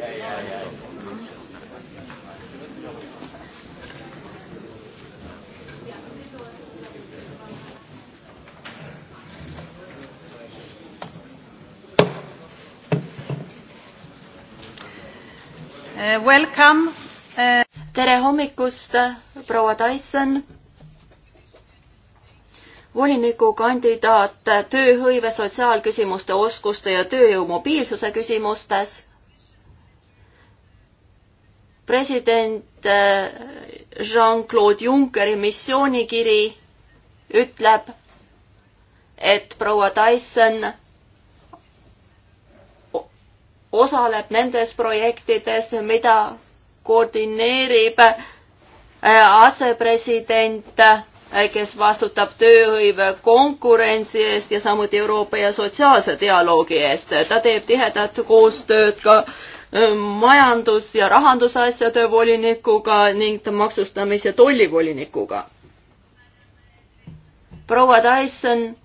Eh, welcome. Eh, tere hommikust, proua Tyson. volinikukandidaat tööhõive, sotsiaalküsimuste, oskuste ja tööjõu mobiilsuse küsimustes president äh, Jean-Claude Junckeri missioonikiri ütleb, et proua Tyson osaleb nendes projektides, mida koordineerib äh, asepresident, äh, kes vastutab tööhõive konkurentsi eest ja samuti Euroopa ja sotsiaalse dialoogi eest. ta teeb tihedat koostööd ka äh, majandus- ja rahandusasjade volinikuga ning maksustamis- ja tollivolinikuga. proua Tyson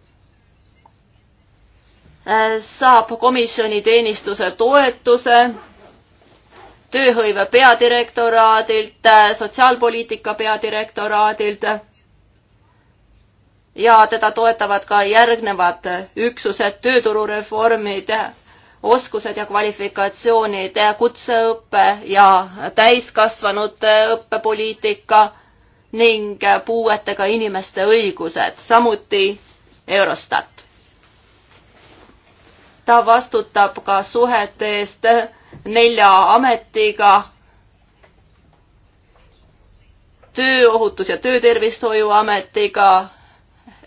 äh, saab komisjoni teenistuse toetuse tööhõive peadirektoraadilt, äh, sotsiaalpoliitika peadirektoraadilt ja teda toetavad ka järgnevad üksused, tööturureformid oskused ja kvalifikatsioonid, kutseõpe ja täiskasvanute õppepoliitika ning puuetega inimeste õigused, samuti Eurostat. ta vastutab ka suhete eest nelja ametiga, tööohutus- ja töötervishoiuametiga,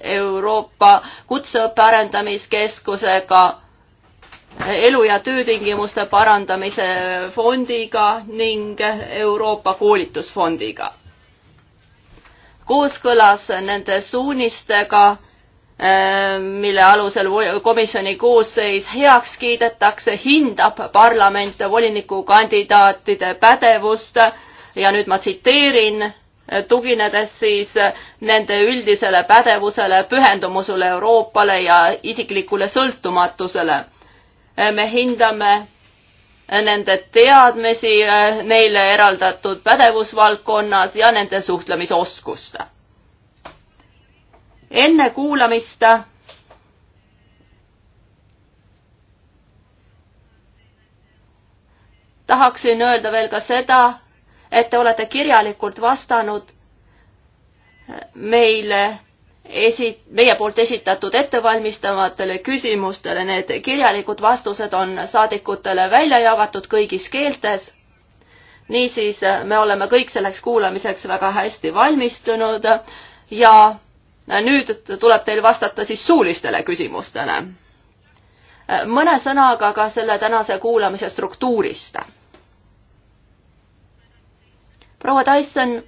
Euroopa Kutseõppe Arendamiskeskusega elu- ja töötingimuste parandamise fondiga ning Euroopa koolitusfondiga. kooskõlas nende suunistega, äh, mille alusel komisjoni koosseis heaks kiidetakse, hindab parlament volinikukandidaatide pädevust ja nüüd ma tsiteerin, äh, tuginedes siis äh, nende üldisele pädevusele, pühendumusele Euroopale ja isiklikule sõltumatusele Eh, me hindame eh, nende teadmisi eh, neile eraldatud pädevusvaldkonnas ja nende suhtlemisoskust. enne kuulamist tahaksin öelda veel ka seda, et te olete kirjalikult vastanud meile esi-, meie poolt esitatud ettevalmistavatele küsimustele, need kirjalikud vastused on saadikutele välja jagatud kõigis keeltes. niisiis, me oleme kõik selleks kuulamiseks väga hästi valmistunud ja nüüd tuleb teil vastata siis suulistele küsimustele. mõne sõnaga ka selle tänase kuulamise struktuurist. proua Tyson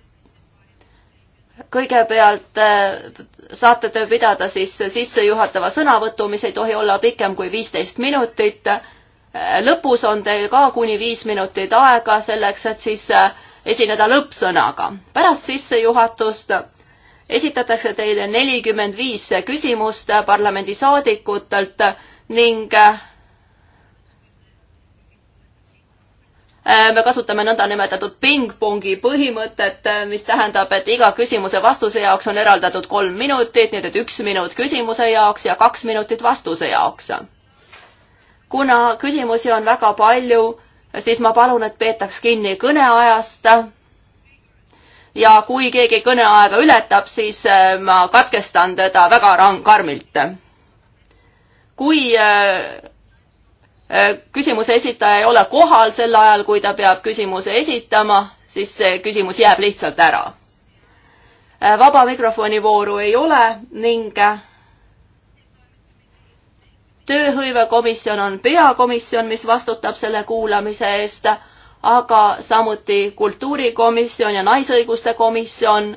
kõigepealt äh, saate te pidada siis sissejuhatava sõnavõtu, mis ei tohi olla pikem kui viisteist minutit. Äh, lõpus on teil ka kuni viis minutit aega selleks, et siis äh, esineda lõppsõnaga. pärast sissejuhatust esitatakse teile nelikümmend viis küsimust parlamendisaadikutelt ning Äh, me kasutame nõndanimetatud pingpongi põhimõtet, äh, mis tähendab, et iga küsimuse vastuse jaoks on eraldatud kolm minutit, nii et üks minut küsimuse jaoks ja kaks minutit vastuse jaoks. kuna küsimusi on väga palju, siis ma palun, et peetaks kinni kõneajast. ja kui keegi kõneaega ületab, siis äh, ma katkestan teda väga karmilt. kui Äh, küsimuse esitaja ei ole kohal sel ajal, kui ta peab küsimuse esitama, siis see küsimus jääb lihtsalt ära. Äh, vaba mikrofoni vooru ei ole ning äh, tööhõivekomisjon on peakomisjon, mis vastutab selle kuulamise eest, aga samuti kultuurikomisjon ja naisõiguste komisjon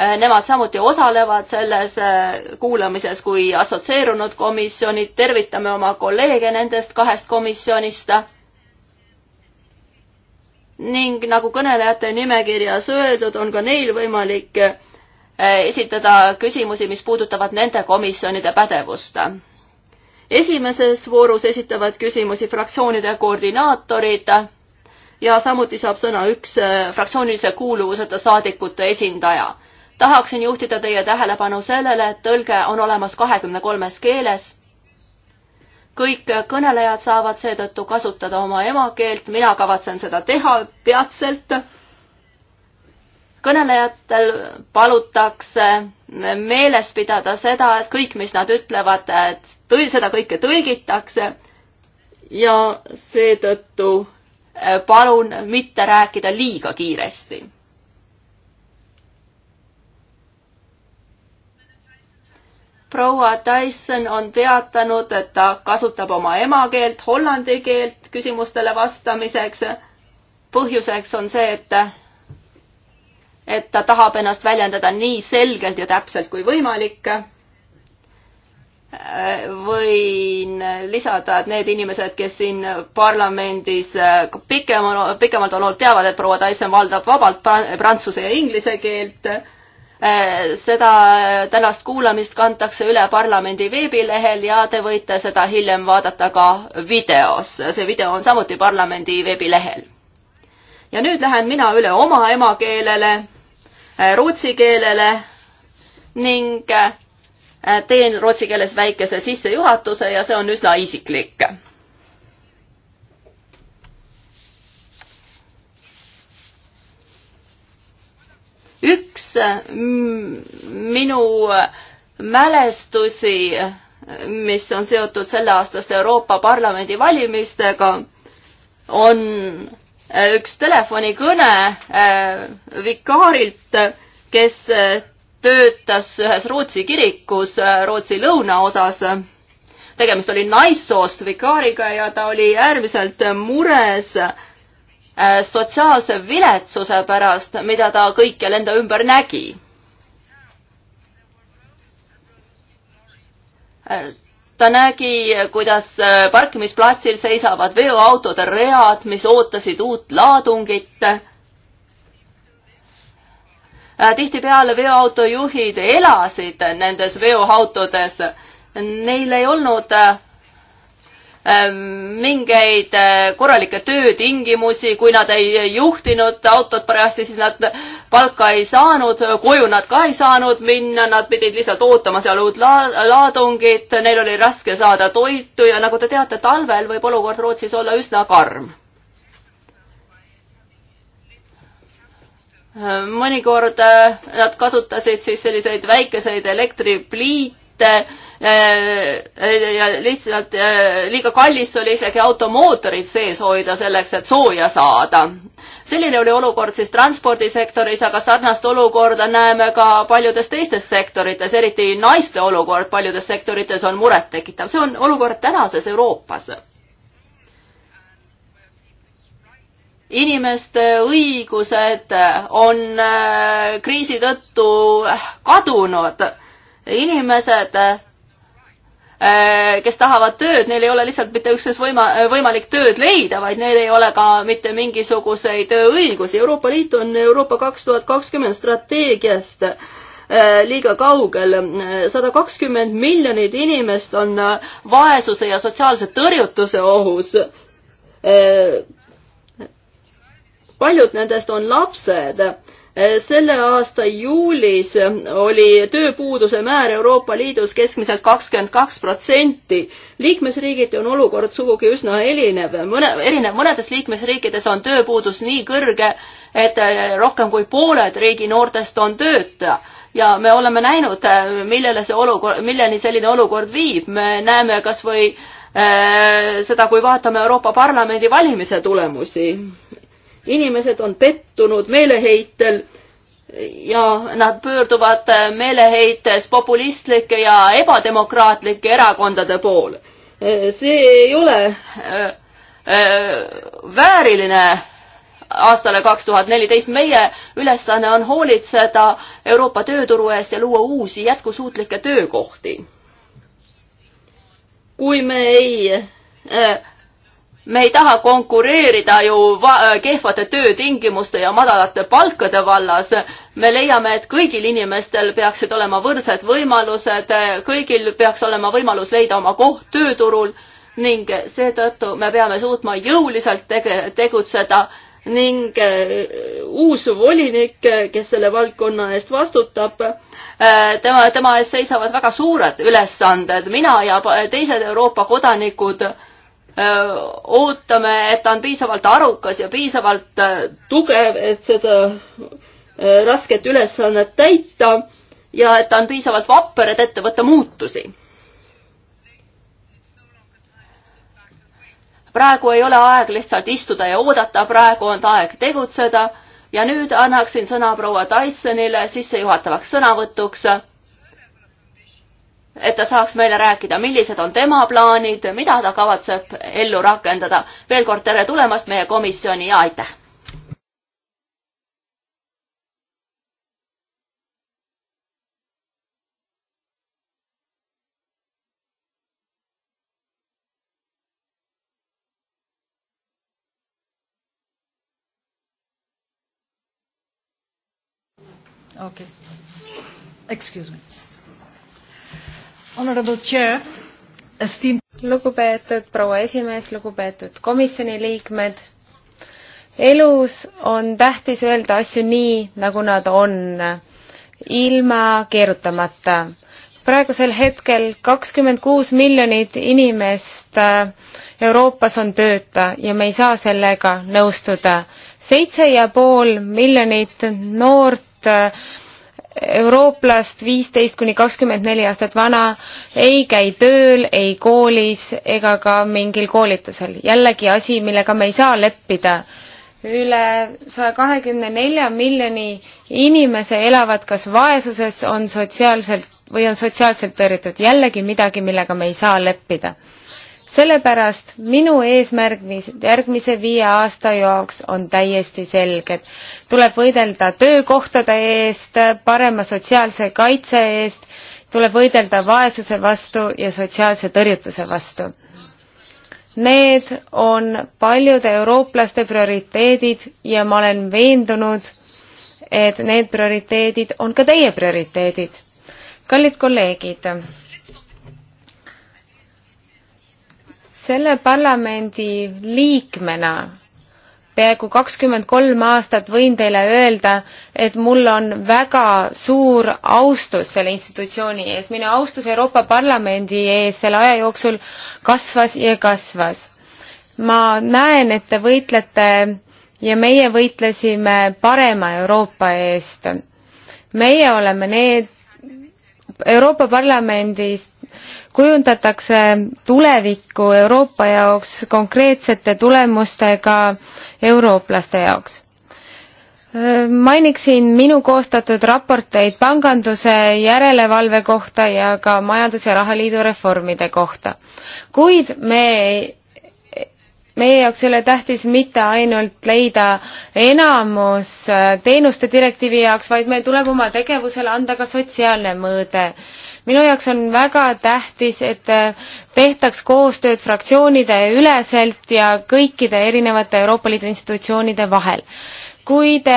Äh, nemad samuti osalevad selles äh, kuulamises kui assotsieerunud komisjonid, tervitame oma kolleege nendest kahest komisjonist. ning nagu kõnelejate nimekirjas öeldud, on ka neil võimalik äh, esitada küsimusi, mis puudutavad nende komisjonide pädevust. esimeses voorus esitavad küsimusi fraktsioonide koordinaatorid ja samuti saab sõna üks fraktsioonilise kuuluvuseta saadikute esindaja tahaksin juhtida teie tähelepanu sellele, et tõlge on olemas kahekümne kolmes keeles. kõik kõnelejad saavad seetõttu kasutada oma emakeelt, mina kavatsen seda teha peatselt. kõnelejatel palutakse meeles pidada seda, et kõik, mis nad ütlevad, et tõl-, seda kõike tõlgitakse ja seetõttu palun mitte rääkida liiga kiiresti proua Tyson on teatanud, et ta kasutab oma emakeelt, hollandi keelt küsimustele vastamiseks. põhjuseks on see, et, et ta tahab ennast väljendada nii selgelt ja täpselt kui võimalik. võin lisada, et need inimesed, kes siin parlamendis pikem, pikemalt on olnud, teavad, et proua Tyson valdab vabalt prantsuse ja inglise keelt Äh, seda tänast kuulamist kantakse üle parlamendi veebilehel ja te võite seda hiljem vaadata ka videos. see video on samuti parlamendi veebilehel. ja nüüd lähen mina üle oma emakeelele, äh, rootsi keelele ning äh, teen rootsi keeles väikese sissejuhatuse ja see on üsna isiklik üks mm, minu mälestusi, mis on seotud selleaastaste Euroopa Parlamendi valimistega, on üks telefonikõne äh, vikaarilt, kes töötas ühes Rootsi kirikus äh, Rootsi lõunaosas. tegemist oli naissoost vikaariga ja ta oli äärmiselt mures äh, Äh, sotsiaalse viletsuse pärast, mida ta kõikjal enda ümber nägi. Äh, ta nägi, kuidas äh, parkimisplatsil seisavad veoautode read, mis ootasid uut laadungit. tihtipeale veoautojuhid elasid nendes veoautodes. Neil ei olnud Ähm, mingeid äh, korralikke töötingimusi, kui nad ei juhtinud autot parajasti, siis nad palka ei saanud, koju nad ka ei saanud minna, nad pidid lihtsalt ootama seal uut laadungit, neil oli raske saada toitu ja nagu te teate, talvel võib olukord Rootsis olla üsna karm. Äh, mõnikord äh, nad kasutasid siis selliseid väikeseid elektripliite Äh, äh, ja lihtsalt äh, liiga kallis oli isegi automootorid sees hoida selleks, et sooja saada. selline oli olukord siis transpordisektoris, aga sarnast olukorda näeme ka paljudes teistes sektorites, eriti naiste olukord paljudes sektorites on murettekitav, see on olukord tänases Euroopas inimeste õigused on kriisi tõttu kadunud. inimesed Äh, kes tahavad tööd, neil ei ole lihtsalt mitte üksnes võima-, äh, võimalik tööd leida, vaid neil ei ole ka mitte mingisuguseid äh, õigusi. Euroopa Liit on Euroopa kaks tuhat kakskümmend strateegiast liiga kaugel. sada kakskümmend miljonit inimest on vaesuse ja sotsiaalse tõrjutuse ohus paljud nendest on lapsed Eh, selle aasta juulis eh, oli tööpuuduse määr Euroopa Liidus keskmiselt kakskümmend kaks protsenti. liikmesriigiti on olukord sugugi üsna erinev, mõne, erinev, mõnedes liikmesriikides on tööpuudus nii kõrge, et eh, rohkem kui pooled riigi noortest on tööta ja me oleme näinud, millele see olukord, milleni selline olukord viib, me näeme kas või seda, kui vaatame Euroopa Parlamendi valimise tulemusi inimesed on pettunud meeleheitel ja nad pöörduvad meeleheites populistlike ja ebademokraatlike erakondade poole. see ei ole äh, äh, vääriline aastale kaks tuhat neliteist. meie ülesanne on hoolitseda Euroopa tööturu eest ja luua uusi jätkusuutlikke töökohti. kui me ei äh, me ei taha konkureerida ju kehvade töötingimuste ja madalate palkade vallas. me leiame, et kõigil inimestel peaksid olema võrdsed võimalused, kõigil peaks olema võimalus leida oma koht tööturul ning seetõttu me peame suutma jõuliselt tege-, tegutseda ning äh, uus volinik, kes selle valdkonna eest vastutab, äh, tema, tema ees seisavad väga suured ülesanded, mina ja teised Euroopa kodanikud ootame, et ta on piisavalt arukas ja piisavalt äh, tugev, et seda äh, rasket ülesannet täita ja et ta on piisavalt vapper, et ette võtta muutusi. praegu ei ole aeg lihtsalt istuda ja oodata, praegu on aeg tegutseda ja nüüd annaksin sõna proua Tysonile sissejuhatavaks sõnavõtuks et ta saaks meile rääkida, millised on tema plaanid, mida ta kavatseb ellu rakendada. veel kord tere tulemast meie komisjoni ja aitäh! Okay. Excuse me lugupeetud proua esimees, lugupeetud komisjoni liikmed. elus on tähtis öelda asju nii, nagu nad on, ilma keerutamata. praegusel hetkel kakskümmend kuus miljonit inimest äh, Euroopas on tööta ja me ei saa sellega nõustuda. seitse ja pool miljonit noort äh, eurooplast viisteist kuni kakskümmend neli aastat vana ei käi tööl, ei koolis ega ka mingil koolitusel. jällegi asi, millega me ei saa leppida. üle saja kahekümne nelja miljoni inimese elavad kas vaesuses, on sotsiaalselt või on sotsiaalselt tõrjutud. jällegi midagi, millega me ei saa leppida sellepärast minu eesmärg järgmise viie aasta jaoks on täiesti selged. tuleb võidelda töökohtade eest, parema sotsiaalse kaitse eest, tuleb võidelda vaesuse vastu ja sotsiaalse tõrjutuse vastu. Need on paljude eurooplaste prioriteedid ja ma olen veendunud, et need prioriteedid on ka teie prioriteedid. kallid kolleegid selle parlamendi liikmena peaaegu kakskümmend kolm aastat võin teile öelda, et mul on väga suur austus selle institutsiooni ees, minu austus Euroopa Parlamendi ees selle aja jooksul kasvas ja kasvas. ma näen, et te võitlete ja meie võitlesime parema Euroopa eest. meie oleme need Euroopa Parlamendis kujundatakse tulevikku Euroopa jaoks konkreetsete tulemustega eurooplaste jaoks. mainiksin minu koostatud raporteid panganduse järelevalve kohta ja ka majandus- ja rahaliidu reformide kohta. kuid me meie jaoks ei ole tähtis mitte ainult leida enamus teenuste direktiivi jaoks, vaid meil tuleb oma tegevusele anda ka sotsiaalne mõõde minu jaoks on väga tähtis, et äh, tehtaks koostööd fraktsioonide üleselt ja kõikide erinevate Euroopa Liidu institutsioonide vahel. kui te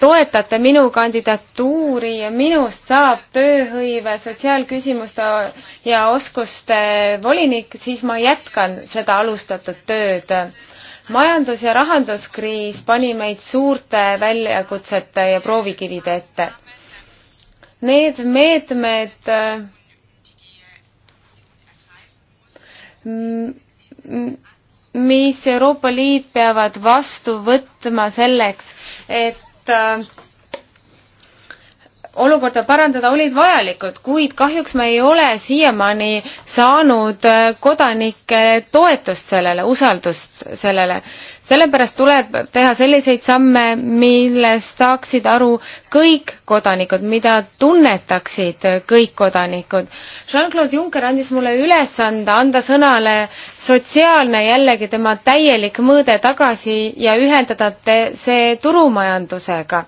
toetate minu kandidatuuri ja minust saab tööhõive, sotsiaalküsimuste ja oskuste volinik, siis ma jätkan seda alustatud tööd majandus ja rahanduskriis pani meid suurte väljakutsete ja proovikivide ette Need meetmed, mm, mis Euroopa Liit peavad vastu võtma selleks, et olukorda parandada, olid vajalikud, kuid kahjuks me ei ole siiamaani saanud äh, kodanike toetust sellele, usaldust sellele. sellepärast tuleb teha selliseid samme, millest saaksid aru kõik kodanikud, mida tunnetaksid kõik kodanikud. Jean-Claude Juncker andis mulle ülesande anda sõnale sotsiaalne jällegi tema täielik mõõde tagasi ja ühendada see turumajandusega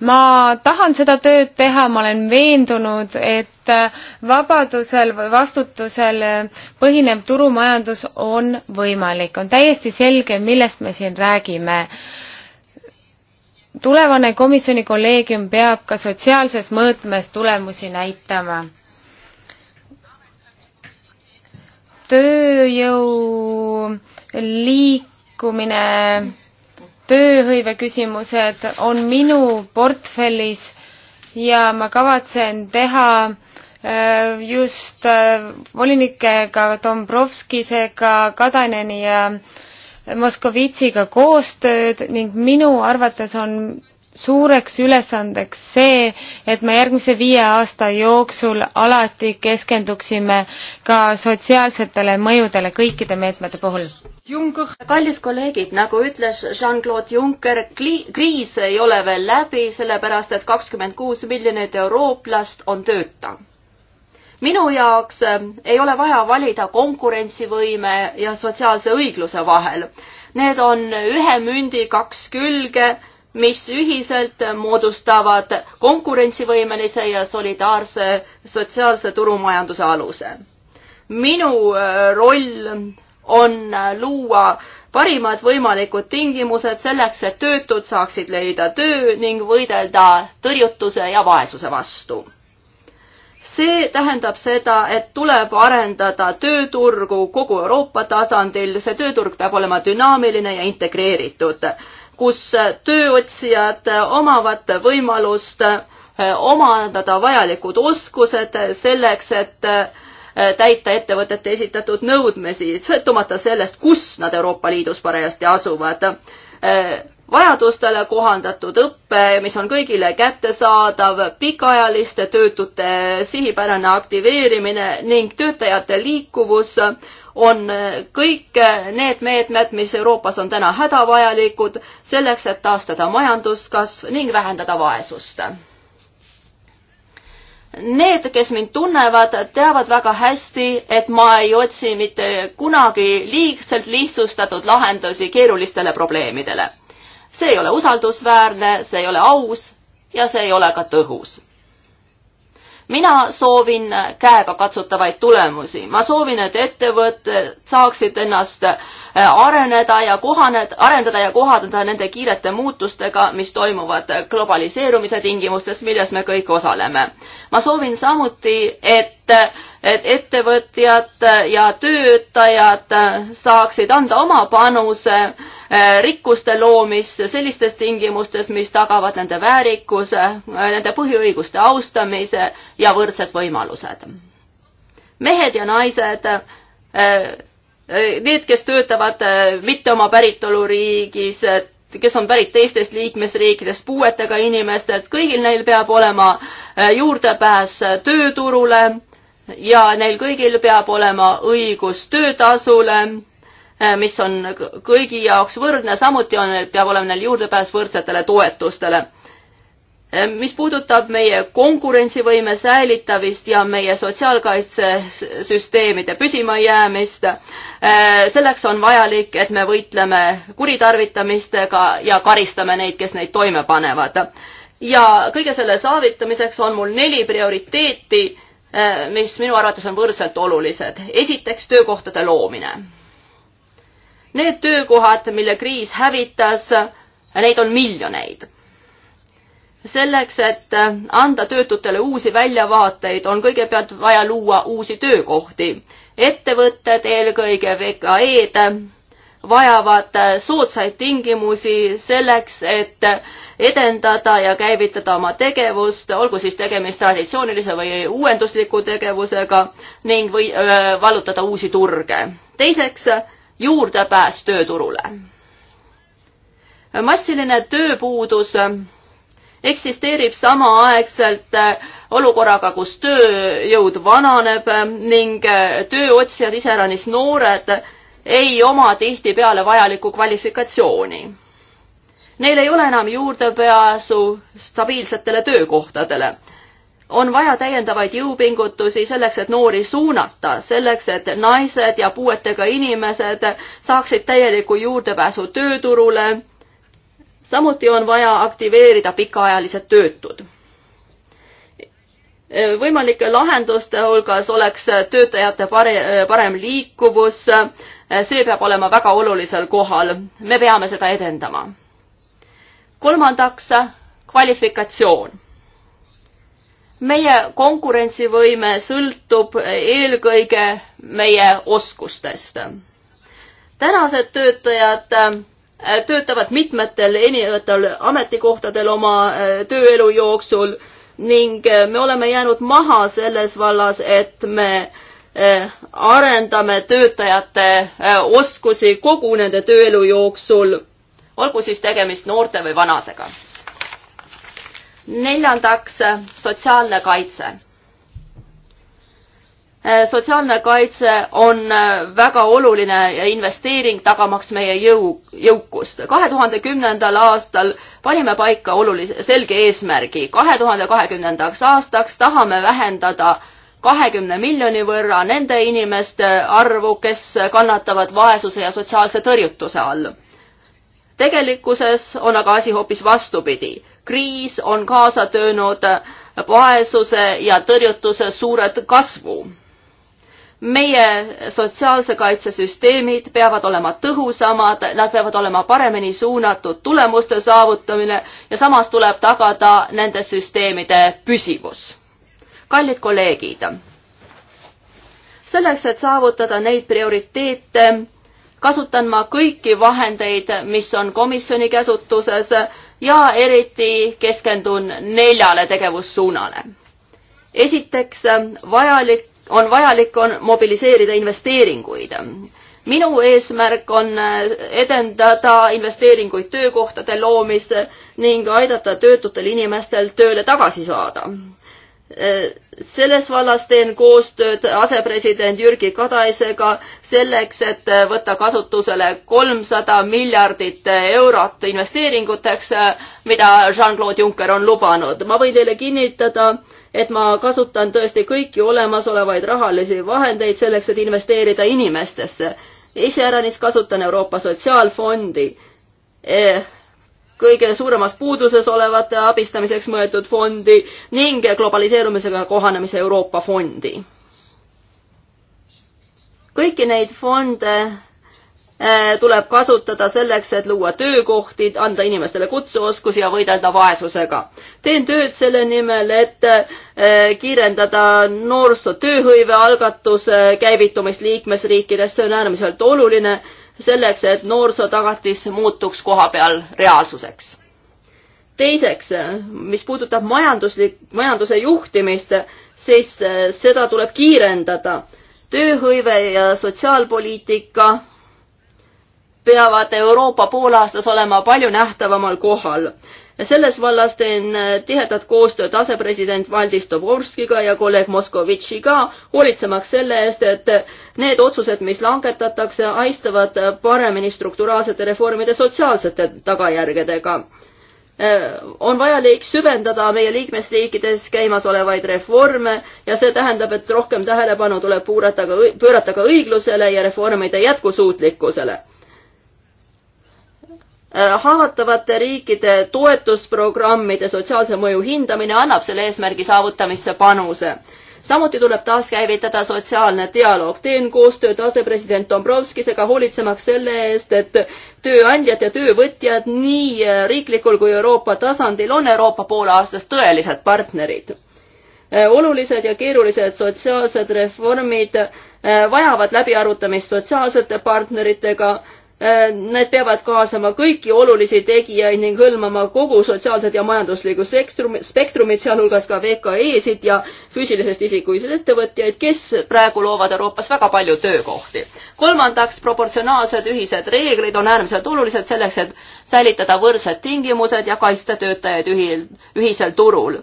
ma tahan seda tööd teha, ma olen veendunud, et vabadusel või vastutusel põhinev turumajandus on võimalik, on täiesti selge, millest me siin räägime tulevane komisjoni kolleegium peab ka sotsiaalses mõõtmes tulemusi näitama. tööjõu liikumine tööhõive küsimused on minu portfellis ja ma kavatsen teha äh, just äh, volinikega Dombrovskisega, Kadaneni ja Moskovitsiga koostööd ning minu arvates on suureks ülesandeks see, et me järgmise viie aasta jooksul alati keskenduksime ka sotsiaalsetele mõjudele kõikide meetmete puhul. kallis kolleegid, nagu ütles Jean-Claude Juncker, kriis ei ole veel läbi, sellepärast et kakskümmend kuus miljonit eurooplast on tööta minu jaoks ähm, ei ole vaja valida konkurentsivõime ja sotsiaalse õigluse vahel. Need on ühe mündi kaks külge mis ühiselt moodustavad konkurentsivõimelise ja solidaarse sotsiaalse turumajanduse aluse. minu äh, roll on äh, luua parimad võimalikud tingimused selleks, et töötud saaksid leida töö ning võidelda tõrjutuse ja vaesuse vastu. see tähendab seda, et tuleb arendada tööturgu kogu Euroopa tasandil, see tööturg peab olema dünaamiline ja integreeritud kus tööotsijad omavad võimalust omandada vajalikud oskused selleks, et eh, täita ettevõtete esitatud nõudmisi, sõltumata sellest, kus nad Euroopa Liidus parajasti asuvad. Eh, vajadustele kohandatud õpe, mis on kõigile kättesaadav, pikaajaliste töötute sihipärane aktiveerimine ning töötajate liikuvus on äh, kõik äh, need meetmed, mis Euroopas on täna hädavajalikud selleks, et taastada majanduskasv ning vähendada vaesust. Need, kes mind tunnevad, teavad väga hästi, et ma ei otsi mitte kunagi liigselt lihtsustatud lahendusi keerulistele probleemidele. see ei ole usaldusväärne, see ei ole aus ja see ei ole ka tõhus mina soovin käegakatsutavaid tulemusi, ma soovin, et ettevõtted saaksid ennast äh, areneda ja kohaned, arendada ja kohaneda nende kiirete muutustega, mis toimuvad globaliseerumise tingimustes, milles me kõik osaleme. ma soovin samuti, et äh, et ettevõtjad ja töötajad saaksid anda oma panuse eh, rikkuste loomisse sellistes tingimustes, mis tagavad nende väärikuse, eh, nende põhiõiguste austamise ja võrdsed võimalused. mehed ja naised, eh, need, kes töötavad mitte oma päritoluriigis, kes on pärit teistest liikmesriikidest, puuetega inimestelt, kõigil neil peab olema juurdepääs tööturule ja neil kõigil peab olema õigus töötasule, eh, mis on kõigi jaoks võrdne, samuti on, peab olema neil juurdepääs võrdsetele toetustele eh, mis puudutab meie konkurentsivõime säilitamist ja meie sotsiaalkaitsesüsteemide püsimajäämist, eh, selleks on vajalik, et me võitleme kuritarvitamistega ja karistame neid, kes neid toime panevad. ja kõige selle saavitamiseks on mul neli prioriteeti Äh, mis minu arvates on võrdselt olulised. esiteks töökohtade loomine. Need töökohad, mille kriis hävitas, neid on miljoneid. selleks, et äh, anda töötutele uusi väljavaateid, on kõigepealt vaja luua uusi töökohti. ettevõtted, eelkõige VKE-d vajavad äh, soodsaid tingimusi selleks, et edendada ja käivitada oma tegevust, olgu siis tegemist traditsioonilise või uuendusliku tegevusega ning või öö, vallutada uusi turge. teiseks, juurdepääs tööturule. massiline tööpuudus eksisteerib samaaegselt äh, olukorraga, kus tööjõud vananeb äh, ning tööotsijad, iseäranis noored, ei oma tihtipeale vajalikku kvalifikatsiooni. Neil ei ole enam juurdepääsu stabiilsetele töökohtadele. on vaja täiendavaid jõupingutusi selleks, et noori suunata, selleks, et naised ja puuetega inimesed saaksid täieliku juurdepääsu tööturule. samuti on vaja aktiveerida pikaajalised töötud võimalike lahenduste hulgas oleks töötajate pare, parem liikuvus, Eh, see peab olema väga olulisel kohal, me peame seda edendama. kolmandaks, kvalifikatsioon. meie konkurentsivõime sõltub eelkõige meie oskustest. tänased töötajad eh, töötavad mitmetel erinevatel ametikohtadel oma eh, tööelu jooksul ning me oleme jäänud maha selles vallas, et me äh, Äh, arendame töötajate äh, oskusi kogu nende tööelu jooksul, olgu siis tegemist noorte või vanadega. neljandaks, sotsiaalne kaitse. Äh, sotsiaalne kaitse on väga oluline investeering, tagamaks meie jõu, jõukust. kahe tuhande kümnendal aastal panime paika olulise, selge eesmärgi. kahe tuhande kahekümnendaks aastaks tahame vähendada kahekümne miljoni võrra nende inimeste arvu, kes kannatavad vaesuse ja sotsiaalse tõrjutuse all. tegelikkuses on aga asi hoopis vastupidi. kriis on kaasa töönud vaesuse ja tõrjutuse suure kasvu. meie sotsiaalse kaitse süsteemid peavad olema tõhusamad, nad peavad olema paremini suunatud tulemuste saavutamine ja samas tuleb tagada nende süsteemide püsivus kallid kolleegid, selleks, et saavutada neid prioriteete, kasutan ma kõiki vahendeid, mis on komisjoni käsutuses ja eriti keskendun neljale tegevussuunale. esiteks, vajalik, on vajalik on mobiliseerida investeeringuid. minu eesmärk on edendada investeeringuid töökohtade loomisse ning aidata töötutel inimestel tööle tagasi saada Äh, selles vallas teen koostööd asepresident Jürgi Kadaisega selleks, et äh, võtta kasutusele kolmsada miljardit äh, eurot investeeringuteks, mida Jean-Claude Juncker on lubanud. ma võin teile kinnitada, et ma kasutan tõesti kõiki olemasolevaid rahalisi vahendeid selleks, et investeerida inimestesse. iseäranis kasutan Euroopa Sotsiaalfondi eh kõige suuremas puuduses olevate abistamiseks mõeldud fondi ning globaliseerumisega kohanemise Euroopa fondi. kõiki neid fonde äh, tuleb kasutada selleks, et luua töökohti, anda inimestele kutseoskusi ja võidelda vaesusega. teen tööd selle nimel, et äh, kiirendada noorsootööhõive algatuse käivitumist liikmesriikides, see on äärmiselt oluline selleks, et noorsootagatis muutuks kohapeal reaalsuseks. teiseks, mis puudutab majanduslik, majanduse juhtimist, siis eh, seda tuleb kiirendada. tööhõive ja sotsiaalpoliitika peavad Euroopa poolaastas olema palju nähtavamal kohal selles vallas teen äh, tihedat koostööd asepresident Valdis Dobrovskiga ja kolleeg Moskovitšiga, hoolitsemaks selle eest, et need otsused, mis langetatakse, aistavad paremini strukturaalsete reformide sotsiaalsete tagajärgedega äh, on vajalik süvendada meie liikmesriikides käimasolevaid reforme ja see tähendab, et rohkem tähelepanu tuleb pöörata ka õiglusele ja reformide jätkusuutlikkusele Äh, haavatavate riikide toetusprogrammide sotsiaalse mõju hindamine annab selle eesmärgi saavutamisse panuse. samuti tuleb taaskäivitada sotsiaalne dialoog. teen koostööd asepresident Dombrovskisega, hoolitsemaks selle eest, et tööandjad ja töövõtjad nii äh, riiklikul kui Euroopa tasandil on Euroopa poolaastas tõelised partnerid äh, olulised ja keerulised sotsiaalsed reformid vajavad läbiarutamist sotsiaalsete partneritega Äh, need peavad kaasama kõiki olulisi tegijaid ning hõlmama kogu sotsiaalset ja majanduslikku spektrumit, sealhulgas ka VKE-sid ja füüsilisest isikuiseid ettevõtjaid, kes praegu loovad Euroopas väga palju töökohti. kolmandaks, proportsionaalsed ühised reeglid on äärmiselt olulised selleks, et säilitada võrdsed tingimused ja kaitsta töötajaid ühi-, ühisel turul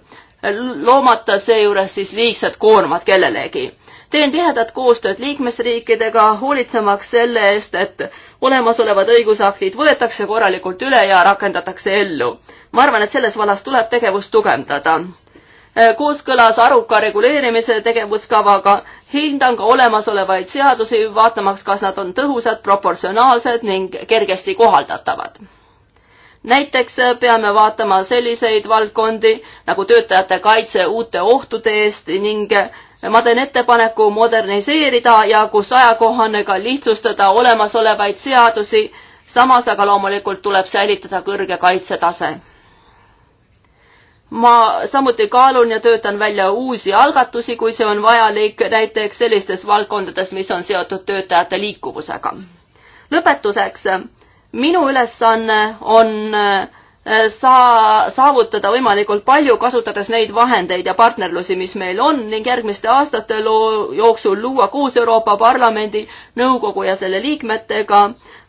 loomata seejuures siis liigset koormat kellelegi teen tihedat koostööd liikmesriikidega, hoolitsemaks selle eest, et olemasolevad õigusaktid võetakse korralikult üle ja rakendatakse ellu. ma arvan, et selles vallas tuleb tegevust tugevdada. Äh, kooskõlas aruka reguleerimise tegevuskavaga hindan ka olemasolevaid seadusi, vaatamaks, kas nad on tõhusad, proportsionaalsed ning kergesti kohaldatavad näiteks äh, peame vaatama selliseid valdkondi nagu töötajate kaitse uute ohtude eest ning äh, ma teen ettepaneku moderniseerida ja kus ajakohane ka lihtsustada olemasolevaid seadusi, samas aga loomulikult tuleb säilitada kõrge kaitsetase. ma samuti kaalun ja töötan välja uusi algatusi, kui see on vajalik, näiteks sellistes valdkondades, mis on seotud töötajate liikuvusega. lõpetuseks, minu ülesanne on, on äh, Äh, saa-, saavutada võimalikult palju, kasutades neid vahendeid ja partnerlusi, mis meil on ning järgmiste aastate loo-, jooksul luua koos Euroopa Parlamendi, nõukogu ja selle liikmetega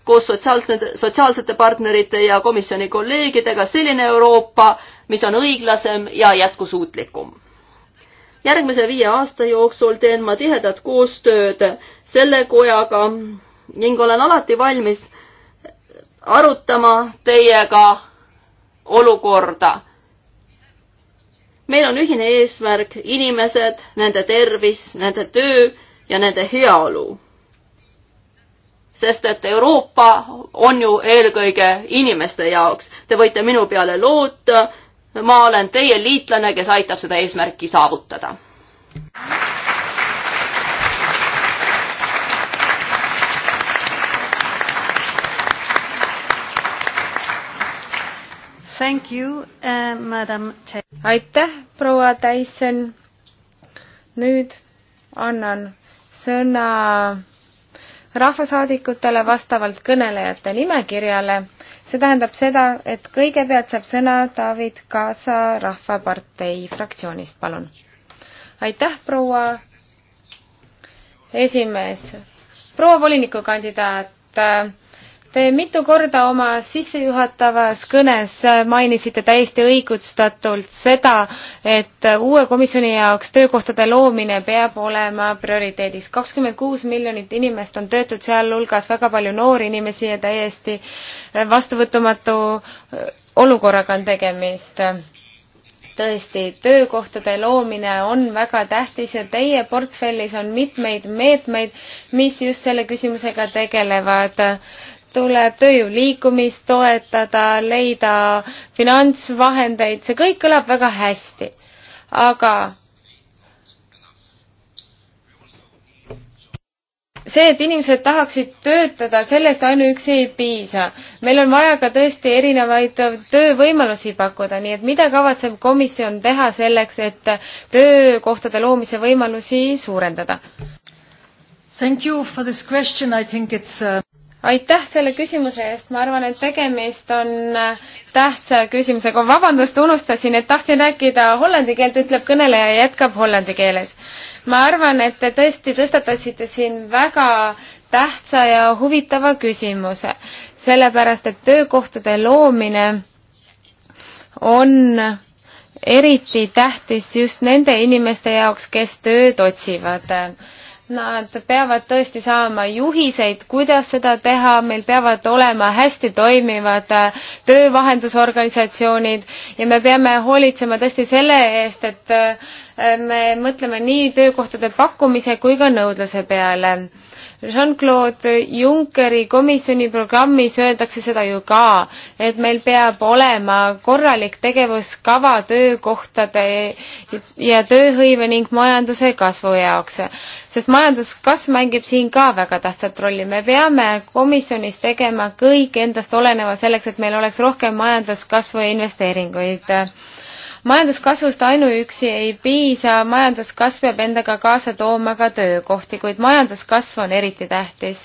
koos sotsiaalsete, sotsiaalsete partnerite ja komisjoni kolleegidega selline Euroopa, mis on õiglasem ja jätkusuutlikum. järgmise viie aasta jooksul teen ma tihedat koostööd selle kojaga ning olen alati valmis arutama teiega olukorda. meil on ühine eesmärk inimesed, nende tervis, nende töö ja nende heaolu. sest et Euroopa on ju eelkõige inimeste jaoks. Te võite minu peale loota, ma olen teie liitlane, kes aitab seda eesmärki saavutada. Thank you uh,, madam. aitäh, proua Tyson. nüüd annan sõna rahvasaadikutele vastavalt kõnelejate nimekirjale. see tähendab seda, et kõigepealt saab sõna David Kaasa Rahvapartei fraktsioonist, palun. aitäh, proua esimees. proua volinikukandidaat Te mitu korda oma sissejuhatavas kõnes mainisite täiesti õigustatult seda, et uue komisjoni jaoks töökohtade loomine peab olema prioriteediks. kakskümmend kuus miljonit inimest on töötud, sealhulgas väga palju noori inimesi ja täiesti vastuvõtumatu olukorraga on tegemist tõesti, töökohtade loomine on väga tähtis ja teie portfellis on mitmeid meetmeid, mis just selle küsimusega tegelevad tuleb tööjõu liikumist toetada, leida finantsvahendeid, see kõik kõlab väga hästi. aga see, et inimesed tahaksid töötada, sellest ainuüksi ei piisa. meil on vaja ka tõesti erinevaid töövõimalusi pakkuda, nii et mida kavatseb komisjon teha selleks, et töökohtade loomise võimalusi suurendada? Thank you for this question, I think it's uh aitäh selle küsimuse eest, ma arvan, et tegemist on äh, tähtsa küsimusega. vabandust, unustasin, et tahtsin rääkida hollandi keelt, ütleb kõneleja ja jätkab hollandi keeles. ma arvan, et te tõesti tõstatasite siin väga tähtsa ja huvitava küsimuse, sellepärast et töökohtade loomine on eriti tähtis just nende inimeste jaoks, kes tööd otsivad Nad peavad tõesti saama juhiseid, kuidas seda teha, meil peavad olema hästi toimivad äh, töövahendusorganisatsioonid ja me peame hoolitsema tõesti selle eest, et äh, me mõtleme nii töökohtade pakkumise kui ka nõudluse peale Jean-Claude Junckeri komisjoni programmis öeldakse seda ju ka, et meil peab olema korralik tegevuskava töökohtade ja tööhõive ning majanduse kasvu jaoks sest majanduskasv mängib siin ka väga tähtsat rolli. me peame komisjonis tegema kõik endast oleneva selleks, et meil oleks rohkem majanduskasvu ja investeeringuid majanduskasvust ainuüksi ei piisa, majanduskasv peab endaga kaasa tooma ka töökohti, kuid majanduskasv on eriti tähtis.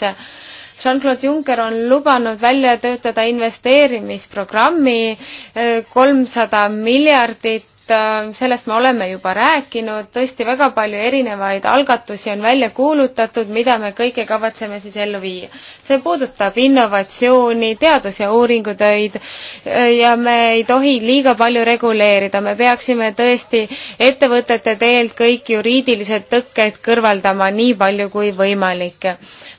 Jean-Claude Juncker on lubanud välja töötada investeerimisprogrammi kolmsada miljardit Äh, sellest me oleme juba rääkinud, tõesti väga palju erinevaid algatusi on välja kuulutatud, mida me kõike kavatseme siis ellu viia. see puudutab innovatsiooni, teadus- ja uuringutöid äh, ja me ei tohi liiga palju reguleerida, me peaksime tõesti ettevõtete teelt kõik juriidilised tõkked kõrvaldama nii palju kui võimalik.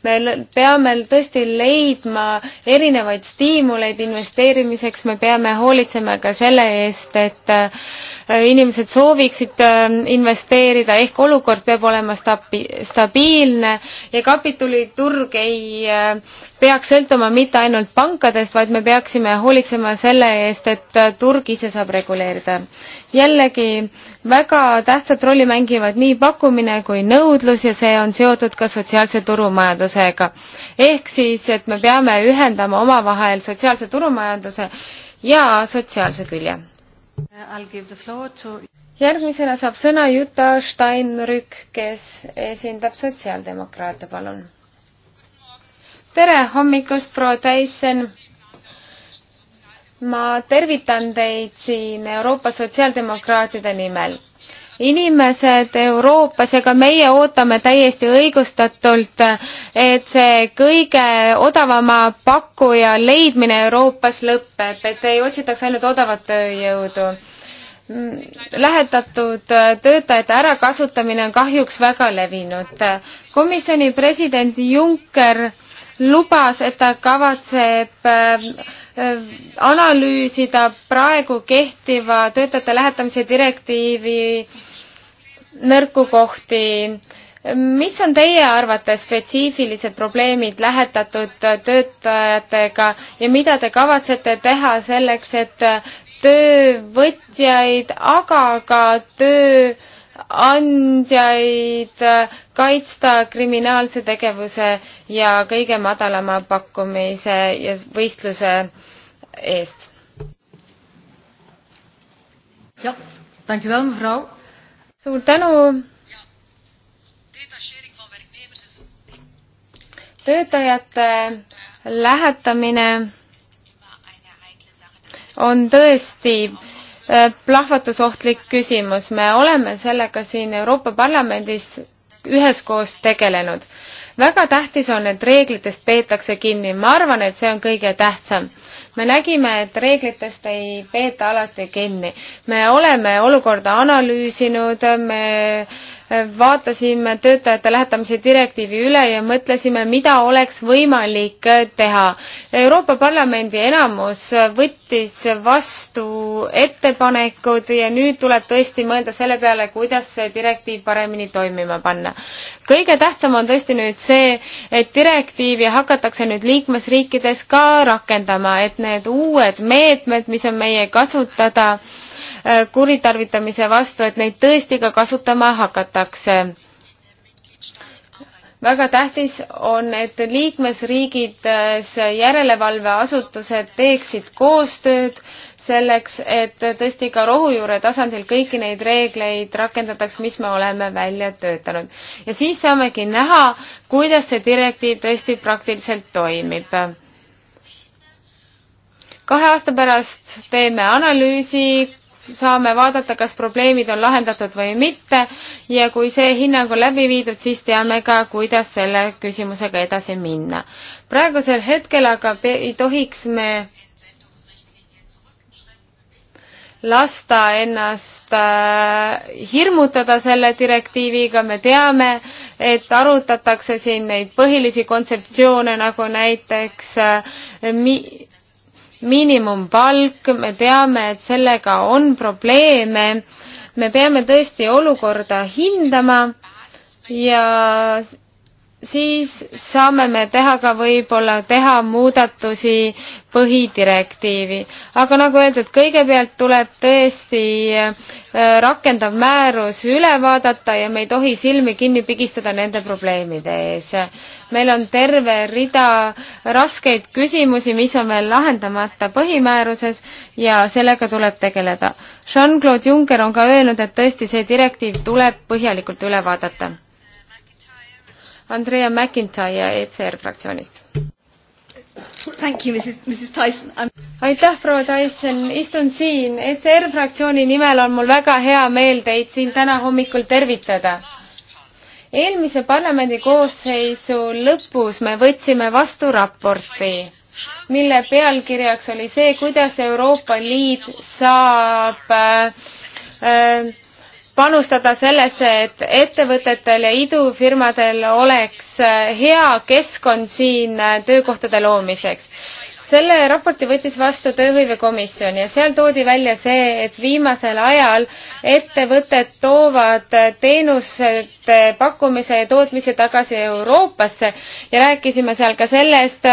me peame tõesti leidma erinevaid stiimuleid investeerimiseks, me peame hoolitsema ka selle eest, et Äh, inimesed sooviksid äh, investeerida, ehk olukord peab olema stabi-, stabiilne ja kapitaliturg ei äh, peaks sõltuma mitte ainult pankadest, vaid me peaksime hoolitsema selle eest, et turg ise saab reguleerida. jällegi, väga tähtsat rolli mängivad nii pakkumine kui nõudlus ja see on seotud ka sotsiaalse turumajandusega. ehk siis, et me peame ühendama omavahel sotsiaalse turumajanduse ja sotsiaalse külje To... järgmisena saab sõna Juta Steinrück, kes esindab sotsiaaldemokraate, palun. tere hommikust, proua Tyson! ma tervitan teid siin Euroopa sotsiaaldemokraatide nimel inimesed Euroopas ja ka meie ootame täiesti õigustatult, et see kõige odavama pakkuja leidmine Euroopas lõpeb, et ei otsitaks ainult odavat tööjõudu lähetatud töötajate ärakasutamine on kahjuks väga levinud. komisjoni president Juncker lubas, et ta kavatseb Äh, analüüsida praegu kehtiva töötajate lähetamise direktiivi nõrku kohti. mis on teie arvates spetsiifilised probleemid lähetatud töötajatega ja mida te kavatsete teha selleks, et töövõtjaid, aga ka töö andjaid äh, kaitsta kriminaalse tegevuse ja kõige madalama pakkumise ja võistluse eest. jah, tänan, mevrouw. suur tänu. töötajate lähetamine on tõesti Äh, plahvatusohtlik küsimus. me oleme sellega siin Euroopa Parlamendis üheskoos tegelenud. väga tähtis on, et reeglitest peetakse kinni. ma arvan, et see on kõige tähtsam. me nägime, et reeglitest ei peeta alati kinni. me oleme olukorda analüüsinud, me äh, vaatasime töötajate lähetamise direktiivi üle ja mõtlesime, mida oleks võimalik teha. Euroopa Parlamendi enamus võttis vastu ettepanekud ja nüüd tuleb tõesti mõelda selle peale, kuidas see direktiiv paremini toimima panna. kõige tähtsam on tõesti nüüd see, et direktiivi hakatakse nüüd liikmesriikides ka rakendama, et need uued meetmed, mis on meie kasutada, Äh, kuritarvitamise vastu, et neid tõesti ka kasutama hakatakse. väga tähtis on, et liikmesriigides järelevalveasutused teeksid koostööd selleks, et tõesti ka rohujuure tasandil kõiki neid reegleid rakendataks, mis me oleme välja töötanud. ja siis saamegi näha, kuidas see direktiiv tõesti praktiliselt toimib. kahe aasta pärast teeme analüüsi, saame vaadata, kas probleemid on lahendatud või mitte ja kui see hinnang on läbi viidud, siis teame ka, kuidas selle küsimusega edasi minna. praegusel hetkel aga ei tohiks me lasta ennast äh, hirmutada selle direktiiviga, me teame, et arutatakse siin neid põhilisi kontseptsioone nagu näiteks äh, mi-, miinimumpalk, me teame, et sellega on probleeme, me peame tõesti olukorda hindama ja siis saame me teha ka võib-olla teha muudatusi põhidirektiivi. aga nagu öeldud, kõigepealt tuleb tõesti äh, rakendav määrus üle vaadata ja me ei tohi silmi kinni pigistada nende probleemide ees. meil on terve rida raskeid küsimusi, mis on veel lahendamata põhimääruses ja sellega tuleb tegeleda. Jean-Claude Juncker on ka öelnud, et tõesti see direktiiv tuleb põhjalikult üle vaadata Andrea McIntyre ECR fraktsioonist. aitäh, proua Tyson, istun siin. ECR fraktsiooni nimel on mul väga hea meel teid siin täna hommikul tervitada eelmise parlamendi koosseisu lõpus me võtsime vastu raporti, mille pealkirjaks oli see, kuidas Euroopa Liit saab äh, äh, panustada sellesse, et ettevõtetel ja idufirmadel oleks äh, hea keskkond siin äh, töökohtade loomiseks selle raporti võttis vastu Tööhõivekomisjon ja seal toodi välja see, et viimasel ajal ettevõtted toovad teenuste pakkumise ja tootmise tagasi Euroopasse ja rääkisime seal ka sellest,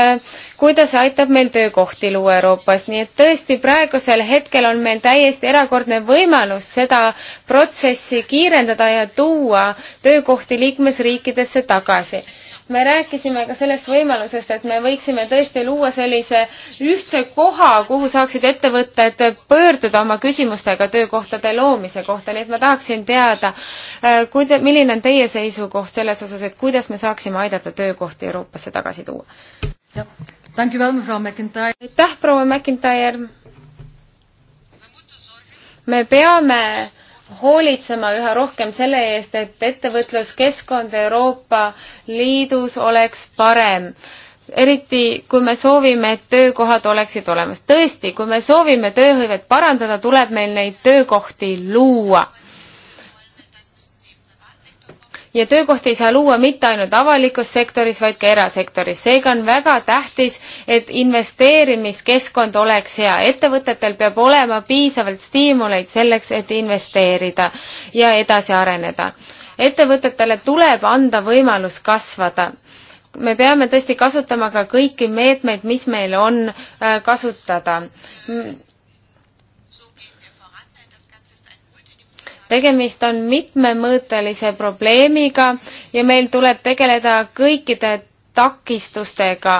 kuidas aitab meil töökohti luua Euroopas, nii et tõesti praegusel hetkel on meil täiesti erakordne võimalus seda protsessi kiirendada ja tuua töökohti liikmesriikidesse tagasi me rääkisime ka sellest võimalusest, et me võiksime tõesti luua sellise ühtse koha, kuhu saaksid ettevõtted pöörduda oma küsimustega töökohtade loomise kohta, nii et ma tahaksin teada, äh, kuida-, milline on teie seisukoht selles osas, et kuidas me saaksime aidata töökohti Euroopasse tagasi tuua? aitäh, proua McIntyre! me peame hoolitsema üha rohkem selle eest, et ettevõtluskeskkond Euroopa Liidus oleks parem. eriti, kui me soovime, et töökohad oleksid olemas. tõesti, kui me soovime tööhõivet parandada, tuleb meil neid töökohti luua ja töökohti ei saa luua mitte ainult avalikus sektoris, vaid ka erasektoris. seega on väga tähtis, et investeerimiskeskkond oleks hea. ettevõtetel peab olema piisavalt stiimuleid selleks, et investeerida ja edasi areneda. ettevõtetele tuleb anda võimalus kasvada me peame tõesti kasutama ka kõiki meetmeid, mis meil on äh, kasutada tegemist on mitmemõõtelise probleemiga ja meil tuleb tegeleda kõikide takistustega,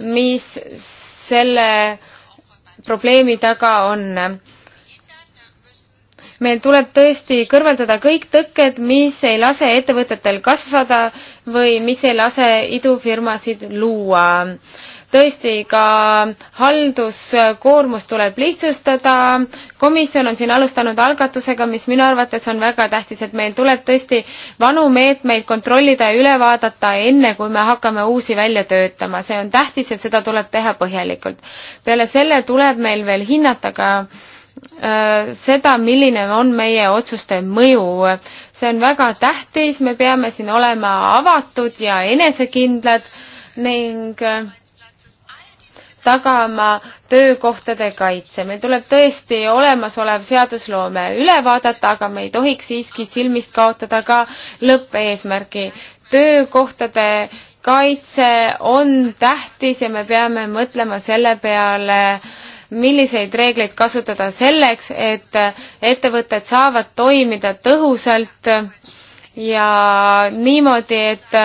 mis selle probleemi taga on meil tuleb tõesti kõrvaldada kõik tõkked, mis ei lase ettevõtetel kasvada või mis ei lase idufirmasid luua tõesti ka halduskoormust tuleb lihtsustada. komisjon on siin alustanud algatusega, mis minu arvates on väga tähtis, et meil tuleb tõesti vanu meetmeid kontrollida ja üle vaadata, enne kui me hakkame uusi välja töötama. see on tähtis ja seda tuleb teha põhjalikult. peale selle tuleb meil veel hinnata ka äh, seda, milline on meie otsuste mõju. see on väga tähtis, me peame siin olema avatud ja enesekindlad ning äh, tagama töökohtade kaitse. meil tuleb tõesti olemasolev seadusloome üle vaadata, aga me ei tohiks siiski silmist kaotada ka lõppeesmärgi. töökohtade kaitse on tähtis ja me peame mõtlema selle peale, milliseid reegleid kasutada selleks, et ettevõtted saavad toimida tõhusalt ja niimoodi, et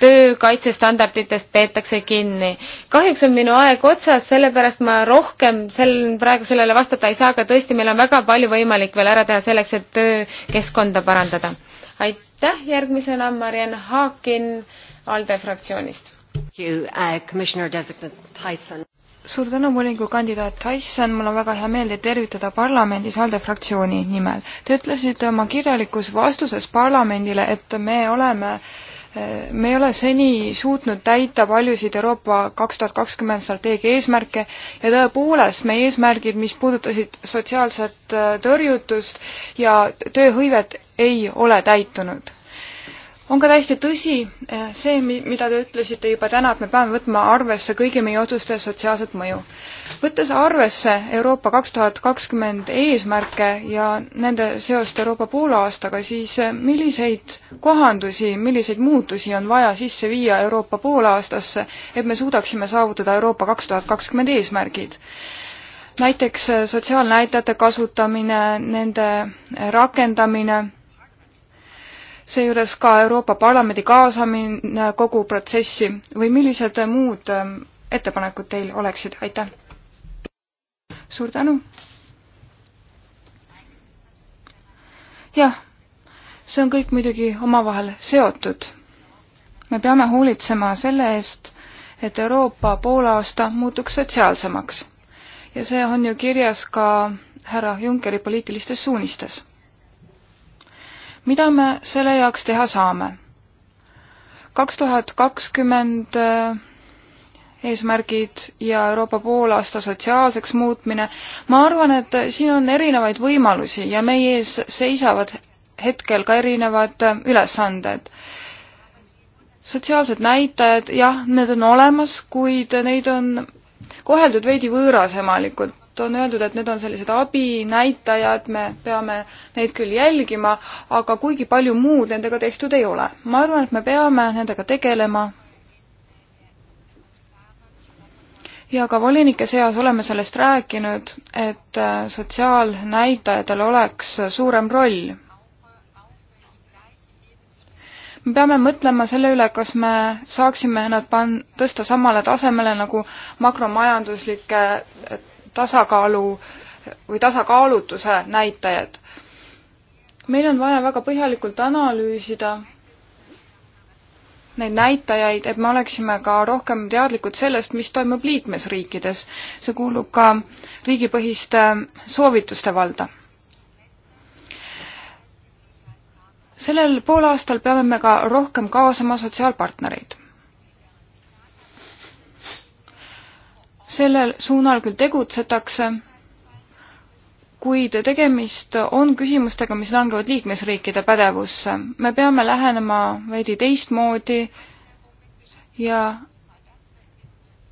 töökaitsestandarditest peetakse kinni. kahjuks on minu aeg otsas, sellepärast ma rohkem sel, praegu sellele vastata ei saa, aga tõesti, meil on väga palju võimalik veel ära teha selleks, et töökeskkonda parandada. aitäh, järgmisena Mariann Haakin ALDE fraktsioonist. Uh, suur tänu, volikogu kandidaat Tyson, mul on väga hea meel teid tervitada parlamendis ALDE fraktsiooni nimel. Te ütlesite oma kirjalikus vastuses parlamendile, et me oleme äh, me ei ole seni suutnud täita paljusid Euroopa kaks tuhat kakskümmend strateegia eesmärke ja tõepoolest meie eesmärgid, mis puudutasid sotsiaalset äh, tõrjutust ja tööhõivet, ei ole täitunud on ka täiesti tõsi eh, see, mida te ütlesite juba täna, et me peame võtma arvesse kõigi meie otsuste sotsiaalset mõju. võttes arvesse Euroopa kaks tuhat kakskümmend eesmärke ja nende seost Euroopa poolaastaga, siis eh, milliseid kohandusi, milliseid muutusi on vaja sisse viia Euroopa poolaastasse, et me suudaksime saavutada Euroopa kaks tuhat kakskümmend eesmärgid? näiteks eh, sotsiaalnäitajate kasutamine, nende rakendamine seejuures ka Euroopa Parlamendi kaasamine kogu protsessi või millised muud ähm, ettepanekud teil oleksid, aitäh! suur tänu! jah, see on kõik muidugi omavahel seotud. me peame hoolitsema selle eest, et Euroopa poolaasta muutuks sotsiaalsemaks ja see on ju kirjas ka härra Junckeri poliitilistes suunistes mida me selle jaoks teha saame? kaks tuhat kakskümmend äh, eesmärgid ja Euroopa poolaasta sotsiaalseks muutmine. ma arvan, et siin on erinevaid võimalusi ja meie ees seisavad hetkel ka erinevad äh, ülesanded. sotsiaalsed näitajad, jah, need on olemas, kuid neid on koheldud veidi võõrasemalikult on öeldud, et need on sellised abinäitajad, me peame neid küll jälgima, aga kuigi palju muud nendega tehtud ei ole. ma arvan, et me peame nendega tegelema. ja ka volinike seas oleme sellest rääkinud, et sotsiaalnäitajatel oleks suurem roll. me peame mõtlema selle üle, kas me saaksime nad pan-, tõsta samale tasemele nagu makromajanduslike tasakaalu või tasakaalutuse näitajad. meil on vaja väga põhjalikult analüüsida neid näitajaid, et me oleksime ka rohkem teadlikud sellest, mis toimub liikmesriikides. see kuulub ka riigipõhiste soovituste valda. sellel poolaastal peame me ka rohkem kaasama sotsiaalpartnereid sellel suunal küll tegutsetakse, kuid tegemist on küsimustega, mis langevad liikmesriikide pädevusse. me peame lähenema veidi teistmoodi ja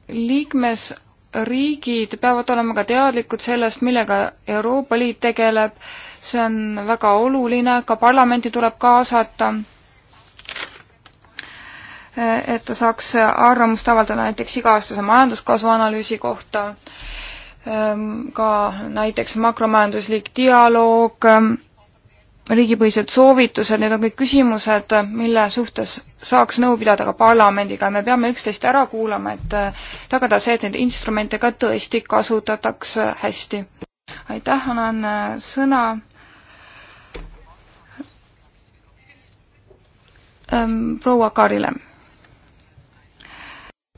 liikmesriigid peavad olema ka teadlikud sellest, millega Euroopa Liit tegeleb. see on väga oluline, ka parlamenti tuleb kaasata et ta saaks arvamust avaldada näiteks iga-aastase majanduskasvu analüüsi kohta, ehm, ka näiteks makromajanduslik dialoog, ehm, riigipõhised soovitused, need on kõik küsimused, mille suhtes saaks nõu pidada ka parlamendiga ja me peame üksteist ära kuulama, et eh, tagada see, et neid instrumente ka tõesti kasutataks hästi. aitäh, annan eh, sõna ehm, proua Karile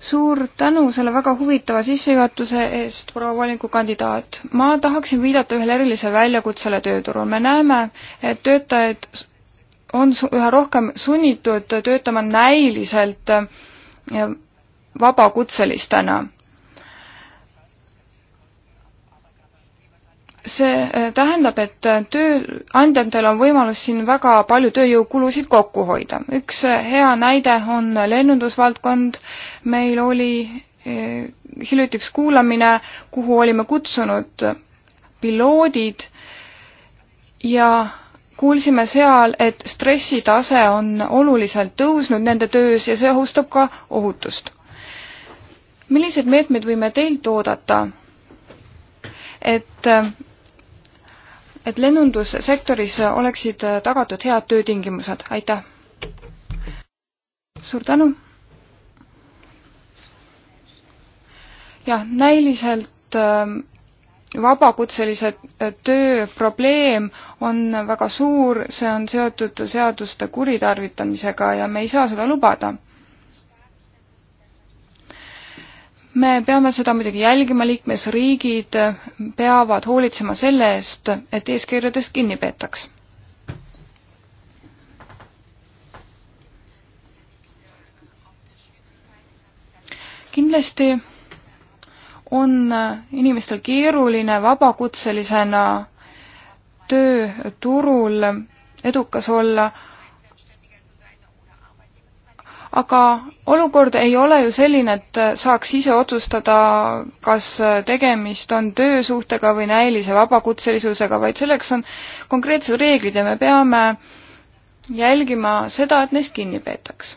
suur tänu selle väga huvitava sissejuhatuse eest, proua volinikukandidaat. ma tahaksin viidata ühele erilisele väljakutsele tööturul. me näeme, et töötajaid on üha rohkem sunnitud töötama näiliselt vabakutselistena. see äh, tähendab, et äh, tööandjatel on võimalus siin väga palju tööjõukulusid kokku hoida. üks äh, hea näide on lennundusvaldkond. meil oli hiljuti üks kuulamine, kuhu olime kutsunud piloodid ja kuulsime seal, et stressitase on oluliselt tõusnud nende töös ja see ohustab ka ohutust. milliseid meetmeid võime teilt oodata, et et lennundussektoris oleksid äh, tagatud head töötingimused, aitäh! suur tänu! jah, näiliselt ähm, vabakutselise äh, töö probleem on väga suur, see on seotud seaduste kuritarvitamisega ja me ei saa seda lubada. me peame seda muidugi jälgima, liikmesriigid peavad hoolitsema selle eest, et eeskirjadest kinni peetaks. kindlasti on inimestel keeruline vabakutselisena tööturul edukas olla aga olukord ei ole ju selline, et saaks ise otsustada, kas tegemist on töösuhtega või näilise vabakutselisusega, vaid selleks on konkreetsed reeglid ja me peame jälgima seda, et neist kinni peetaks.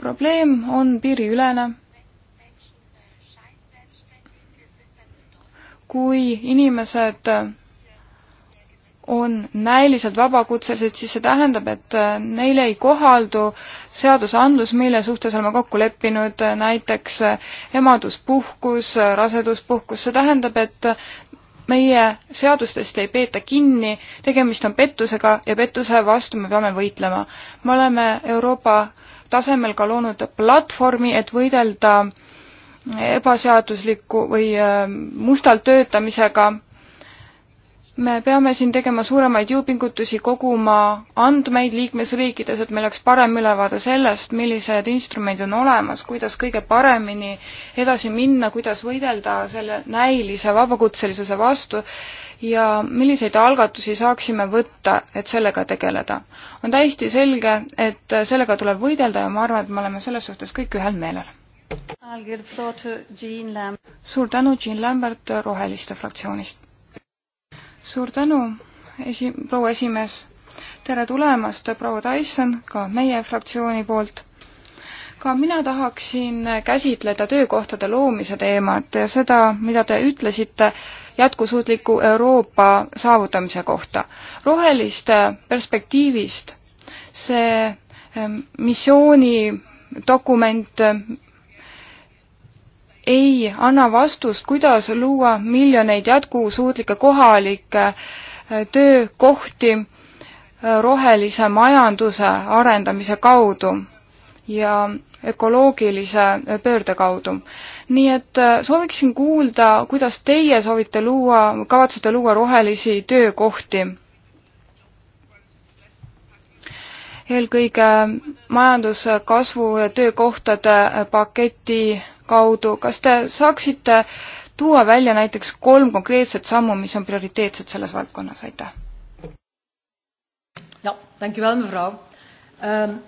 probleem on piiriülene. kui inimesed on näiliselt vabakutselised, siis see tähendab, et äh, neile ei kohaldu seadusandlus, mille suhtes oleme kokku leppinud, äh, näiteks äh, emaduspuhkus, raseduspuhkus, see tähendab, et meie seadustest ei peeta kinni, tegemist on pettusega ja pettuse vastu me peame võitlema. me oleme Euroopa tasemel ka loonud platvormi, et võidelda ebaseadusliku või mustalt töötamisega me peame siin tegema suuremaid jõupingutusi, koguma andmeid liikmesriikides, et meil oleks parem ülevaade sellest, millised instrumendid on olemas, kuidas kõige paremini edasi minna, kuidas võidelda selle näilise vabakutselisuse vastu ja milliseid algatusi saaksime võtta, et sellega tegeleda. on täiesti selge, et sellega tuleb võidelda ja ma arvan, et me oleme selles suhtes kõik ühel meelel. suur tänu, Jean Lambert Roheliste fraktsioonist suur tänu, esi-, proua esimees. tere tulemast, proua Tyson, ka meie fraktsiooni poolt ka mina tahaksin käsitleda töökohtade loomise teemat ja seda, mida te ütlesite jätkusuutliku Euroopa saavutamise kohta. roheliste perspektiivist see ehm, missioonidokument, ei anna vastust, kuidas luua miljoneid jätkusuutlikke kohalikke äh, töökohti äh, rohelise majanduse arendamise kaudu ja ökoloogilise äh, pöörde kaudu. nii et sooviksin kuulda, kuidas teie soovite luua, kavatsete luua rohelisi töökohti eelkõige majanduskasvu ja töökohtade paketi kaudu, kas te saaksite tuua välja näiteks kolm konkreetset sammu, mis on prioriteetsed selles valdkonnas, aitäh! ja, dankjewel mevrouw um,.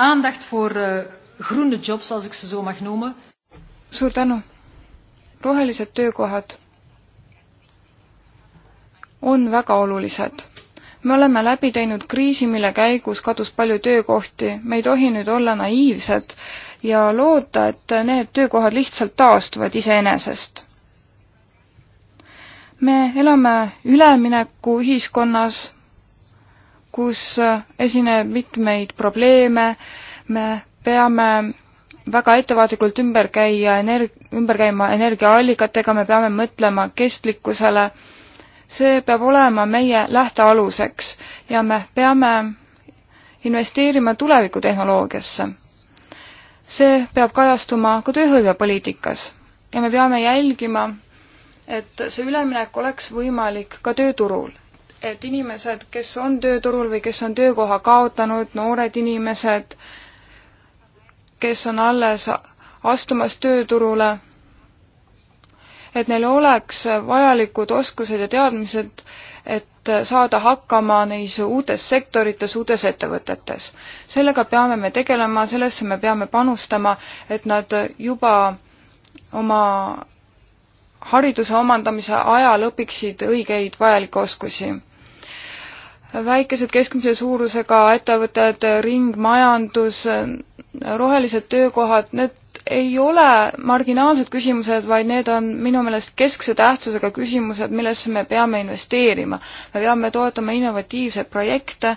Aandacht voor uh, groene jobs, als ik ze zo mag noemen. suur tänu! rohelised töökohad on väga olulised me oleme läbi teinud kriisi, mille käigus kadus palju töökohti, me ei tohi nüüd olla naiivsed ja loota, et need töökohad lihtsalt taastuvad iseenesest. me elame üleminekuühiskonnas, kus esineb mitmeid probleeme, me peame väga ettevaatlikult ümber käia energ-, ümber käima energiaallikatega, me peame mõtlema kestlikkusele, see peab olema meie lähtealuseks ja me peame investeerima tulevikutehnoloogiasse see peab kajastuma ka tööhõivepoliitikas ja me peame jälgima, et see üleminek oleks võimalik ka tööturul. et inimesed, kes on tööturul või kes on töökoha kaotanud, noored inimesed, kes on alles astumas tööturule, et neil oleks vajalikud oskused ja teadmised et saada hakkama neis uutes sektorites, uutes ettevõtetes. sellega peame me tegelema, sellesse me peame panustama, et nad juba oma hariduse omandamise ajal õpiksid õigeid vajalikke oskusi väikesed keskmise suurusega ettevõtted, ringmajandus, rohelised töökohad, need ei ole marginaalsed küsimused, vaid need on minu meelest keskse tähtsusega küsimused, millesse me peame investeerima. me peame toetama innovatiivseid projekte,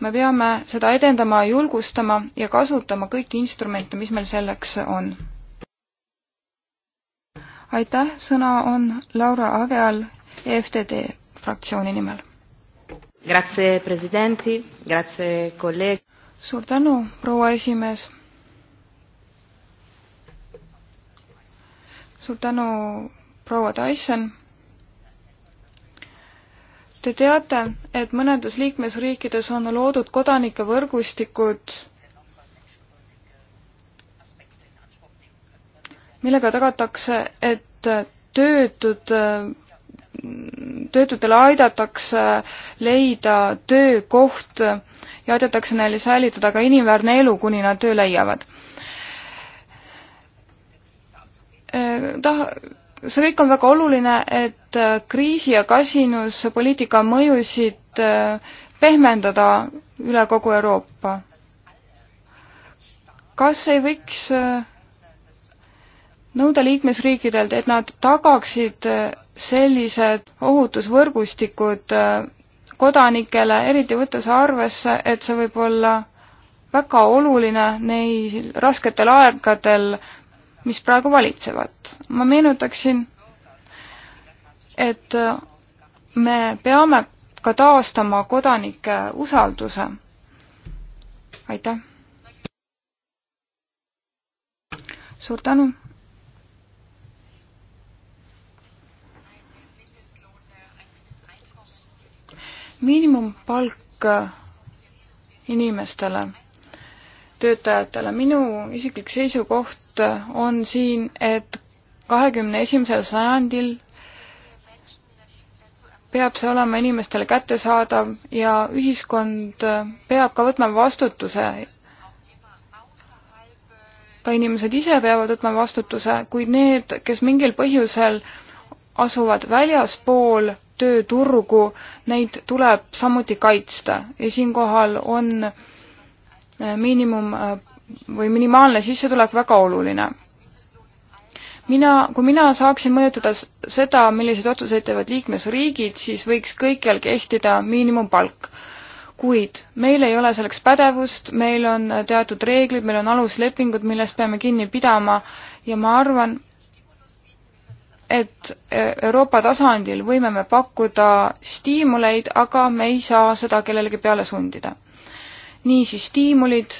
me peame seda edendama, julgustama ja kasutama kõiki instrumente, mis meil selleks on. aitäh, sõna on Laura Ageal EFTD fraktsiooni nimel. Grazie, presidenti, grazie, kolleeg. suur tänu, proua esimees suur tänu, proua Tyson. Te teate, et mõnedes liikmesriikides on loodud kodanike võrgustikud, millega tagatakse, et töötud, töötutele aidatakse leida töökoht ja aidatakse neil säilitada ka inimväärne elu, kuni nad töö leiavad Eh, taha, see kõik on väga oluline, et äh, kriisi ja kasinuspoliitika mõjusid äh, pehmendada üle kogu Euroopa. kas ei võiks äh, nõuda liikmesriikidelt, et nad tagaksid sellised ohutusvõrgustikud kodanikele, eriti võttes arvesse, et see võib olla väga oluline neil rasketel aegadel mis praegu valitsevad. ma meenutaksin, et me peame ka taastama kodanike usalduse. aitäh! suur tänu! miinimumpalk inimestele töötajatele. minu isiklik seisukoht on siin, et kahekümne esimesel sajandil peab see olema inimestele kättesaadav ja ühiskond peab ka võtma vastutuse. ka inimesed ise peavad võtma vastutuse, kuid need, kes mingil põhjusel asuvad väljaspool tööturgu, neid tuleb samuti kaitsta ja siinkohal on Äh, miinimum äh, või minimaalne sissetulek väga oluline. mina, kui mina saaksin mõjutada seda, milliseid otsuseid teevad liikmesriigid, siis võiks kõikjal kehtida miinimumpalk. kuid meil ei ole selleks pädevust, meil on äh, teatud reeglid, meil on aluslepingud, millest peame kinni pidama ja ma arvan, et Euroopa tasandil võime me pakkuda stiimuleid, aga me ei saa seda kellelegi peale sundida niisiis stiimulid,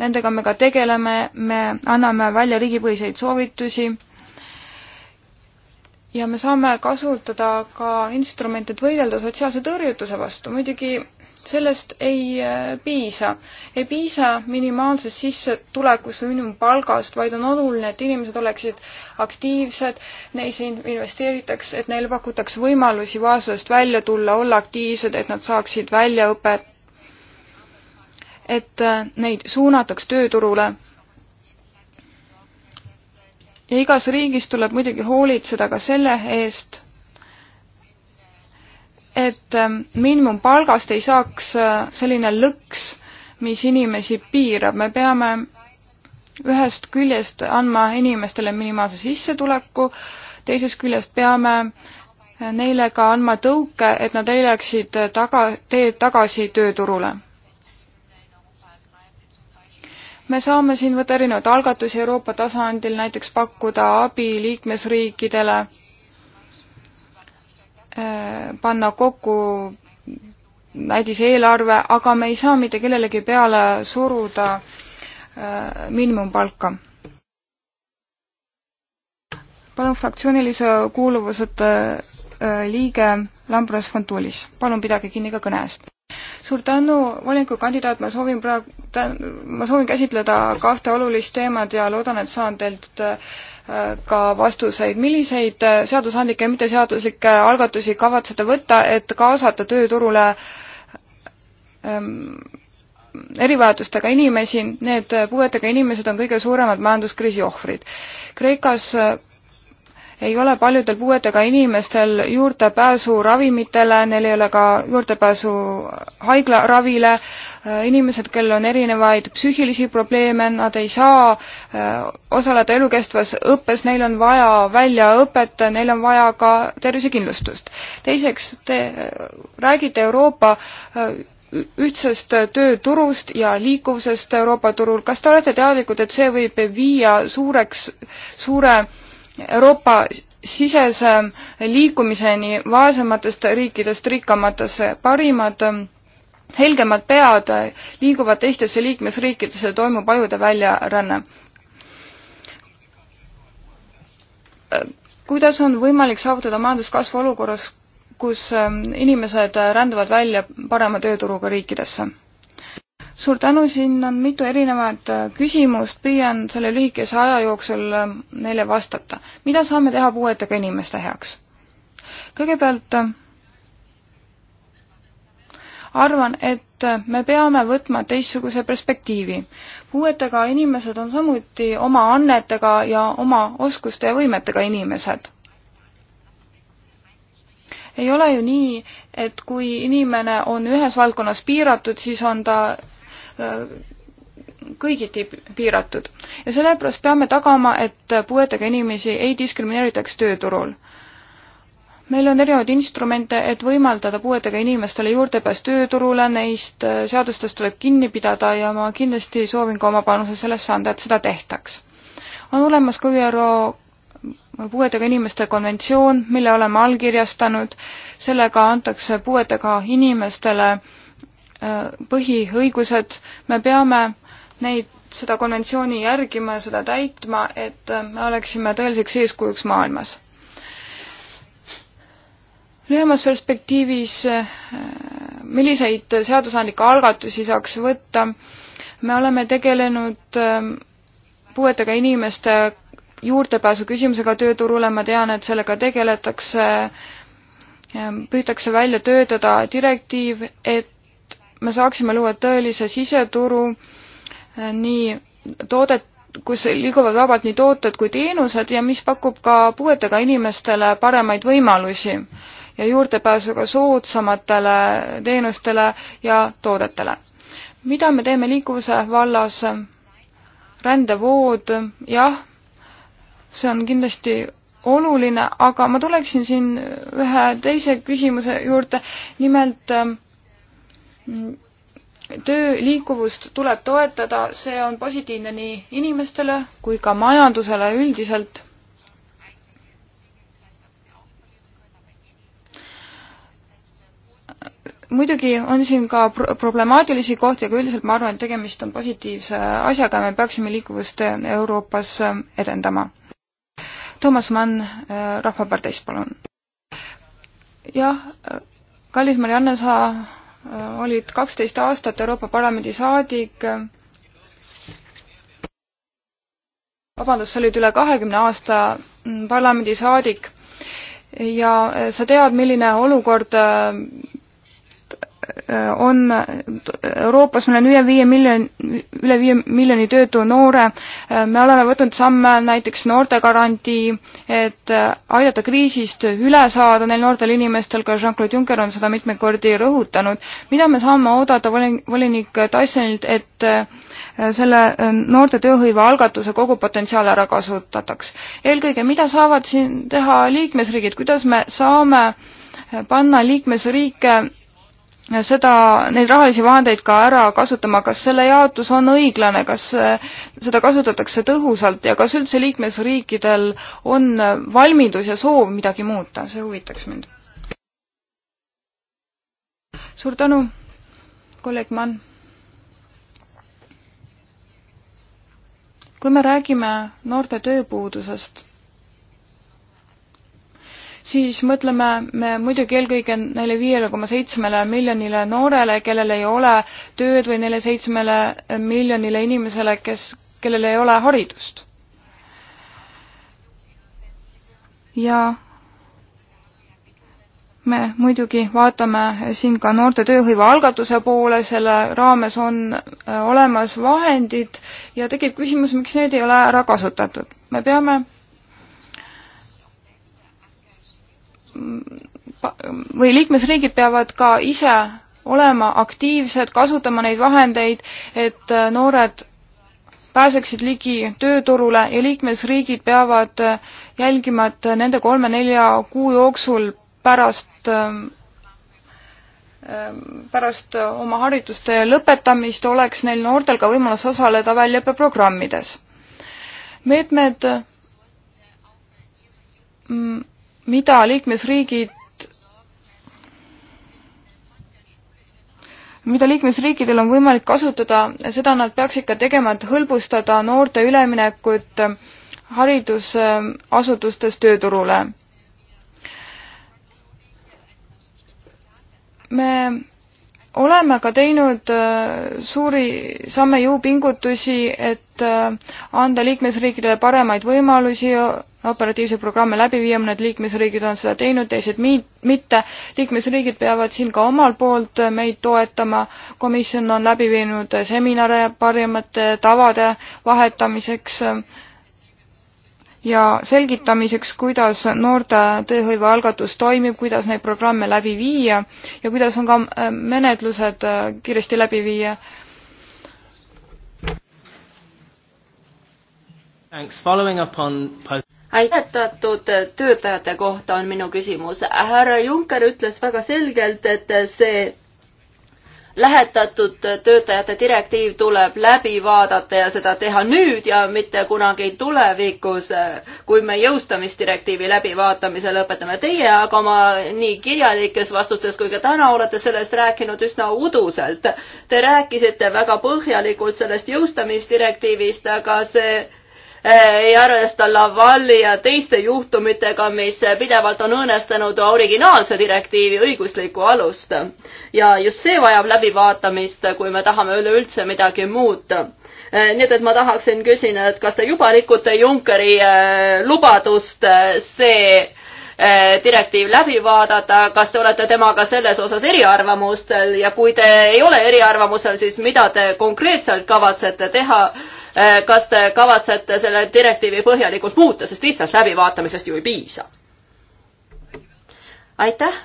nendega me ka tegeleme, me anname välja riigipõhiseid soovitusi ja me saame kasutada ka instrumente, et võidelda sotsiaalse tõrjutuse vastu, muidugi sellest ei äh, piisa. ei piisa minimaalsest sissetulekust või miinimumpalgast, vaid on oluline, et inimesed oleksid aktiivsed, neisse investeeritaks, et neile pakutakse võimalusi vaesusest välja tulla, olla aktiivsed, et nad saaksid väljaõpet, et äh, neid suunataks tööturule. ja igas riigis tuleb muidugi hoolitseda ka selle eest, et ähm, miinimumpalgast ei saaks äh, selline lõks, mis inimesi piirab, me peame ühest küljest andma inimestele minimaalse sissetuleku, teisest küljest peame äh, neile ka andma tõuke, et nad ei läheksid taga, teed tagasi tööturule. me saame siin võtta erinevaid algatusi Euroopa tasandil, näiteks pakkuda abi liikmesriikidele panna kokku näidise eelarve, aga me ei saa mitte kellelegi peale suruda äh, miinimumpalka. palun fraktsioonilise kuuluvuseta äh, liige Lambros Fontulis, palun pidage kinni ka kõne eest suur tänu, volinikukandidaat, ma soovin praegu, ma soovin käsitleda kahte olulist teemat ja loodan, et saan teilt äh, ka vastuseid. milliseid äh, seadusandlikke ja mitteseaduslikke algatusi kavatsete võtta, et kaasata tööturule ähm, erivajadustega inimesi, need puuetega inimesed on kõige suuremad majanduskriisi ohvrid. Kreekas äh, ei ole paljudel puuetega inimestel juurdepääsu ravimitele, neil ei ole ka juurdepääsu haiglaravile, äh, inimesed, kellel on erinevaid psüühilisi probleeme, nad ei saa äh, osaleda elukestvas õppes, neil on vaja väljaõpet, neil on vaja ka tervisekindlustust. teiseks, te äh, räägite Euroopa ühtsest tööturust ja liikuvusest Euroopa turul, kas te olete teadlikud, et see võib viia suureks, suure Euroopa sisese liikumiseni vaesematest riikidest rikkamatesse parimad ähm, helgemad pead liiguvad teistesse liikmesriikidesse ja toimub ajude väljaränne. Äh, kuidas on võimalik saavutada majanduskasvu olukorras, kus ähm, inimesed ränduvad välja parema tööturuga riikidesse? suur tänu, siin on mitu erinevat äh, küsimust, püüan selle lühikese aja jooksul äh, neile vastata. mida saame teha puuetega inimeste heaks? kõigepealt äh, arvan, et me peame võtma teistsuguse perspektiivi. puuetega inimesed on samuti oma annetega ja oma oskuste ja võimetega inimesed ei ole ju nii, et kui inimene on ühes valdkonnas piiratud, siis on ta kõigiti piiratud. ja sellepärast peame tagama, et puuetega inimesi ei diskrimineeritaks tööturul. meil on erinevaid instrumente, et võimaldada puuetega inimestele juurdepääs tööturule, neist seadustest tuleb kinni pidada ja ma kindlasti soovin ka oma panuse sellesse anda, et seda tehtaks. on olemas ka ÜRO puuetega inimeste konventsioon, mille oleme allkirjastanud, sellega antakse puuetega inimestele äh, Äh, põhiõigused, me peame neid, seda konventsiooni järgima ja seda täitma, et äh, me oleksime tõeliseks eeskujuks maailmas. lühemas perspektiivis, äh, milliseid seadusandlikke algatusi saaks võtta, me oleme tegelenud puuetega inimeste juurdepääsu küsimusega tööturule, ma tean, et sellega tegeletakse, püütakse välja töötada direktiiv, et me saaksime luua tõelise siseturu äh, nii toodet, kus liiguvad vabalt nii tooted kui teenused ja mis pakub ka puuetega inimestele paremaid võimalusi ja juurdepääsu ka soodsamatele teenustele ja toodetele. mida me teeme liikuvuse vallas? rändevood, jah, see on kindlasti oluline, aga ma tuleksin siin ühe teise küsimuse juurde, nimelt ähm, Mm, töö liikuvust tuleb toetada, see on positiivne nii inimestele kui ka majandusele üldiselt. muidugi on siin ka pro problemaatilisi kohti, aga üldiselt ma arvan, et tegemist on positiivse asjaga ja me peaksime liikuvust Euroopas edendama. Toomas Mann Rahvaparteist, palun. jah, kallis Marianne, sa Äh, olid kaksteist aastat Euroopa Parlamendi saadik. vabandust, sa olid üle kahekümne aasta mm, parlamendi saadik ja äh, sa tead, milline olukord äh, Äh, on Euroopas, meil on üle viie miljoni, üle viie miljoni töötu noore. Äh, me oleme võtnud samme näiteks noortegarantii, et äh, aidata kriisist üle saada neil noortel inimestel, ka Jean-Claude Juncker on seda mitmeid kordi rõhutanud. mida me saame oodata volinik Tyssonilt, et selle noorte tööhõive algatuse kogu potentsiaal ära kasutataks? eelkõige, mida saavad siin teha liikmesriigid, kuidas me saame panna liikmesriike seda, neid rahalisi vahendeid ka ära kasutama, kas selle jaotus on õiglane, kas äh, seda kasutatakse tõhusalt ja kas üldse liikmesriikidel on valmidus ja soov midagi muuta, see huvitaks mind. suur tänu, kolleeg Mann. kui me räägime noorte tööpuudusest siis mõtleme me muidugi eelkõige neile viiele koma seitsmele miljonile noorele, kellel ei ole tööd või neile seitsmele miljonile inimesele, kes, kellel ei ole haridust. ja me muidugi vaatame siin ka noorte tööhõive algatuse poole, selle raames on äh, olemas vahendid ja tekib küsimus, miks neid ei ole ära kasutatud. me peame või liikmesriigid peavad ka ise olema aktiivsed, kasutama neid vahendeid, et noored pääseksid ligi tööturule ja liikmesriigid peavad jälgima, et nende kolme-nelja kuu jooksul pärast, pärast oma harjutuste lõpetamist oleks neil noortel ka võimalus osaleda väljaõppeprogrammides. meetmed mm, mida liikmesriigid mida liikmesriikidel on võimalik kasutada, seda nad peaks ikka tegema, et hõlbustada noorte üleminekut haridusasutustes tööturule. me oleme ka teinud äh, suuri samme jõupingutusi, et äh, anda liikmesriikidele paremaid võimalusi operatiivseid programme läbi viia, mõned liikmesriigid on seda teinud, teised mi-, mitte. liikmesriigid peavad siin ka omalt poolt meid toetama, komisjon on läbi viinud seminare parimate tavade vahetamiseks ja selgitamiseks, kuidas noorte tööhõive algatus toimib, kuidas neid programme läbi viia ja kuidas on ka äh, menetlused äh, kiiresti läbi viia. Thanks. Following up on lähetatud töötajate kohta on minu küsimus. härra Juncker ütles väga selgelt, et see lähetatud töötajate direktiiv tuleb läbi vaadata ja seda teha nüüd ja mitte kunagi tulevikus, kui me jõustamisdirektiivi läbivaatamise lõpetame. Teie aga oma nii kirjalikes vastustes kui ka täna olete sellest rääkinud üsna uduselt. Te rääkisite väga põhjalikult sellest jõustamisdirektiivist, aga see Eh, ei arvesta Lavalli ja teiste juhtumitega, mis pidevalt on õõnestanud originaalse direktiivi õiguslikku alust. ja just see vajab läbivaatamist, kui me tahame üleüldse midagi muuta. Eh, nii et, et ma tahaksin küsida, et kas te juba rikute Junckeri eh, lubadust see direktiiv läbi vaadata, kas te olete temaga selles osas eriarvamustel ja kui te ei ole eriarvamusel, siis mida te konkreetselt kavatsete teha Äh, kas te kavatsete selle direktiivi põhjalikult muuta, sest lihtsalt läbivaatamisest ju ei piisa? aitäh!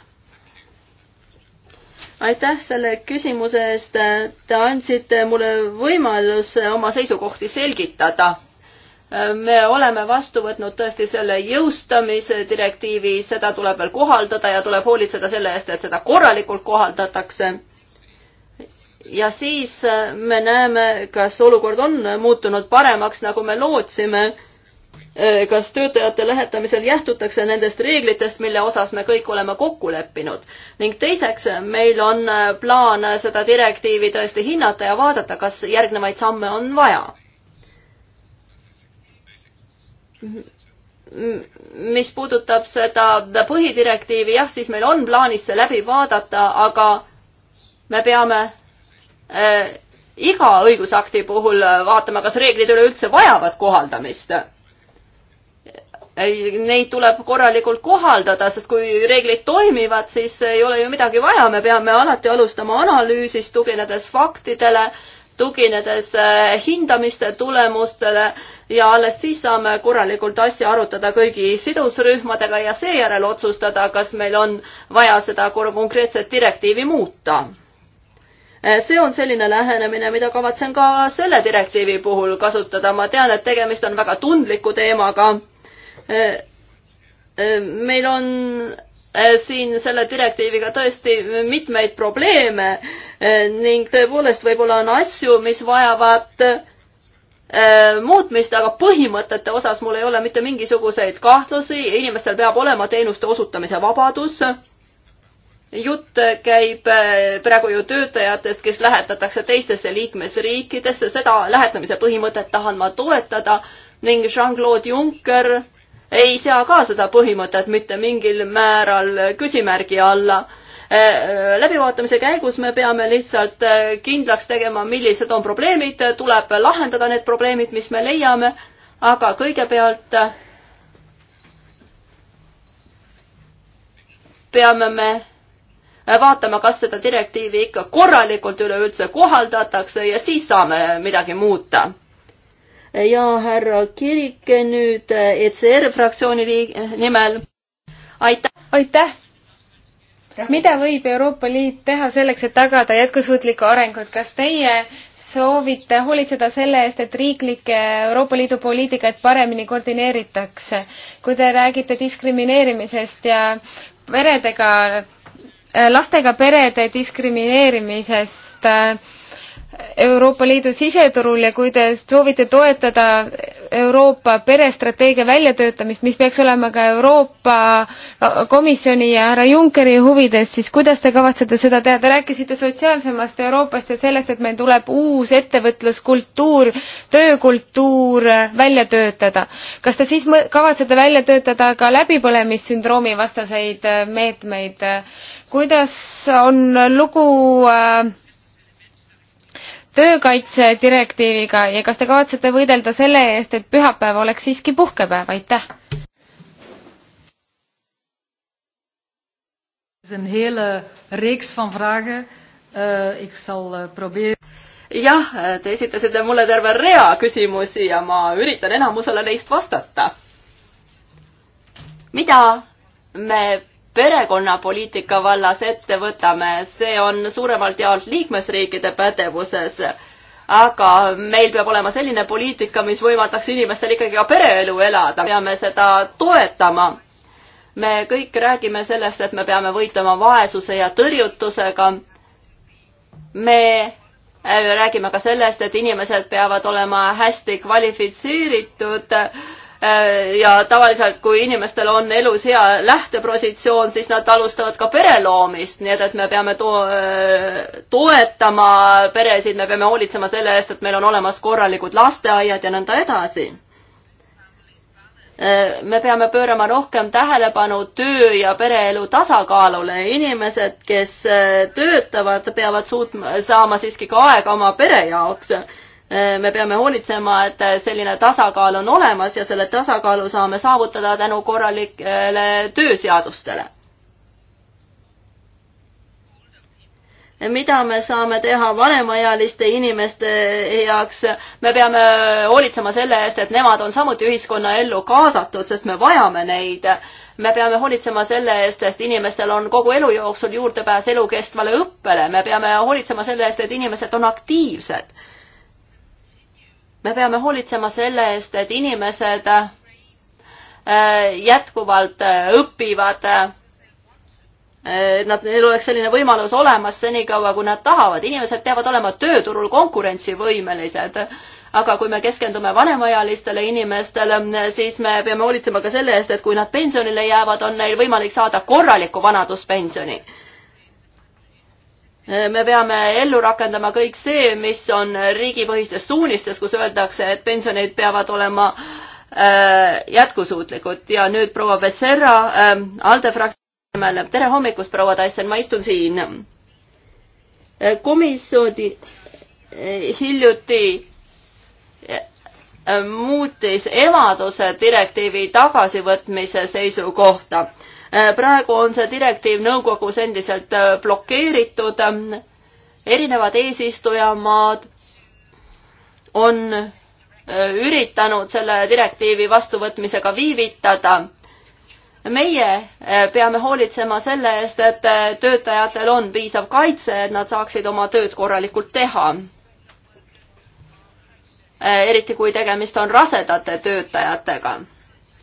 aitäh selle küsimuse eest, te andsite mulle võimaluse oma seisukohti selgitada äh, me oleme vastu võtnud tõesti selle jõustamise direktiivi, seda tuleb veel kohaldada ja tuleb hoolitseda selle eest, et seda korralikult kohaldatakse ja siis äh, me näeme, kas olukord on muutunud paremaks, nagu me lootsime. Äh, kas töötajate lähetamisel jähtutakse nendest reeglitest, mille osas me kõik oleme kokku leppinud ning teiseks, meil on äh, plaan seda direktiivi tõesti hinnata ja vaadata, kas järgnevaid samme on vaja mis puudutab seda põhidirektiivi, jah, siis meil on plaanis see läbi vaadata, aga me peame Äh, iga õigusakti puhul äh, vaatama, kas reeglid üleüldse vajavad kohaldamist. Neid tuleb korralikult kohaldada, sest kui reeglid toimivad, siis ei ole ju midagi vaja, me peame alati alustama analüüsist, tuginedes faktidele, tuginedes äh, hindamiste tulemustele ja alles siis saame korralikult asja arutada kõigi sidusrühmadega ja seejärel otsustada, kas meil on vaja seda konkreetset direktiivi muuta Äh, see on selline lähenemine, mida kavatsen ka selle direktiivi puhul kasutada, ma tean, et tegemist on väga tundliku teemaga. Äh, äh, meil on siin selle direktiiviga tõesti mitmeid probleeme ning tõepoolest võib-olla on asju, mis vajavad muutmist, aga põhimõtete osas mul ei ole mitte mingisuguseid kahtlusi, inimestel peab olema teenuste osutamise vabadus jutt käib äh, praegu ju töötajatest, kes lähetatakse teistesse liikmesriikidesse, seda lähetamise põhimõtet tahan ma toetada ning Jean-Claude Juncker ei sea ka seda põhimõtet mitte mingil määral küsimärgi alla. Äh, äh, läbivaatamise käigus me peame lihtsalt kindlaks tegema, millised on probleemid, tuleb lahendada need probleemid, mis me leiame, aga kõigepealt peame me vaatama, kas seda direktiivi ikka korralikult üleüldse kohaldatakse ja siis saame midagi muuta. ja härra Kirik nüüd ECR fraktsiooni nimel. aitäh. aitäh mida võib Euroopa Liit teha selleks, et tagada jätkusuutlikku arengut, kas teie soovite hoolitseda selle eest, et riiklikke Euroopa Liidu poliitikaid paremini koordineeritakse? kui te räägite diskrimineerimisest ja peredega lastega perede diskrimineerimisest äh, Euroopa Liidu siseturul ja kui te soovite toetada Euroopa perestrateegia väljatöötamist, mis peaks olema ka Euroopa Komisjoni ja härra Junckeri huvides, siis kuidas te kavatsete seda teha? Te rääkisite sotsiaalsemast Euroopast ja sellest, et meil tuleb uus ettevõtluskultuur, töökultuur välja töötada. kas te siis kavatsete välja töötada ka läbipõlemissündroomi vastaseid meetmeid? kuidas on lugu äh, töökaitse direktiiviga ja kas te kavatsete võidelda selle eest, et pühapäev oleks siiski puhkepäev, aitäh! Eh, eh, jah, te esitasite mulle terve rea küsimusi ja ma üritan enamusele neist vastata. mida me perekonnapoliitika vallas ette võtame, see on suuremalt jaolt liikmesriikide pädevuses. aga meil peab olema selline poliitika, mis võimaldaks inimestel ikkagi ka pereelu elada, peame seda toetama. me kõik räägime sellest, et me peame võitlema vaesuse ja tõrjutusega. me räägime ka sellest, et inimesed peavad olema hästi kvalifitseeritud Äh, ja tavaliselt, kui inimestel on elus hea lähtepositsioon, siis nad alustavad ka pere loomist, nii et, et me peame to äh, toetama peresid, me peame hoolitsema selle eest, et meil on olemas korralikud lasteaiad ja nõnda edasi. Äh, me peame pöörama rohkem tähelepanu töö ja pereelu tasakaalule. inimesed, kes töötavad, peavad suutma, saama siiski ka aega oma pere jaoks Eh, me peame hoolitsema, et eh, selline tasakaal on olemas ja selle tasakaalu saame saavutada tänu korralikele tööseadustele. mida me saame teha vanemaealiste inimeste heaks, me peame hoolitsema selle eest, et nemad on samuti ühiskonnaellu kaasatud, sest me vajame neid. me peame hoolitsema selle eest, et inimestel on kogu elu jooksul juurdepääs elukestvale õppele, me peame hoolitsema selle eest, et inimesed on aktiivsed me peame hoolitsema selle eest, et inimesed äh, jätkuvalt äh, õpivad. Äh, et nad, neil oleks selline võimalus olemas senikaua, kui nad tahavad. inimesed peavad olema tööturul konkurentsivõimelised. aga kui me keskendume vanemaealistele inimestele, siis me peame hoolitsema ka selle eest, et kui nad pensionile jäävad, on neil võimalik saada korralikku vanaduspensioni me peame ellu rakendama kõik see, mis on riigipõhistes suunistes, kus öeldakse, et pensionid peavad olema äh, jätkusuutlikud ja nüüd proua Becerra ähm, ALDE fraktsiooni nimel. tere hommikust, proua Tyson, ma istun siin. Äh, komisjoni äh, hiljuti muutis emaduse direktiivi tagasivõtmise seisukohta Äh, praegu on see direktiiv nõukogus endiselt äh, blokeeritud. erinevad eesistujamaad on äh, üritanud selle direktiivi vastuvõtmisega viivitada meie peame hoolitsema selle eest, et töötajatel on piisav kaitse, et nad saaksid oma tööd korralikult teha. eriti kui tegemist on rasedate töötajatega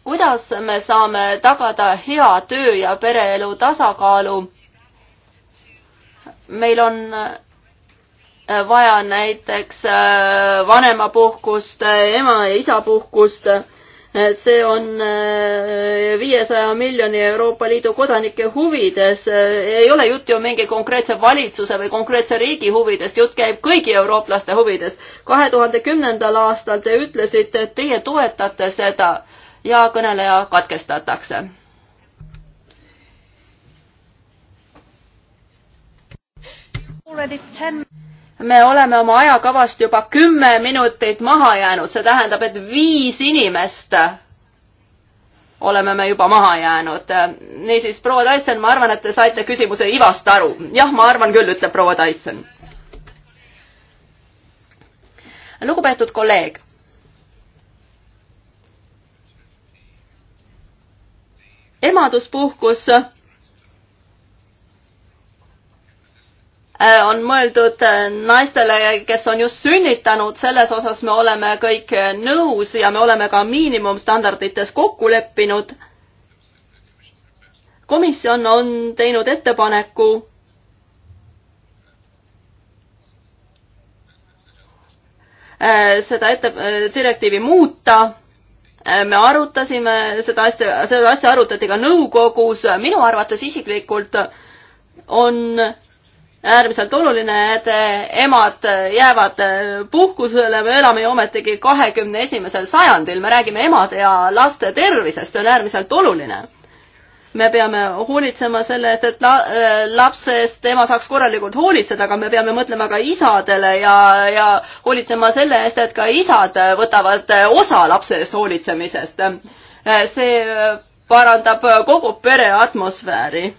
kuidas me saame tagada hea töö ja pereelu tasakaalu. meil on äh, vaja näiteks äh, vanemapuhkust, äh, ema ja isa puhkust. see on viiesaja miljoni Euroopa Liidu kodanike huvides. ei ole jutt ju mingi konkreetse valitsuse või konkreetse riigi huvidest, jutt käib kõigi eurooplaste huvidest. kahe tuhande kümnendal aastal te ütlesite, et teie toetate seda ja kõneleja katkestatakse. me oleme oma ajakavast juba kümme minutit maha jäänud, see tähendab, et viis inimest oleme me juba maha jäänud. niisiis, proua Tyson, ma arvan, et te saite küsimuse ivast aru. jah, ma arvan küll, ütleb proua Tyson. lugupeetud kolleeg emaduspuhkus äh, on mõeldud äh, naistele, kes on just sünnitanud, selles osas me oleme kõik äh, nõus ja me oleme ka miinimumstandardites kokku leppinud. komisjon on teinud ettepaneku seda ette, direktiivi muuta Äh, me arutasime seda asja, seda asja arutati ka nõukogus, minu arvates isiklikult on äärmiselt oluline, et emad jäävad puhkusele, me elame ju ometigi kahekümne esimesel sajandil, me räägime emade ja laste tervisest, see on äärmiselt oluline me peame hoolitsema selle eest, et la, äh, lapse eest ema saaks korralikult hoolitseda, aga me peame mõtlema ka isadele ja, ja hoolitsema selle eest, et ka isad võtavad äh, osa lapse eest hoolitsemisest. Äh, see parandab kogu pere atmosfääri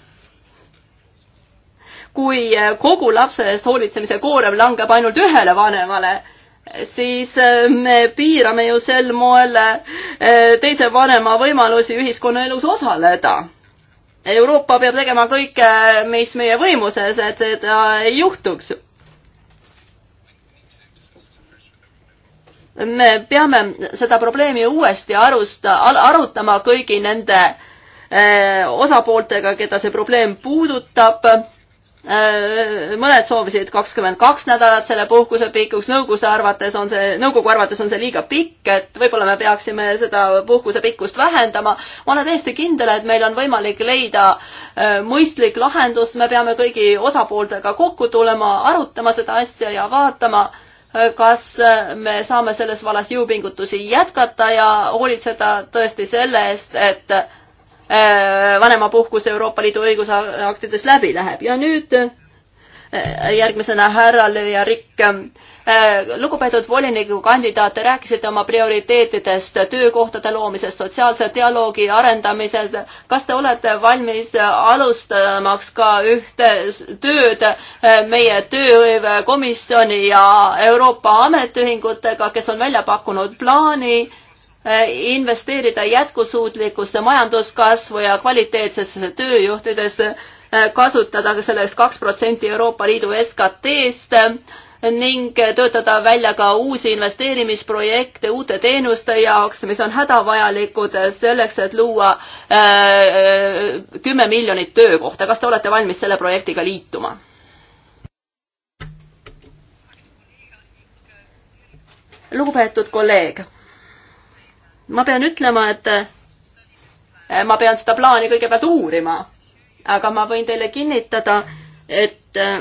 kui kogu lapse eest hoolitsemise koorem langeb ainult ühele vanemale, siis me piirame ju sel moel teise vanema võimalusi ühiskonnaelus osaleda Euroopa peab tegema kõike, äh, mis meie võimuses, et seda ei juhtuks. me peame seda probleemi uuesti arusta, arutama kõigi nende äh, osapooltega, keda see probleem puudutab Äh, mõned soovisid kakskümmend kaks nädalat selle puhkuse pikuks, nõukoguse arvates on see, nõukogu arvates on see liiga pikk, et võib-olla me peaksime seda puhkuse pikkust vähendama. ma olen täiesti kindel, et meil on võimalik leida äh, mõistlik lahendus, me peame kõigi osapooltega kokku tulema, arutama seda asja ja vaatama, äh, kas me saame selles vallas jõupingutusi jätkata ja hoolitseda tõesti selle eest, et Äh, vanemapuhkus Euroopa Liidu õigusaktides läbi läheb ja nüüd äh, järgmisena härrale ja Rikk. Äh, lugupeetud volinikukandidaat, te rääkisite oma prioriteetidest, töökohtade loomisest, sotsiaalse dialoogi arendamisest. kas te olete valmis alustamaks ka ühte tööd meie tööhõivekomisjoni ja Euroopa ametiühingutega, kes on välja pakkunud plaani investeerida jätkusuutlikkusse majanduskasvu ja kvaliteetsesse tööjuhtidesse, kasutada selleks kaks protsenti Euroopa Liidu SKT-st ning töötada välja ka uusi investeerimisprojekte uute teenuste jaoks, mis on hädavajalikud selleks, et luua äh, kümme miljonit töökohta. kas te olete valmis selle projektiga liituma? lugupeetud kolleeg ma pean ütlema, et eh, ma pean seda plaani kõigepealt uurima, aga ma võin teile kinnitada, et eh,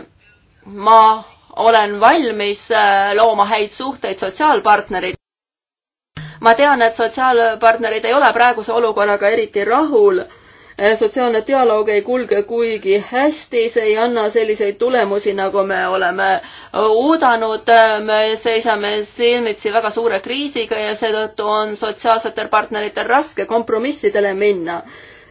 ma olen valmis eh, looma häid suhteid sotsiaalpartnerid. ma tean, et sotsiaalpartnerid ei ole praeguse olukorraga eriti rahul sotsiaalne dialoog ei kulge kuigi hästi, see ei anna selliseid tulemusi, nagu me oleme äh, oodanud. me seisame silmitsi väga suure kriisiga ja seetõttu on sotsiaalsetel partneritel raske kompromissidele minna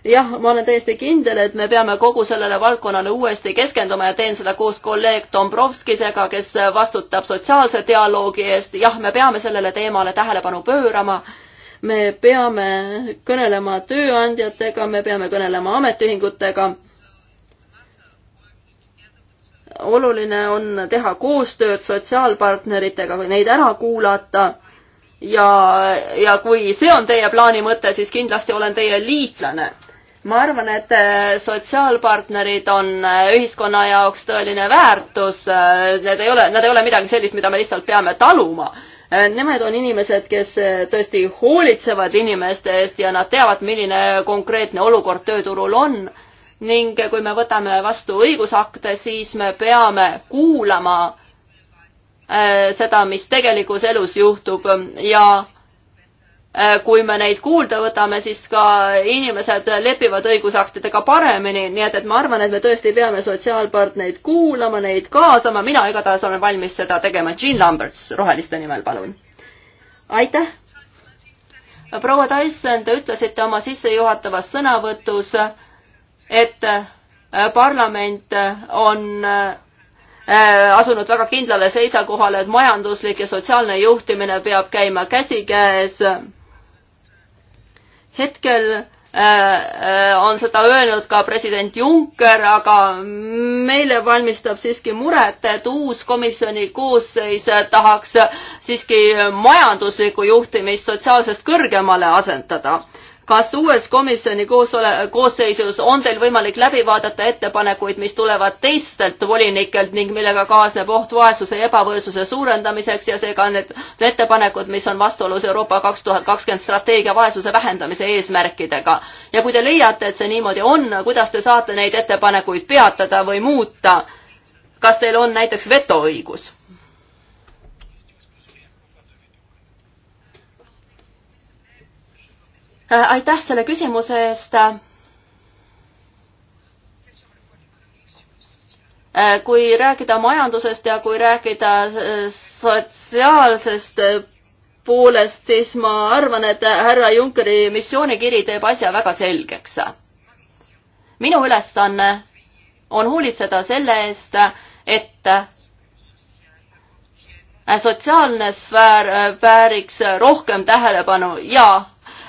jah, ma olen täiesti kindel, et me peame kogu sellele valdkonnale uuesti keskenduma ja teen seda koos kolleeg Dombrovskisega, kes vastutab sotsiaalse dialoogi eest. jah, me peame sellele teemale tähelepanu pöörama me peame kõnelema tööandjatega, me peame kõnelema ametiühingutega. oluline on teha koostööd sotsiaalpartneritega, neid ära kuulata ja, ja kui see on teie plaani mõte, siis kindlasti olen teie liitlane. ma arvan, et äh, sotsiaalpartnerid on äh, ühiskonna jaoks tõeline väärtus, äh, need ei ole, nad ei ole midagi sellist, mida me lihtsalt peame taluma Äh, nemad on inimesed, kes äh, tõesti hoolitsevad inimeste eest ja nad teavad, milline konkreetne olukord tööturul on ning kui me võtame vastu õigusakte, siis me peame kuulama äh, seda, mis tegelikus elus juhtub ja Äh, kui me neid kuulda võtame, siis ka inimesed lepivad õigusaktidega paremini, nii et, et ma arvan, et me tõesti peame sotsiaalpartnereid kuulama, neid kaasama, mina igatahes olen valmis seda tegema. Jean Lamberts Roheliste nimel, palun. aitäh. proua Tyson, te ütlesite oma sissejuhatavas sõnavõtus, et äh, parlament on äh, asunud väga kindlale seisakohale, et majanduslik ja sotsiaalne juhtimine peab käima käsikäes hetkel äh, äh, on seda öelnud ka president Juncker, aga meile valmistab siiski muret, et uus komisjoni koosseis tahaks siiski majanduslikku juhtimist sotsiaalsest kõrgemale asendada kas uues komisjoni koosole-, koosseisus on teil võimalik läbi vaadata ettepanekuid, mis tulevad teistelt volinikelt ning millega kaasneb oht vaesuse ja ebavõrdsuse suurendamiseks ja seega need ettepanekud, mis on vastuolus Euroopa kaks tuhat kakskümmend strateegia vaesuse vähendamise eesmärkidega. ja kui te leiate, et see niimoodi on, kuidas te saate neid ettepanekuid peatada või muuta? kas teil on näiteks vetoõigus? Äh, aitäh selle küsimuse eest. Äh, kui rääkida majandusest ja kui rääkida sotsiaalsest poolest, siis ma arvan, et härra Junckeri missioonikiri teeb asja väga selgeks. minu ülesanne on hoolitseda selle eest, et sotsiaalne sfäär äh, vääriks rohkem tähelepanu ja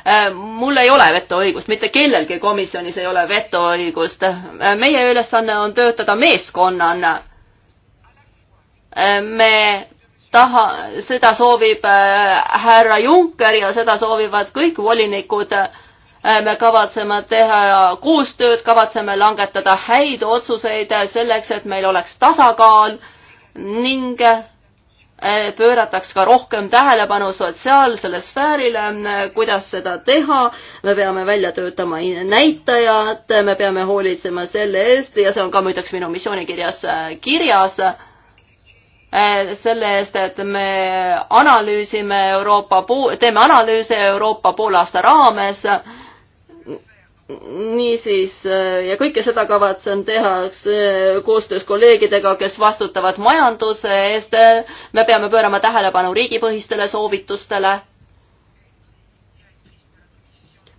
Äh, mul ei ole vetoõigust, mitte kellelgi komisjonis ei ole vetoõigust. Äh, meie ülesanne on töötada meeskonnana. Äh, me taha, seda soovib härra Juncker ja seda soovivad kõik volinikud. me kavatseme teha koostööd, kavatseme langetada häid otsuseid selleks, et meil oleks tasakaal ning Äh, pöörataks ka rohkem tähelepanu sotsiaalsele sfäärile, äh, kuidas seda teha, me peame välja töötama näitajad, me peame hoolitsema selle eest ja see on ka muideks minu missioonikirjas äh, kirjas, selle eest, et me analüüsime Euroopa, teeme analüüse Euroopa poolaasta raames niisiis äh, ja kõike seda kavatsen teha äh, koostöös kolleegidega, kes vastutavad majanduse eest. me peame pöörama tähelepanu riigipõhistele soovitustele.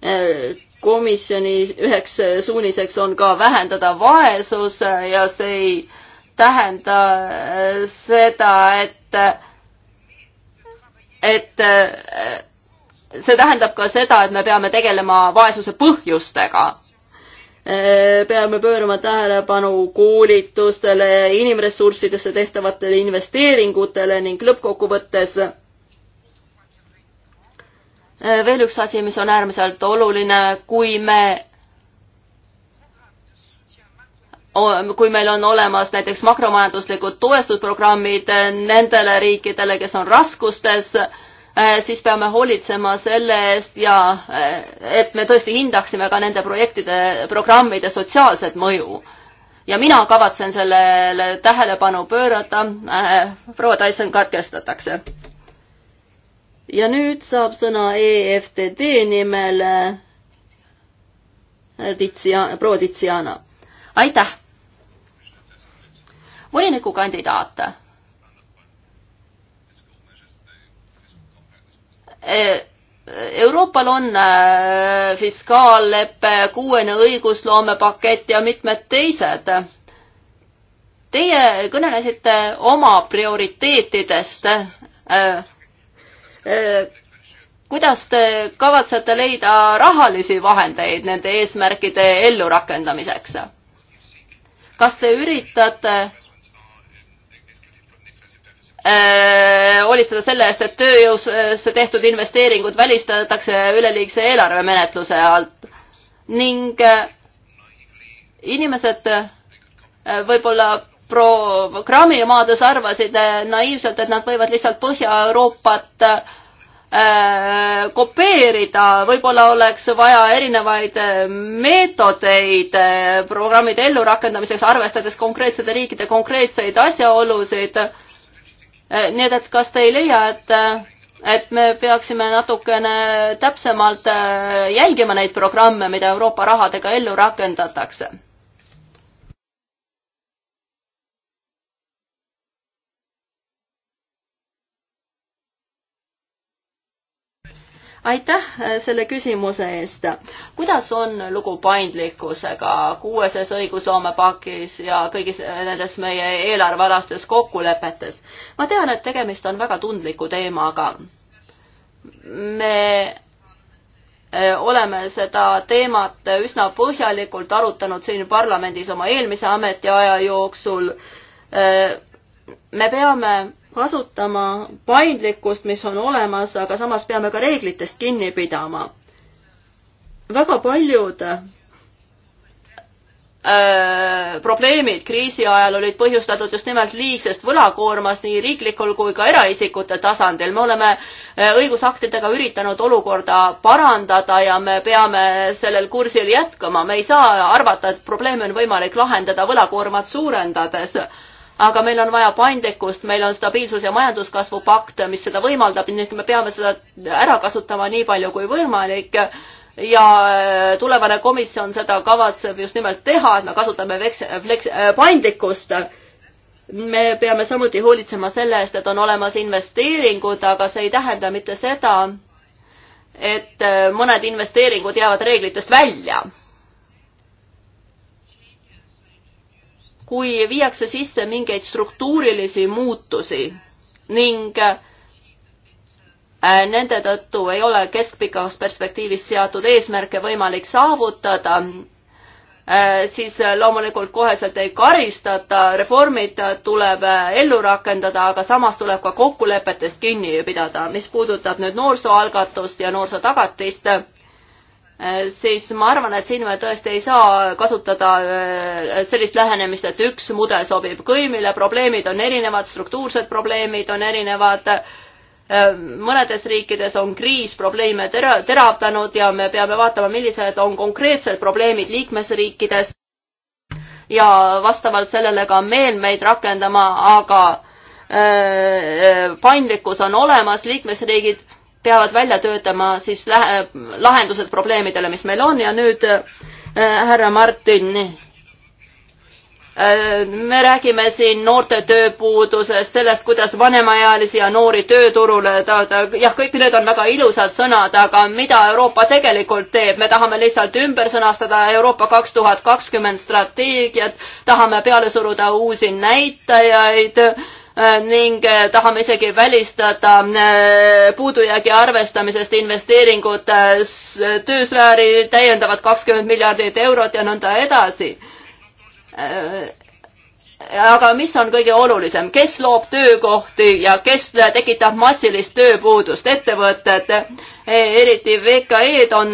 Äh, komisjoni üheks suuniseks on ka vähendada vaesus ja see ei tähenda seda, et, et see tähendab ka seda, et me peame tegelema vaesuse põhjustega. peame pöörama tähelepanu koolitustele, inimressurssidesse tehtavatele investeeringutele ning lõppkokkuvõttes veel üks asi, mis on äärmiselt oluline, kui me kui meil on olemas näiteks makromajanduslikud toestusprogrammid nendele riikidele, kes on raskustes äh,, Äh, siis peame hoolitsema selle eest ja äh, et me tõesti hindaksime ka nende projektide, programmide sotsiaalset mõju. ja mina kavatsen sellele tähelepanu pöörata. Äh, proua Tyson katkestatakse. ja nüüd saab sõna EFTD nimel Titsia-, proua Titsiana. aitäh! volinikukandidaat Euroopal on äh, fiskaallepe, kuuene õigusloomepakett ja mitmed teised. Teie kõnelesite oma prioriteetidest. Äh, äh, kuidas te kavatsete leida rahalisi vahendeid nende eesmärkide ellurakendamiseks? kas te üritate hoolitseda äh, selle eest, et tööjõusse tehtud investeeringud välistatakse üleliigse eelarvemenetluse alt ning äh, inimesed äh, võib-olla programmimaades arvasid naiivselt, et nad võivad lihtsalt Põhja-Euroopat kopeerida, võib-olla oleks vaja erinevaid meetodeid programmide ellurakendamiseks, arvestades konkreetsete riikide konkreetseid asjaolusid Äh, nii et, et kas te ei leia, et, äh, et me peaksime natukene täpsemalt äh, jälgima neid programme, mida Euroopa rahadega ellu rakendatakse? aitäh äh, selle küsimuse eest. kuidas on lugu paindlikkusega kuueses õigusloomepakis ja kõigis nendes meie eelarvealastes kokkulepetes? ma tean, et tegemist on väga tundliku teemaga. me äh, oleme seda teemat üsna põhjalikult arutanud siin parlamendis oma eelmise ametiaja jooksul. Äh, me peame kasutama paindlikkust, mis on olemas, aga samas peame ka reeglitest kinni pidama. väga paljud Öö, äh, probleemid kriisi ajal olid põhjustatud just nimelt liigsest võlakoormast nii riiklikul kui ka eraisikute tasandil. me oleme äh, õigusaktidega üritanud olukorda parandada ja me peame sellel kursil jätkama. me ei saa arvata, et probleeme on võimalik lahendada võlakoormat suurendades aga meil on vaja paindlikkust, meil on stabiilsus- ja majanduskasvu pakt, mis seda võimaldab, nii et me peame seda ära kasutama nii palju kui võimalik ja äh, tulevane komisjon seda kavatseb just nimelt teha, et me kasutame veks-, fleks-, äh, paindlikkust. me peame samuti hoolitsema selle eest, et on olemas investeeringud, aga see ei tähenda mitte seda, et äh, mõned investeeringud jäävad reeglitest välja kui viiakse sisse mingeid struktuurilisi muutusi ning äh, nende tõttu ei ole keskpikas perspektiivis seatud eesmärke võimalik saavutada, äh, siis loomulikult koheselt ei karistata, reformid tuleb äh, ellu rakendada, aga samas tuleb ka kokkulepetest kinni pidada. mis puudutab nüüd noorsooalgatust ja noorsootagatist, Äh, siis ma arvan, et siin me tõesti ei saa kasutada äh, sellist lähenemist, et üks mudel sobib kõimile, probleemid on erinevad, struktuursed probleemid on erinevad. Äh, mõnedes riikides on kriis probleeme tera-, teravdanud ja me peame vaatama, millised on konkreetsed probleemid liikmesriikides ja vastavalt sellele ka meelmeid rakendama, aga paindlikkus on olemas, liikmesriigid peavad välja töötama siis lahendused probleemidele, mis meil on ja nüüd äh, härra Martin. Äh, me räägime siin noorte tööpuudusest, sellest, kuidas vanemaealisi ja noori tööturule saada, jah, kõik need on väga ilusad sõnad, aga mida Euroopa tegelikult teeb, me tahame lihtsalt ümber sõnastada Euroopa kaks tuhat kakskümmend strateegiat, tahame peale suruda uusi näitajaid Äh, ning äh, tahame isegi välistada äh, puudujäägi arvestamisest investeeringud töösfääri täiendavad kakskümmend miljardit eurot ja nõnda edasi. aga mis on kõige olulisem, kes loob töökohti ja kes tekitab massilist tööpuudust, ettevõtted et eriti VKE-d on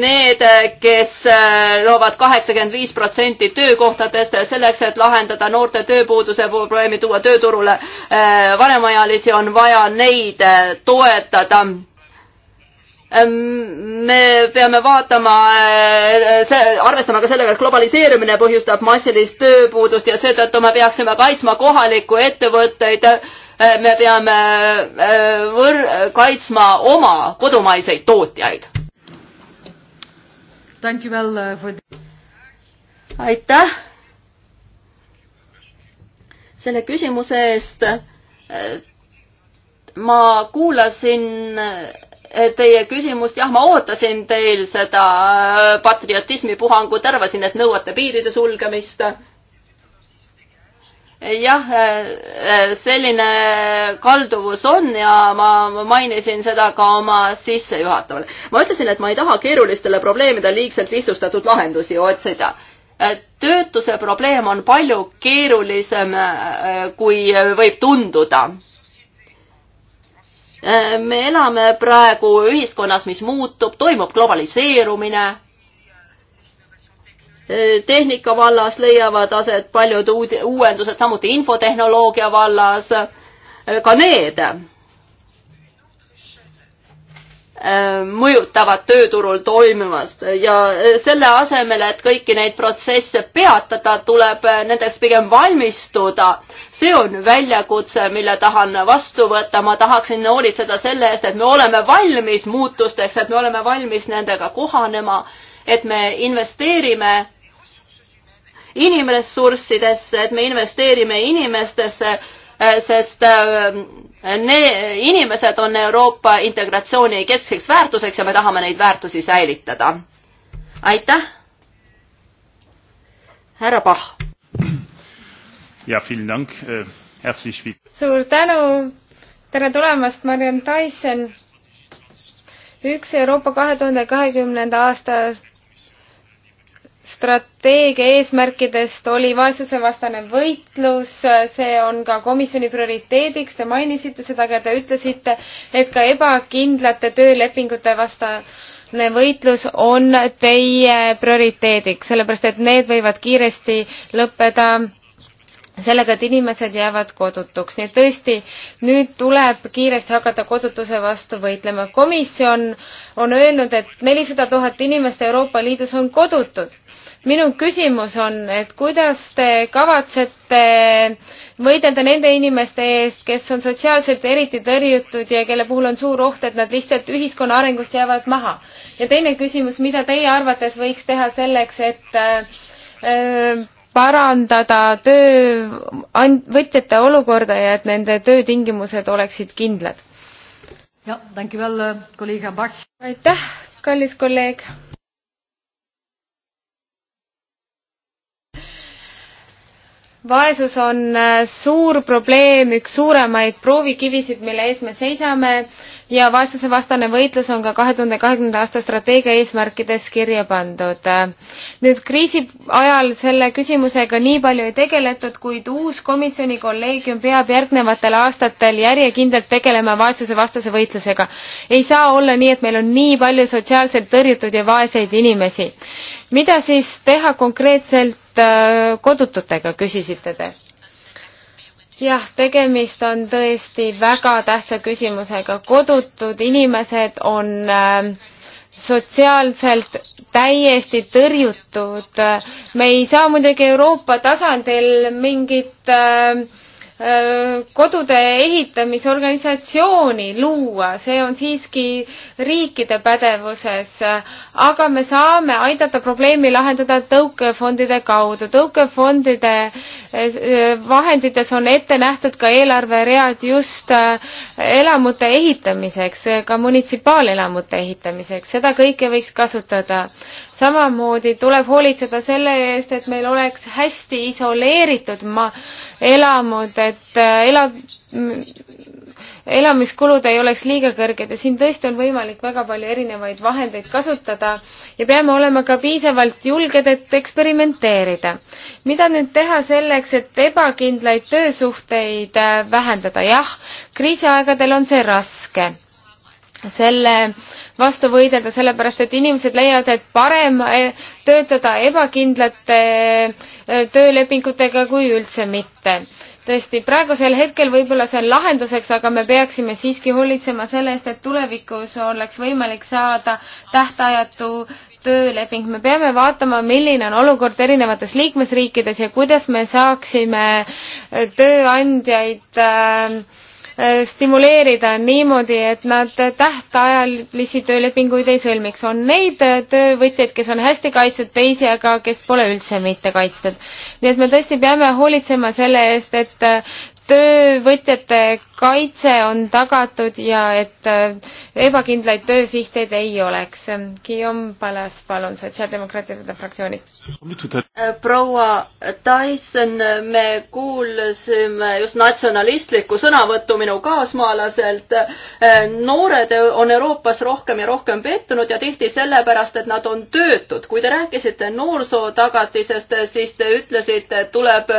need, kes äh, loovad kaheksakümmend viis protsenti töökohtadest selleks, et lahendada noorte tööpuuduse probleemi, tuua tööturule äh, vanemaealisi, on vaja neid äh, toetada me peame vaatama, arvestama ka sellega, et globaliseerumine põhjustab massilist tööpuudust ja seetõttu me peaksime kaitsma kohalikku ettevõtteid et Äh, me peame äh, võr-, kaitsma oma kodumaiseid tootjaid. Äh, aitäh selle küsimuse eest. ma kuulasin teie küsimust, jah, ma ootasin teil seda patriotismipuhangut, arvasin, et nõuate piiride sulgemist jah, äh, selline kalduvus on ja ma mainisin seda ka oma sissejuhataval. ma ütlesin, et ma ei taha keerulistele probleemidele liigselt lihtsustatud lahendusi otsida. Äh, töötuse probleem on palju keerulisem, äh, kui võib tunduda. me elame praegu ühiskonnas, mis muutub, toimub globaliseerumine Äh, tehnika vallas leiavad aset paljud uuendused, samuti infotehnoloogia vallas, äh, ka need äh, mõjutavad tööturul toimuvast ja selle asemel, et kõiki neid protsesse peatada, tuleb nendeks pigem valmistuda. see on väljakutse, mille tahan vastu võtta, ma tahaksin hoolitseda selle eest, et me oleme valmis muutusteks, et me oleme valmis nendega kohanema, et me investeerime inimressurssidesse, et me investeerime inimestesse, eh, sest eh, need inimesed on Euroopa integratsiooni keskseks väärtuseks ja me tahame neid väärtusi säilitada. aitäh. härra Pahh. ja, äh, suur tänu. tere tulemast, Mariann Tyson. üks Euroopa kahe tuhande kahekümnenda aasta strateegia eesmärkidest oli vaesusevastane võitlus, see on ka komisjoni prioriteediks, te mainisite seda, aga te ütlesite, et ka ebakindlate töölepingute vastane võitlus on teie prioriteediks, sellepärast et need võivad kiiresti lõppeda sellega, et inimesed jäävad kodutuks, nii et tõesti, nüüd tuleb kiiresti hakata kodutuse vastu võitlema. komisjon on öelnud, et nelisada tuhat inimest Euroopa Liidus on kodutud minu küsimus on, et kuidas te kavatsete võidelda nende inimeste eest, kes on sotsiaalselt eriti tõrjutud ja kelle puhul on suur oht, et nad lihtsalt ühiskonna arengust jäävad maha. ja teine küsimus, mida teie arvates võiks teha selleks, et äh, parandada töövõtjate olukorda ja et nende töötingimused oleksid kindlad? jah, eh, aitäh, kallis kolleeg vaesus on äh, suur probleem, üks suuremaid proovikivisid, mille ees me seisame ja vaesusevastane võitlus on ka kahe tuhande kahekümnenda aasta strateegia eesmärkides kirja pandud. nüüd kriisi ajal selle küsimusega nii palju ei tegeletud, kuid uus komisjoni kolleegium peab järgnevatel aastatel järjekindlalt tegelema vaesusevastase võitlusega. ei saa olla nii, et meil on nii palju sotsiaalselt tõrjutud ja vaeseid inimesi mida siis teha konkreetselt äh, kodututega, küsisite te? jah, tegemist on tõesti väga tähtsa küsimusega. kodutud inimesed on äh, sotsiaalselt täiesti tõrjutud. me ei saa muidugi Euroopa tasandil mingit äh, Äh, kodude ehitamisorganisatsiooni luua, see on siiski riikide pädevuses, aga me saame aidata probleemi lahendada tõukefondide kaudu. tõukefondide äh, vahendites on ette nähtud ka eelarveread just äh, elamute ehitamiseks, ka munitsipaalelamute ehitamiseks, seda kõike võiks kasutada samamoodi tuleb hoolitseda selle eest, et meil oleks hästi isoleeritud ma-, elamud, et äh, ela-, elamiskulud ei oleks liiga kõrged ja siin tõesti on võimalik väga palju erinevaid vahendeid kasutada ja peame olema ka piisavalt julged, et eksperimenteerida. mida nüüd teha selleks, et ebakindlaid töösuhteid äh, vähendada? jah, kriisiaegadel on see raske selle vastu võidelda, sellepärast et inimesed leiavad, et parem eh, töötada ebakindlate eh, töölepingutega kui üldse mitte. tõesti, praegusel hetkel võib-olla see on lahenduseks, aga me peaksime siiski hoolitsema selle eest, et tulevikus oleks võimalik saada tähtajatu tööleping, me peame vaatama, milline on olukord erinevates liikmesriikides ja kuidas me saaksime eh, tööandjaid äh, Äh, stimuleerida niimoodi, et nad tähtajalisi töölepinguid ei sõlmiks. on neid äh, töövõtjaid, kes on hästi kaitstud, teisi aga, kes pole üldse mitte kaitstud. nii et me tõesti peame hoolitsema selle eest, et äh, töövõtjate kaitse on tagatud ja et äh, ebakindlaid töösihteid ei oleks. Guillaume Palas, palun, Sotsiaaldemokraatide fraktsioonist. Äh, proua Tyson, me kuulsime just natsionalistlikku sõnavõttu minu kaasmaalaselt. Äh, noored e- on Euroopas rohkem ja rohkem pettunud ja tihti sellepärast, et nad on töötud. kui te rääkisite noorsootagatisest, siis te ütlesite, et tuleb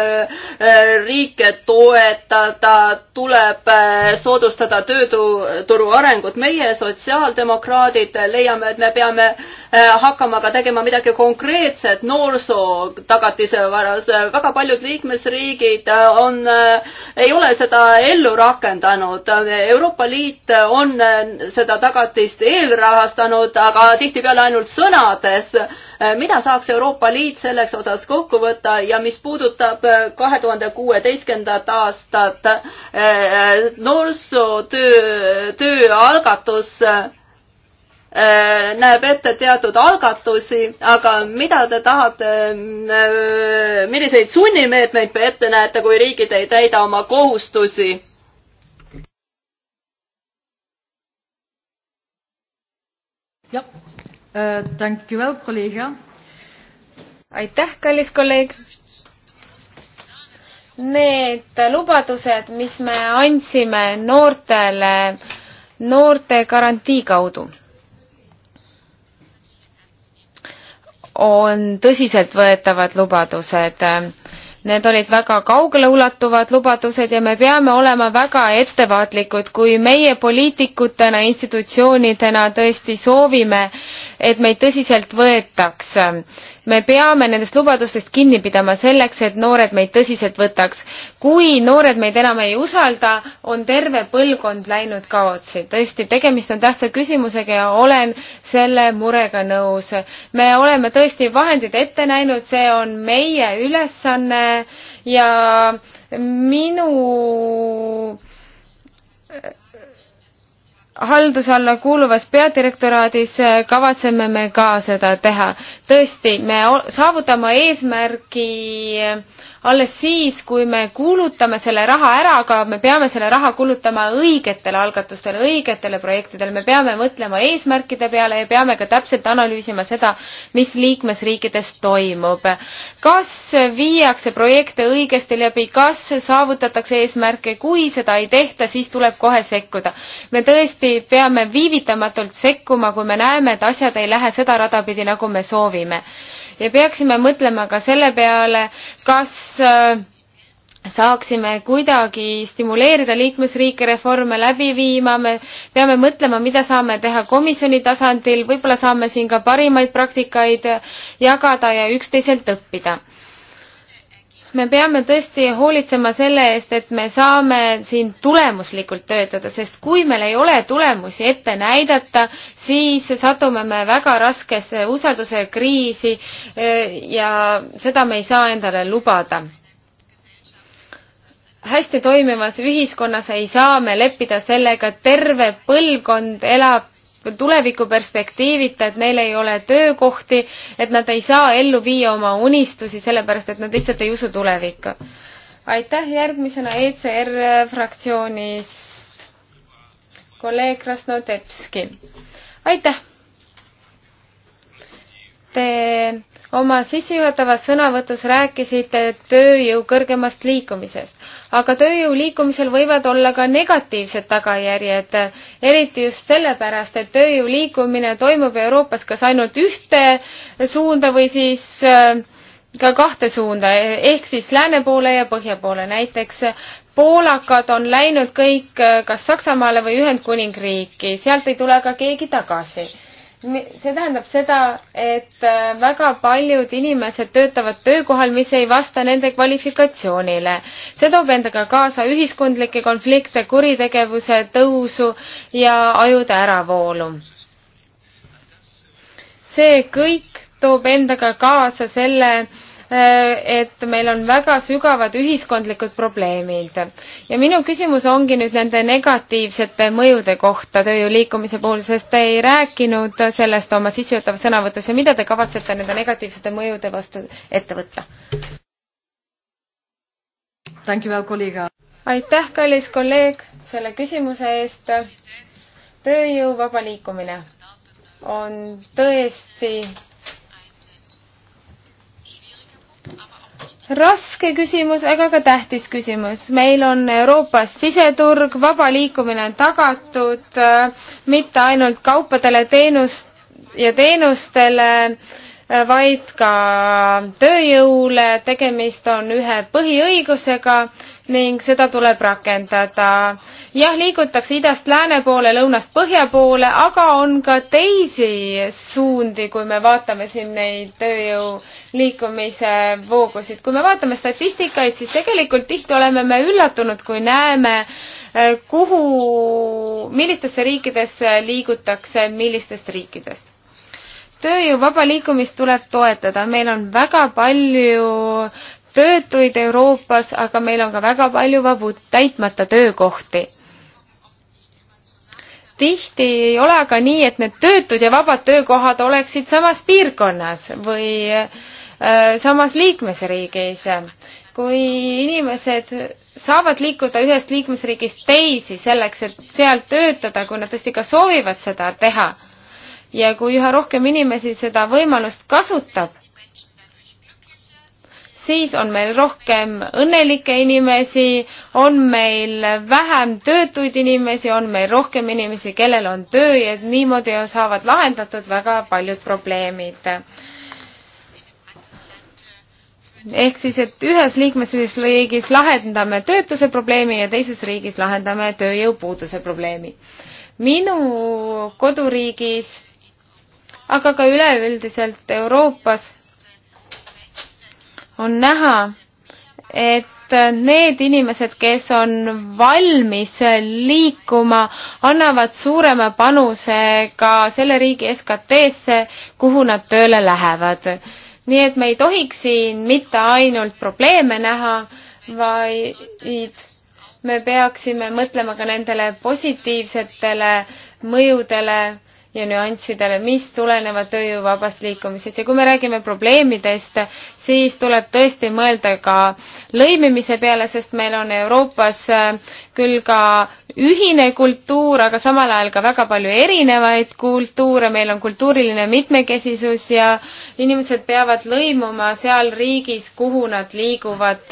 riike toetada, tuleb Äh, soodustada tööturu arengut. meie, sotsiaaldemokraadid, leiame, et me peame äh, hakkama ka tegema midagi konkreetset noorsootagatise varas. väga paljud liikmesriigid äh, on, ei ole seda ellu rakendanud. Euroopa Liit on seda tagatist eelrahastanud, aga tihtipeale ainult sõnades Äh, mida saaks Euroopa Liit selles osas kokku võtta ja mis puudutab äh, kahe tuhande kuueteistkümnendat aastat äh, noorsootöö, tööalgatus näeb ette teatud algatusi, aga mida te tahate, milliseid sunnimeetmeid te ette näete, kui riigid ei täida oma kohustusi? jah aitäh, kallis kolleeg. Need lubadused, mis me andsime noortele, noorte garantii kaudu, on tõsiseltvõetavad lubadused Need olid väga kaugeleulatuvad lubadused ja me peame olema väga ettevaatlikud, kui meie poliitikutena, institutsioonidena tõesti soovime, et meid tõsiselt võetaks me peame nendest lubadustest kinni pidama selleks, et noored meid tõsiselt võtaks. kui noored meid enam ei usalda, on terve põlvkond läinud kaotsi. tõesti, tegemist on tähtsa küsimusega ja olen selle murega nõus. me oleme tõesti vahendid ette näinud, see on meie ülesanne ja minu halduse alla kuuluvas peadirektoraadis äh, kavatseme me ka seda teha. tõesti, me saavutame eesmärgi äh, alles siis, kui me kuulutame selle raha ära, aga me peame selle raha kulutama õigetele algatustele, õigetele projektidele, me peame mõtlema eesmärkide peale ja peame ka täpselt analüüsima seda, mis liikmesriikides toimub. kas viiakse projekte õigesti läbi, kas saavutatakse eesmärke, kui seda ei tehta, siis tuleb kohe sekkuda. me tõesti peame viivitamatult sekkuma, kui me näeme, et asjad ei lähe seda rada pidi, nagu me soovime ja peaksime mõtlema ka selle peale, kas äh, saaksime kuidagi stimuleerida liikmesriike reforme läbi viima, me peame mõtlema, mida saame teha komisjoni tasandil, võib-olla saame siin ka parimaid praktikaid jagada ja üksteiselt õppida me peame tõesti hoolitsema selle eest, et me saame siin tulemuslikult töötada, sest kui meil ei ole tulemusi ette näidata, siis satume me väga raskesse usalduse kriisi eh, ja seda me ei saa endale lubada. hästi toimivas ühiskonnas ei saa me leppida sellega, et terve põlvkond elab tulevikuperspektiivita, et neil ei ole töökohti, et nad ei saa ellu viia oma unistusi, sellepärast et nad lihtsalt ei usu tulevikku. aitäh, järgmisena ECR fraktsioonist kolleeg Krasnodebski. aitäh! Te oma sissejuhatavas sõnavõtus rääkisite tööjõu kõrgemast liikumisest, aga tööjõu liikumisel võivad olla ka negatiivsed tagajärjed, eriti just sellepärast, et tööjõu liikumine toimub Euroopas kas ainult ühte suunda või siis äh, ka kahte suunda, ehk siis lääne poole ja põhja poole. näiteks poolakad on läinud kõik äh, kas Saksamaale või Ühendkuningriiki, sealt ei tule ka keegi tagasi see tähendab seda, et äh, väga paljud inimesed töötavad töökohal, mis ei vasta nende kvalifikatsioonile. see toob endaga kaasa ühiskondlikke konflikte, kuritegevuse tõusu ja ajude äravoolu. see kõik toob endaga kaasa selle, Äh, et meil on väga sügavad ühiskondlikud probleemid. ja minu küsimus ongi nüüd nende negatiivsete mõjude kohta tööjõu liikumise puhul, sest te ei rääkinud sellest oma sissejuhatavas sõnavõtus ja mida te kavatsete nende negatiivsete mõjude vastu ette võtta? aitäh, kallis kolleeg, selle küsimuse eest. tööjõu vaba liikumine on tõesti raske küsimus, aga ka tähtis küsimus. meil on Euroopas siseturg, vaba liikumine on tagatud äh, mitte ainult kaupadele, teenust ja teenustele äh,, Äh, vaid ka tööjõule, tegemist on ühe põhiõigusega ning seda tuleb rakendada. jah, liigutakse idast lääne poole, lõunast põhja poole, aga on ka teisi suundi, kui me vaatame siin neid tööjõu liikumise voogusid. kui me vaatame statistikaid, siis tegelikult tihti oleme me üllatunud, kui näeme, äh, kuhu, millistesse riikidesse liigutakse, millistest riikidest tööjõu vaba liikumist tuleb toetada, meil on väga palju töötuid Euroopas, aga meil on ka väga palju vabu täitmata töökohti. tihti ei ole aga nii, et need töötud ja vabad töökohad oleksid samas piirkonnas või äh, samas liikmesriigis. kui inimesed saavad liikuda ühest liikmesriigist teisi selleks, et seal töötada, kui nad tõesti ka soovivad seda teha ja kui üha rohkem inimesi seda võimalust kasutab, siis on meil rohkem õnnelikke inimesi, on meil vähem töötuid inimesi, on meil rohkem inimesi, kellel on töö ja niimoodi saavad lahendatud väga paljud probleemid ehk siis, et ühes liikmesriigis lahendame töötuse probleemi ja teises riigis lahendame tööjõupuuduse probleemi. minu koduriigis aga ka üleüldiselt Euroopas on näha, et need inimesed, kes on valmis liikuma, annavad suurema panuse ka selle riigi SKT-sse, kuhu nad tööle lähevad. nii et me ei tohiks siin mitte ainult probleeme näha, vaid me peaksime mõtlema ka nendele positiivsetele mõjudele ja nüanssidele, mis tulenevad tööjõu vabast liikumisest ja kui me räägime probleemidest, siis tuleb tõesti mõelda ka lõimimise peale, sest meil on Euroopas äh, küll ka ühine kultuur, aga samal ajal ka väga palju erinevaid kultuure, meil on kultuuriline mitmekesisus ja inimesed peavad lõimuma seal riigis, kuhu nad liiguvad,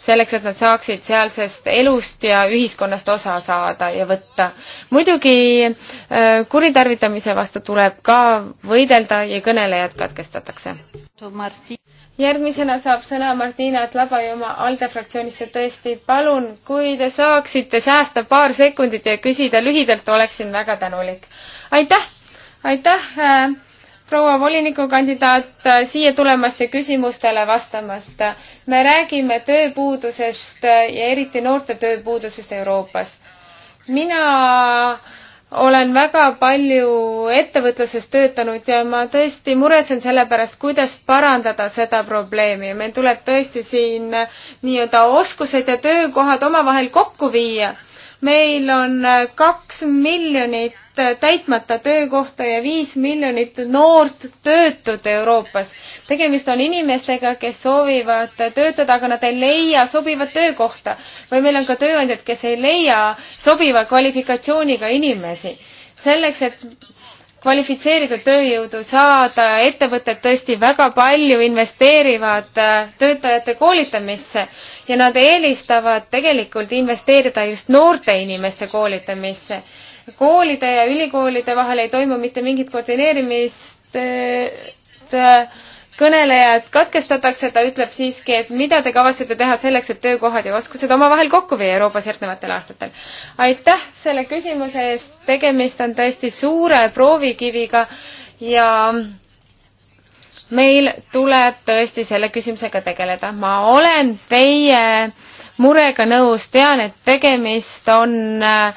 selleks et nad saaksid sealsest elust ja ühiskonnast osa saada ja võtta. muidugi äh, kuritarvitamise vastu tuleb ka võidelda ja kõnelejad katkestatakse järgmisena saab sõna Martina Tlabajõma ALDE fraktsioonist ja tõesti palun, kui te saaksite säästa paar sekundit ja küsida lühidalt, oleksin väga tänulik. aitäh, aitäh äh, proua volinikukandidaat äh, siia tulemast ja küsimustele vastamast. me räägime tööpuudusest äh, ja eriti noorte tööpuudusest Euroopas. mina äh, olen väga palju ettevõtluses töötanud ja ma tõesti muretsen selle pärast, kuidas parandada seda probleemi ja meil tuleb tõesti siin nii-öelda oskused ja töökohad omavahel kokku viia. meil on kaks miljonit täitmata töökohta ja viis miljonit noort töötut Euroopas tegemist on inimestega, kes soovivad töötada, aga nad ei leia sobivat töökohta või meil on ka tööandjad, kes ei leia sobiva kvalifikatsiooniga inimesi. selleks, et kvalifitseeritud tööjõudu saada, ettevõtted tõesti väga palju investeerivad äh, töötajate koolitamisse ja nad eelistavad tegelikult investeerida just noorte inimeste koolitamisse. koolide ja ülikoolide vahel ei toimu mitte mingit koordineerimist, äh, et äh, kõnelejad katkestatakse, ta ütleb siiski, et mida te kavatsete teha selleks, et töökohad ja oskused omavahel kokku viia Euroopas järgnevatel aastatel. aitäh selle küsimuse eest, tegemist on tõesti suure proovikiviga ja meil tuleb tõesti selle küsimusega tegeleda. ma olen teie murega nõus, tean, et tegemist on äh,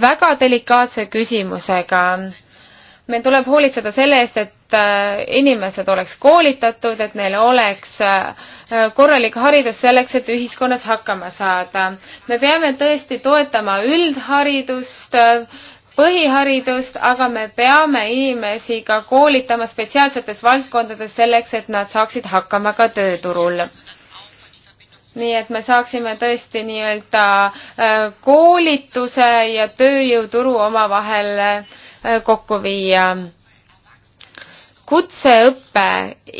väga delikaatse küsimusega meil tuleb hoolitseda selle eest, et Äh, inimesed oleks koolitatud, et neil oleks äh, korralik haridus selleks, et ühiskonnas hakkama saada. me peame tõesti toetama üldharidust, äh, põhiharidust, aga me peame inimesi ka koolitama spetsiaalsetes valdkondades selleks, et nad saaksid hakkama ka tööturul nii et me saaksime tõesti nii-öelda koolituse ja tööjõuturu omavahel kokku viia kutseõpe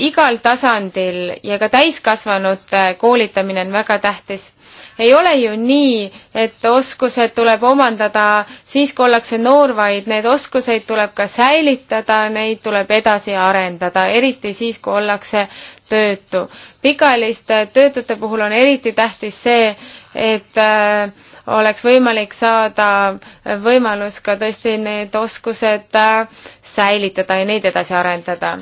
igal tasandil ja ka täiskasvanute koolitamine on väga tähtis. ei ole ju nii, et oskused tuleb omandada siis, kui ollakse noor, vaid need oskuseid tuleb ka säilitada, neid tuleb edasi arendada, eriti siis, kui ollakse töötu. pikaajaliste töötute puhul on eriti tähtis see, et äh, oleks võimalik saada võimalus ka tõesti need oskused äh, säilitada ja neid edasi arendada.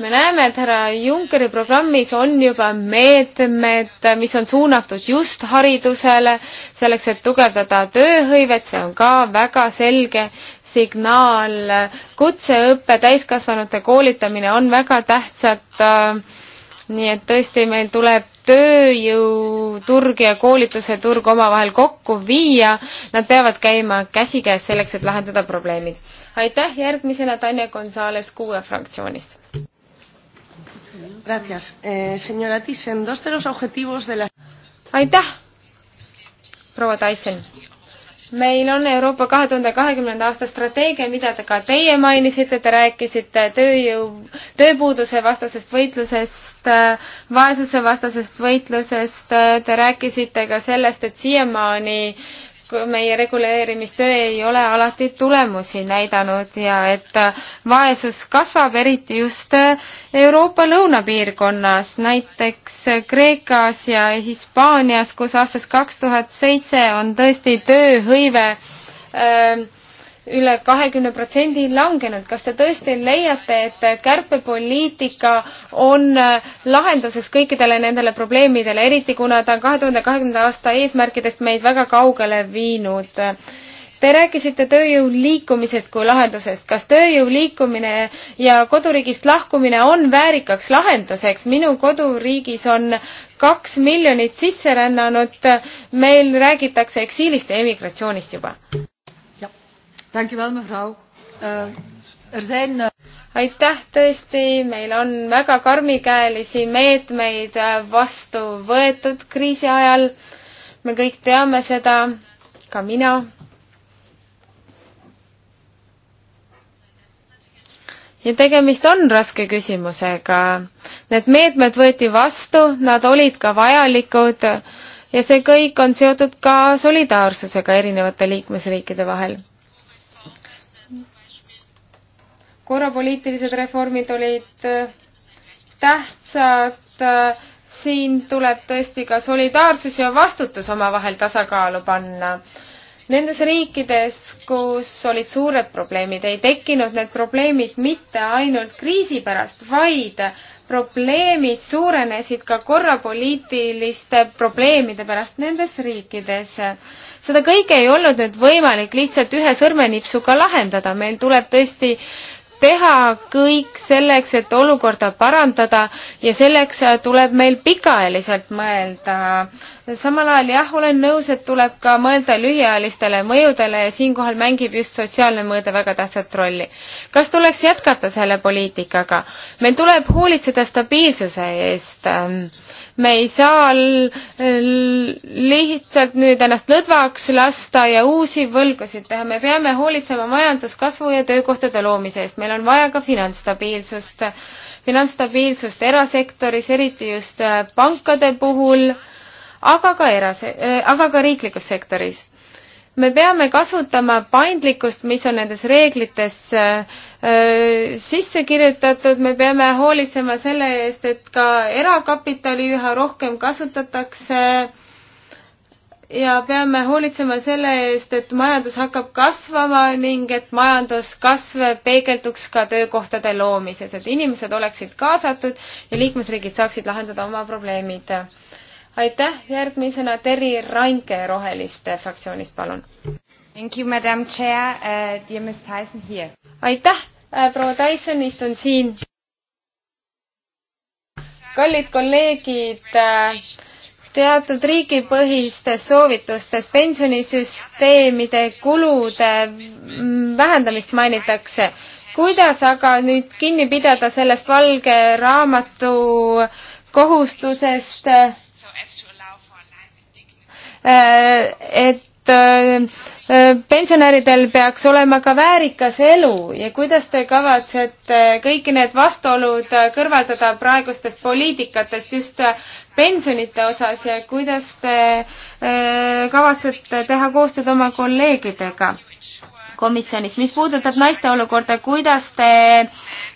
me näeme, et härra Junckeri programmis on juba meetmed, mis on suunatud just haridusele, selleks et tugevdada tööhõivet, see on ka väga selge signaal. kutseõpe, täiskasvanute koolitamine on väga tähtsad. Äh, nii et tõesti, meil tuleb tööjõuturg ja koolituse turg omavahel kokku viia. Nad peavad käima käsikäes selleks, et lahendada probleemid. aitäh, järgmisena Tanja Gonzalez kuue fraktsioonist. Eh, aitäh, proua Tyson meil on Euroopa kahe tuhande kahekümnenda aasta strateegia, mida te ka teie mainisite, te rääkisite tööjõu, tööpuuduse vastasest võitlusest, vaesuse vastasest võitlusest, te rääkisite ka sellest, et siiamaani äh, meie reguleerimistöö ei ole alati tulemusi näidanud ja et vaesus kasvab, eriti just Euroopa lõunapiirkonnas, näiteks Kreekas ja Hispaanias, kus aastast kaks tuhat seitse on tõesti tööhõive äh, üle kahekümne protsendi langenud. kas te tõesti leiate, et kärpepoliitika on äh, lahenduseks kõikidele nendele probleemidele, eriti kuna ta on kahe tuhande kahekümnenda aasta eesmärkidest meid väga kaugele viinud? Te rääkisite tööjõu liikumisest kui lahendusest. kas tööjõu liikumine ja koduriigist lahkumine on väärikaks lahenduseks? minu koduriigis on kaks miljonit sisserännanut. meil räägitakse eksiilist ja emigratsioonist juba. Eh, er eh, aitäh, tõesti, meil on väga karmikäelisi meetmeid eh, vastu võetud kriisi ajal. me kõik teame seda, ka mina. ja tegemist on raske küsimusega. Need meetmed võeti vastu, nad olid ka vajalikud ja see kõik on seotud ka solidaarsusega erinevate liikmesriikide vahel korrapoliitilised reformid olid äh, tähtsad, äh, siin tuleb tõesti ka solidaarsus ja vastutus omavahel tasakaalu panna. Nendes riikides, kus olid suured probleemid, ei tekkinud need probleemid mitte ainult kriisi pärast, vaid probleemid suurenesid ka korrapoliitiliste probleemide pärast nendes riikides. seda kõike ei olnud nüüd võimalik lihtsalt ühe sõrmenipsuga lahendada, meil tuleb tõesti teha kõik selleks, et olukorda parandada ja selleks äh, tuleb meil pikaajaliselt mõelda. samal ajal jah, olen nõus, et tuleb ka mõelda lühiajalistele mõjudele ja siinkohal mängib just sotsiaalne mõõde väga tähtsat rolli. kas tuleks jätkata selle poliitikaga? meil tuleb hoolitseda stabiilsuse eest ähm, me ei saa lihtsalt nüüd ennast lõdvaks lasta ja uusi võlgusid teha, me peame hoolitsema majanduskasvu ja töökohtade loomise eest, meil on vaja ka finantsstabiilsust, finantsstabiilsust erasektoris, eriti just pankade puhul, aga ka eras-, aga ka riiklikus sektoris me peame kasutama paindlikkust, mis on nendes reeglites äh, äh, sisse kirjutatud, me peame hoolitsema selle eest, et ka erakapitali üha rohkem kasutatakse ja peame hoolitsema selle eest, et majandus hakkab kasvama ning et majanduskasv peegelduks ka töökohtade loomises, et inimesed oleksid kaasatud ja liikmesriigid saaksid lahendada oma probleemid aitäh, järgmisena Terri Rainke Roheliste fraktsioonist, palun. Thank you, madam chair uh,, dear Miss Tyson here. aitäh, äh, proua Tyson, istun siin. kallid kolleegid äh,, teatud riigipõhistes soovitustes pensionisüsteemide kulude vähendamist mainitakse. kuidas aga nüüd kinni pidada sellest valge raamatu kohustusest äh, Eh, et eh, eh, pensionäridel peaks olema ka väärikas elu ja kuidas te kavatsete kõiki need vastuolud kõrvaldada praegustest poliitikatest just pensionite osas ja kuidas te kavatsete teha koostööd oma kolleegidega? komisjonis. mis puudutab naiste olukorda, kuidas te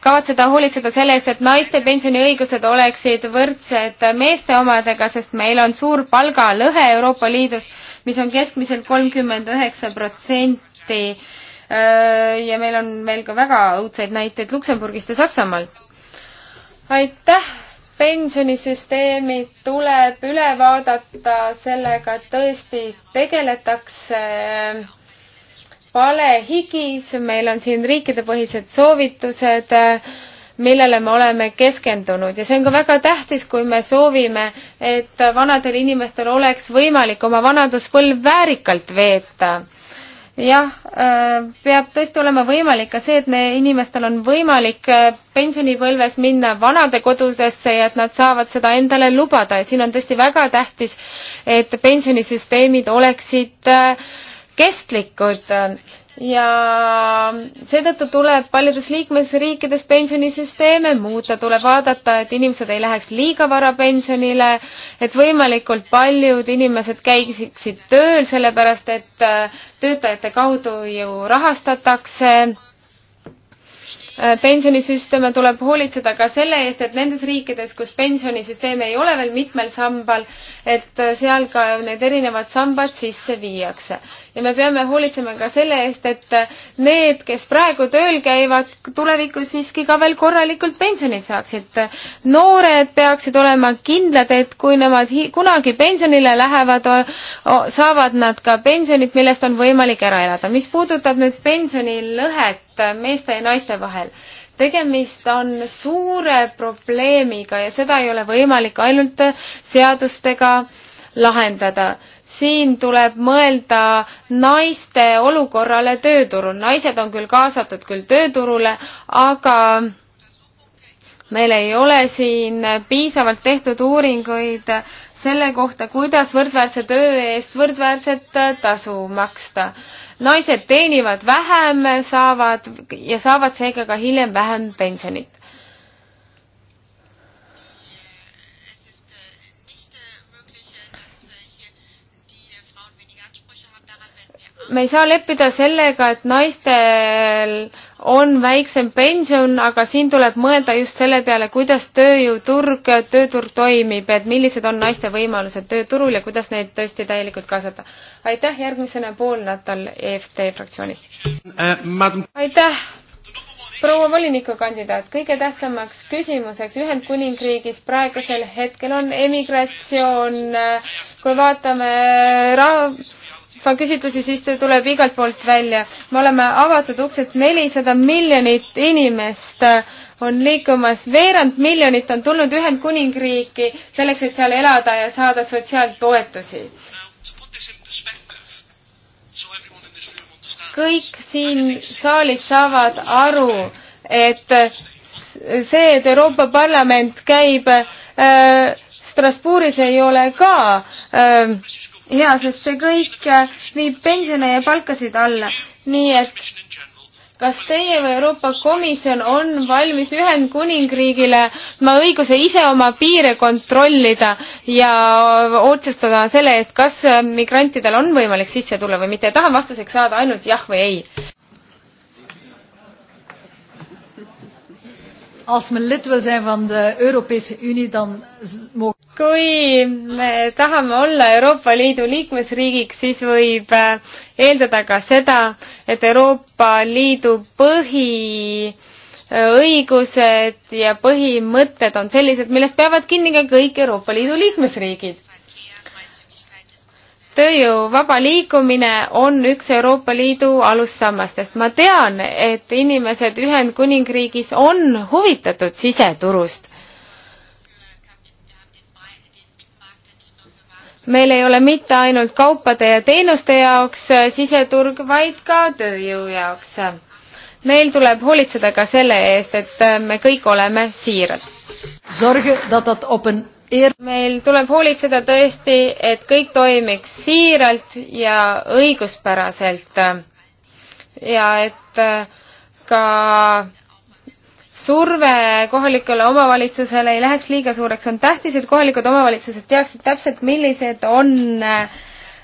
kavatseda hoolitseda selle eest, et naiste pensioniõigused oleksid võrdsed meeste omadega, sest meil on suur palgalõhe Euroopa Liidus, mis on keskmiselt kolmkümmend üheksa protsenti ja meil on veel ka väga õudseid näiteid Luksemburgist ja Saksamaalt. aitäh, pensionisüsteemid tuleb üle vaadata sellega, et tõesti tegeletakse äh, palehigis, meil on siin riikidepõhised soovitused, millele me oleme keskendunud ja see on ka väga tähtis, kui me soovime, et vanadel inimestel oleks võimalik oma vanaduspõlv väärikalt veeta jah, äh, peab tõesti olema võimalik ka see, et inimestel on võimalik äh, pensionipõlves minna vanadekodusesse ja et nad saavad seda endale lubada ja siin on tõesti väga tähtis, et pensionisüsteemid oleksid äh, kestlikud ja seetõttu tuleb paljudes liikmesriikides pensionisüsteeme muuta, tuleb vaadata, et inimesed ei läheks liiga vara pensionile, et võimalikult paljud inimesed käiksid tööl, sellepärast et äh, töötajate kaudu ju rahastatakse äh, pensionisüsteeme tuleb hoolitseda ka selle eest, et nendes riikides, kus pensionisüsteem ei ole veel mitmel sambal, et äh, seal ka need erinevad sambad sisse viiakse ja me peame hoolitsema ka selle eest, et need, kes praegu tööl käivad, tulevikus siiski ka veel korralikult pensionit saaksid. noored peaksid olema kindlad, et kui nemad kunagi pensionile lähevad, saavad nad ka pensionit, millest on võimalik ära elada. mis puudutab nüüd pensionilõhet meeste ja naiste vahel tegemist on suure probleemiga ja seda ei ole võimalik ainult seadustega lahendada siin tuleb mõelda naiste olukorrale tööturul. naised on küll kaasatud küll tööturule, aga meil ei ole siin piisavalt tehtud uuringuid selle kohta, kuidas võrdväärse töö eest võrdväärset tasu maksta. naised teenivad vähem, saavad ja saavad seega ka hiljem vähem pensionit me ei saa leppida sellega, et naistel on väiksem pension, aga siin tuleb mõelda just selle peale, kuidas tööjõuturg, tööturg toimib, et millised on naiste võimalused tööturul ja kuidas neid tõesti täielikult kaasata. aitäh, järgmisena pool Natal EFT fraktsioonist äh,. Madam... aitäh, proua volinikukandidaat, kõige tähtsamaks küsimuseks Ühendkuningriigis praegusel hetkel on emigratsioon, kui vaatame ra-, küsitlusi, siis ta tuleb igalt poolt välja. me oleme avatud uksed, nelisada miljonit inimest on liikumas, veerand miljonit on tulnud Ühendkuningriiki selleks, et seal elada ja saada sotsiaaltoetusi. kõik siin saalis saavad aru, et see, et Euroopa Parlament käib äh, Strasbourgis ei ole ka äh, hea, sest see kõik äh, viib pensione ja palkasid alla. nii et kas teie või Euroopa Komisjon on valmis Ühendkuningriigile ma õiguse ise oma piire kontrollida ja otsustada selle eest, kas äh, migrantidel on võimalik sisse tulla või mitte ja tahan vastuseks saada ainult jah või ei? als men lid wil zijn van de Europese Unie, dan mogen. kui me tahame olla Euroopa Liidu liikmesriigiks, siis võib eh, eeldada ka seda, et Euroopa Liidu põhiõigused ja põhimõtted on sellised, millest peavad kinni ka kõik Euroopa Liidu liikmesriigid tööjõu vaba liikumine on üks Euroopa Liidu alussammastest. ma tean, et inimesed Ühendkuningriigis on huvitatud siseturust. meil ei ole mitte ainult kaupade ja teenuste jaoks siseturg, vaid ka tööjõu jaoks. meil tuleb hoolitseda ka selle eest, et me kõik oleme siirad. Zorgen dat dat op een meil tuleb hoolitseda tõesti, et kõik toimiks siiralt ja õiguspäraselt. ja et äh, ka surve kohalikule omavalitsusele ei läheks liiga suureks, on tähtis, et kohalikud omavalitsused teaksid täpselt, millised on äh,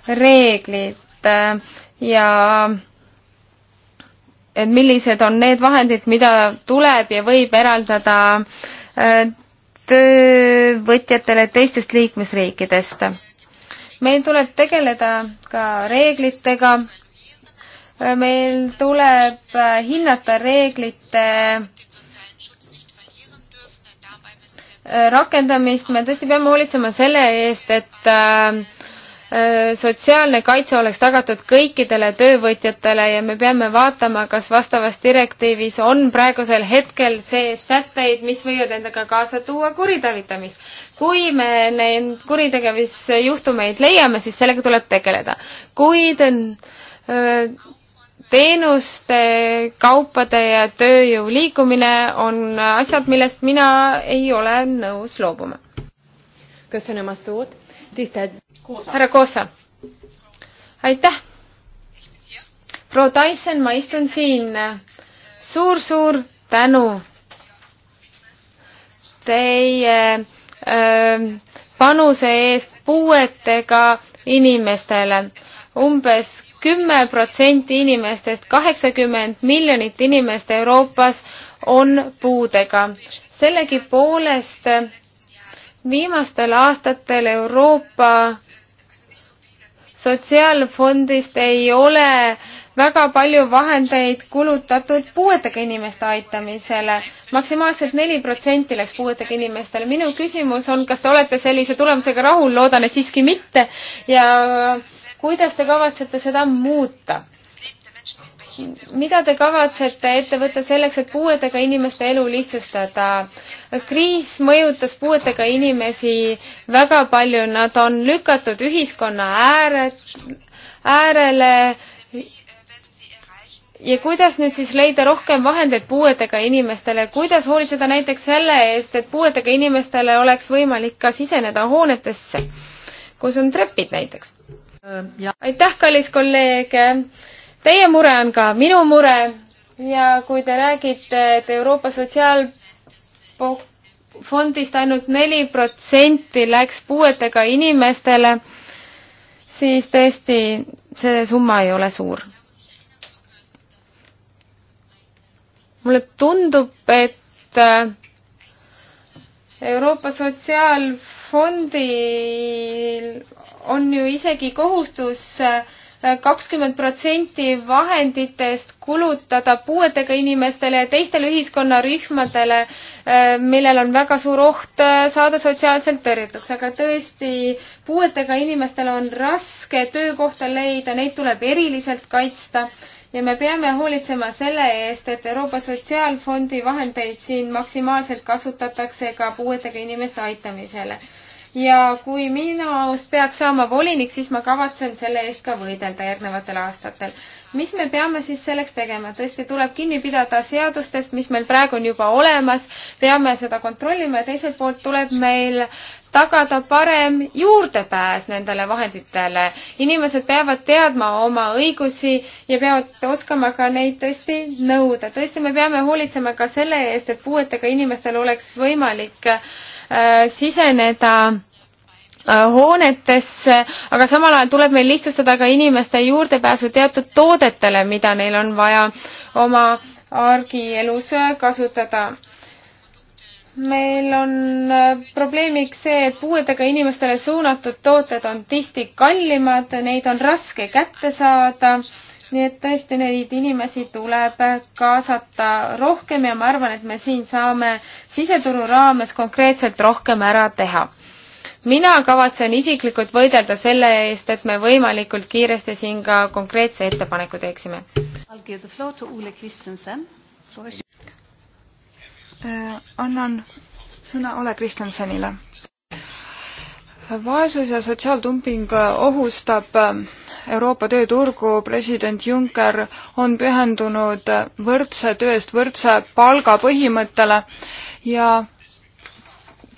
reeglid äh, ja et millised on need vahendid, mida tuleb ja võib eraldada töövõtjatele teistest liikmesriikidest. meil tuleb tegeleda ka reeglitega, meil tuleb hinnata reeglite rakendamist, me tõesti peame hoolitsema selle eest, et äh, Äh, sotsiaalne kaitse oleks tagatud kõikidele töövõtjatele ja me peame vaatama, kas vastavas direktiivis on praegusel hetkel sees sätteid, mis võivad endaga kaasa tuua kuritarvitamist. kui me neid kuritegevusjuhtumeid leiame, siis sellega tuleb tegeleda. kuid äh, teenuste, kaupade ja tööjõu liikumine on asjad, millest mina ei ole nõus loobuma. köszönöm a szót. Tisztelt härra Koosa. aitäh. proua Tyson, ma istun siin suur,. suur-suur tänu teie öö, ähm, panuse eest puuetega inimestele. umbes kümme protsenti inimestest, kaheksakümmend miljonit inimest Euroopas on puudega. sellegipoolest viimastel aastatel Euroopa sotsiaalfondist ei ole väga palju vahendeid kulutatud puuetega inimeste aitamisele. maksimaalselt neli protsenti läks puuetega inimestele. minu küsimus on, kas te olete sellise tulemusega rahul, loodan, et siiski mitte ja kuidas te kavatsete seda muuta? mida te kavatsete ette võtta selleks, et puuetega inimeste elu lihtsustada? kriis mõjutas puuetega inimesi väga palju, nad on lükatud ühiskonna ääre, äärele ja kuidas nüüd siis leida rohkem vahendeid puuetega inimestele, kuidas hoolitseda näiteks selle eest, et puuetega inimestele oleks võimalik ka siseneda hoonetesse, kus on trepid näiteks? Äh, aitäh, kallis kolleeg, Teie mure on ka minu mure ja kui te räägite, et Euroopa Sotsiaalfondist ainult neli protsenti läks puuetega inimestele, siis tõesti see summa ei ole suur. mulle tundub, et äh, Euroopa Sotsiaalfondil on ju isegi kohustus äh, kakskümmend protsenti vahenditest kulutada puuetega inimestele ja teistele ühiskonnarühmadele, äh, millel on väga suur oht äh, saada sotsiaalselt tõrjutuks, aga tõesti, puuetega inimestel on raske töökohta leida, neid tuleb eriliselt kaitsta ja me peame hoolitsema selle eest, et Euroopa Sotsiaalfondi vahendeid siin maksimaalselt kasutatakse ka puuetega inimeste aitamisele ja kui minust peaks saama volinik, siis ma kavatsen selle eest ka võidelda järgnevatel aastatel. mis me peame siis selleks tegema? tõesti, tuleb kinni pidada seadustest, mis meil praegu on juba olemas, peame seda kontrollima ja teiselt poolt tuleb meil tagada parem juurdepääs nendele vahenditele. inimesed peavad teadma oma õigusi ja peavad oskama ka neid tõesti nõuda. tõesti, me peame hoolitsema ka selle eest, et puuetega inimestel oleks võimalik äh, Äh, siseneda äh, hoonetesse, aga samal ajal tuleb meil lihtsustada ka inimeste juurdepääsu teatud toodetele, mida neil on vaja oma argielus kasutada. meil on äh, probleemiks see, et puuetega inimestele suunatud tooted on tihti kallimad, neid on raske kätte saada nii et tõesti neid inimesi tuleb kaasata rohkem ja ma arvan, et me siin saame siseturu raames konkreetselt rohkem ära teha mina kavatsen isiklikult võidelda selle eest, et me võimalikult kiiresti siin ka konkreetse ettepaneku teeksime. Äh, annan sõna Ole Kristjansonile. vaesus ja sotsiaaltumping ohustab äh, Euroopa tööturgu, president Juncker on pühendunud võrdse töö eest võrdse palga põhimõttele ja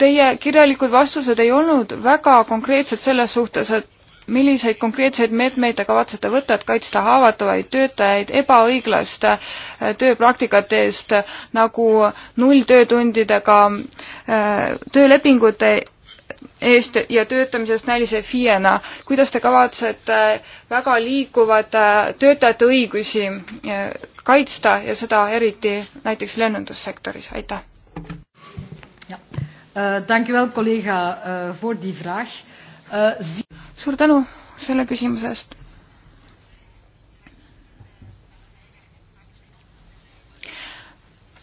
teie kirjalikud vastused ei olnud väga konkreetsed selles suhtes, et milliseid konkreetseid meetmeid te kavatsete võtta, et kaitsta haavatavaid töötajaid ebaõiglaste äh, tööpraktikate eest nagu nulltöötundidega äh, töölepingute eest ja töötamisest näilise FIE-na. kuidas te kavatsete väga liikuvad äh, töötajate õigusi äh, kaitsta ja seda eriti näiteks lennundussektoris, aitäh! Äh, Dankjewel collega voor die vraag. Suur tänu selle küsimuse eest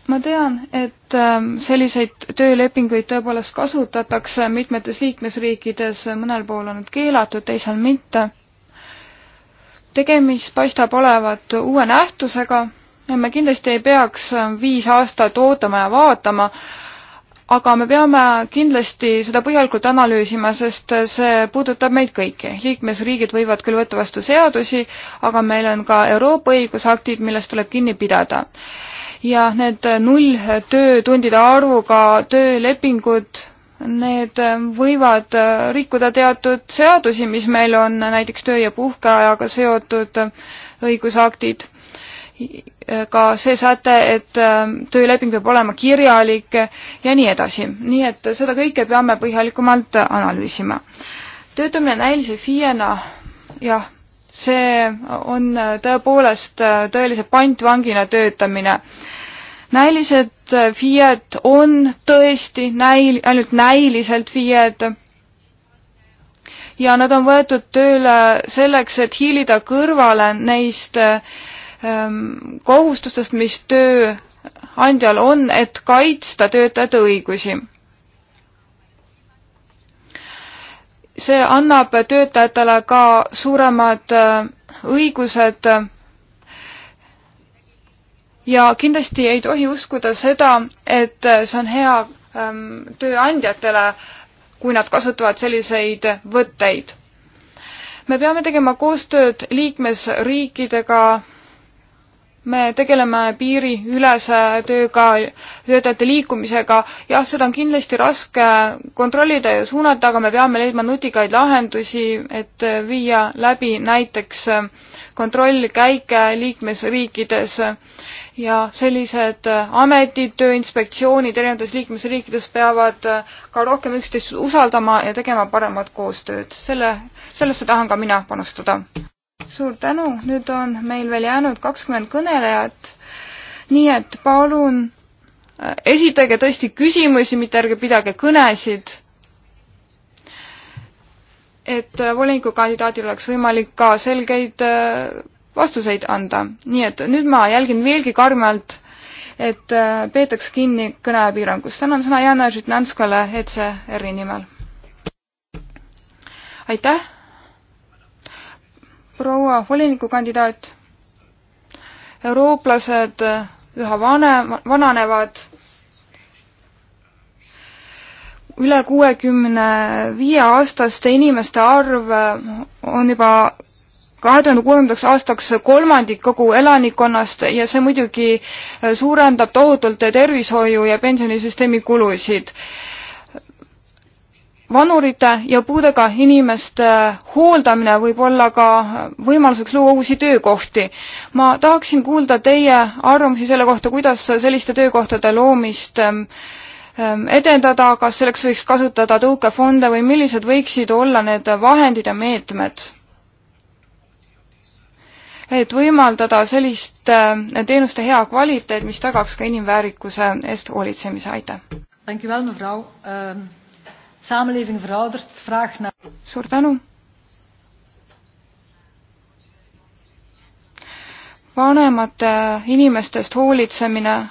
ma tean, et ähm, selliseid töölepinguid tõepoolest kasutatakse mitmetes liikmesriikides, mõnel pool on nad keelatud, teisel mitte. tegemist paistab olevat uue nähtusega ja me kindlasti ei peaks ähm, viis aastat ootama ja vaatama, aga me peame kindlasti seda põhjalikult analüüsima, sest see puudutab meid kõiki. liikmesriigid võivad küll võtta vastu seadusi, aga meil on ka Euroopa õigusaktid, millest tuleb kinni pidada ja need null töötundide arvuga töölepingud, need võivad rikkuda teatud seadusi, mis meil on, näiteks töö- ja puhkeajaga seotud õigusaktid. ka see säte, et tööleping peab olema kirjalik ja nii edasi. nii et seda kõike peame põhjalikumalt analüüsima. töötamine näilise FIE-na, jah see on äh, tõepoolest äh, tõelise pantvangina töötamine. näilised äh, FIE-d on tõesti näil-, ainult näiliselt FIE-d ja nad on võetud tööle selleks, et hiilida kõrvale neist ähm, kohustustest, mis tööandjal on, et kaitsta töötajate õigusi see annab töötajatele ka suuremad äh, õigused ja kindlasti ei tohi uskuda seda, et see on hea ähm, tööandjatele, kui nad kasutavad selliseid võtteid. me peame tegema koostööd liikmesriikidega me tegeleme piiriülese tööga, töötajate liikumisega, jah, seda on kindlasti raske kontrollida ja suunata, aga me peame leidma nutikaid lahendusi, et viia läbi näiteks kontrollkäike liikmesriikides ja sellised ametid, tööinspektsioonid erinevates liikmesriikides peavad ka rohkem üksteist usaldama ja tegema paremat koostööd. selle, sellesse tahan ka mina panustada suur tänu, nüüd on meil veel jäänud kakskümmend kõnelejat. nii et palun äh, esitage tõesti küsimusi, mitte ärge pidage kõnesid. et äh, volinikukandidaadil oleks võimalik ka selgeid äh, vastuseid anda. nii et nüüd ma jälgin veelgi karmalt, et peetaks kinni kõnepiirangust. tänan sõna Jana Žitnanskale ECR-i nimel. aitäh proua volinikukandidaat, eurooplased üha vanem, vananevad üle kuuekümne viie aastaste inimeste arv on juba kahe tuhande kuuekümnendaks aastaks kolmandik kogu elanikkonnast ja see muidugi suurendab tohutult tervishoiu ja pensionisüsteemi kulusid vanurite ja puudega inimeste hooldamine võib olla ka võimaluseks luua uusi töökohti. ma tahaksin kuulda teie arvamusi selle kohta, kuidas selliste töökohtade loomist ähm, ähm, edendada, kas selleks võiks kasutada tõukefonde või millised võiksid olla need vahendid ja meetmed? et võimaldada sellist äh, teenuste hea kvaliteet, mis tagaks ka inimväärikuse eest hoolitsemise, aitäh! samenleving veroudert, vraag naar. suur tänu. vanemate inimestest hoolitsemine,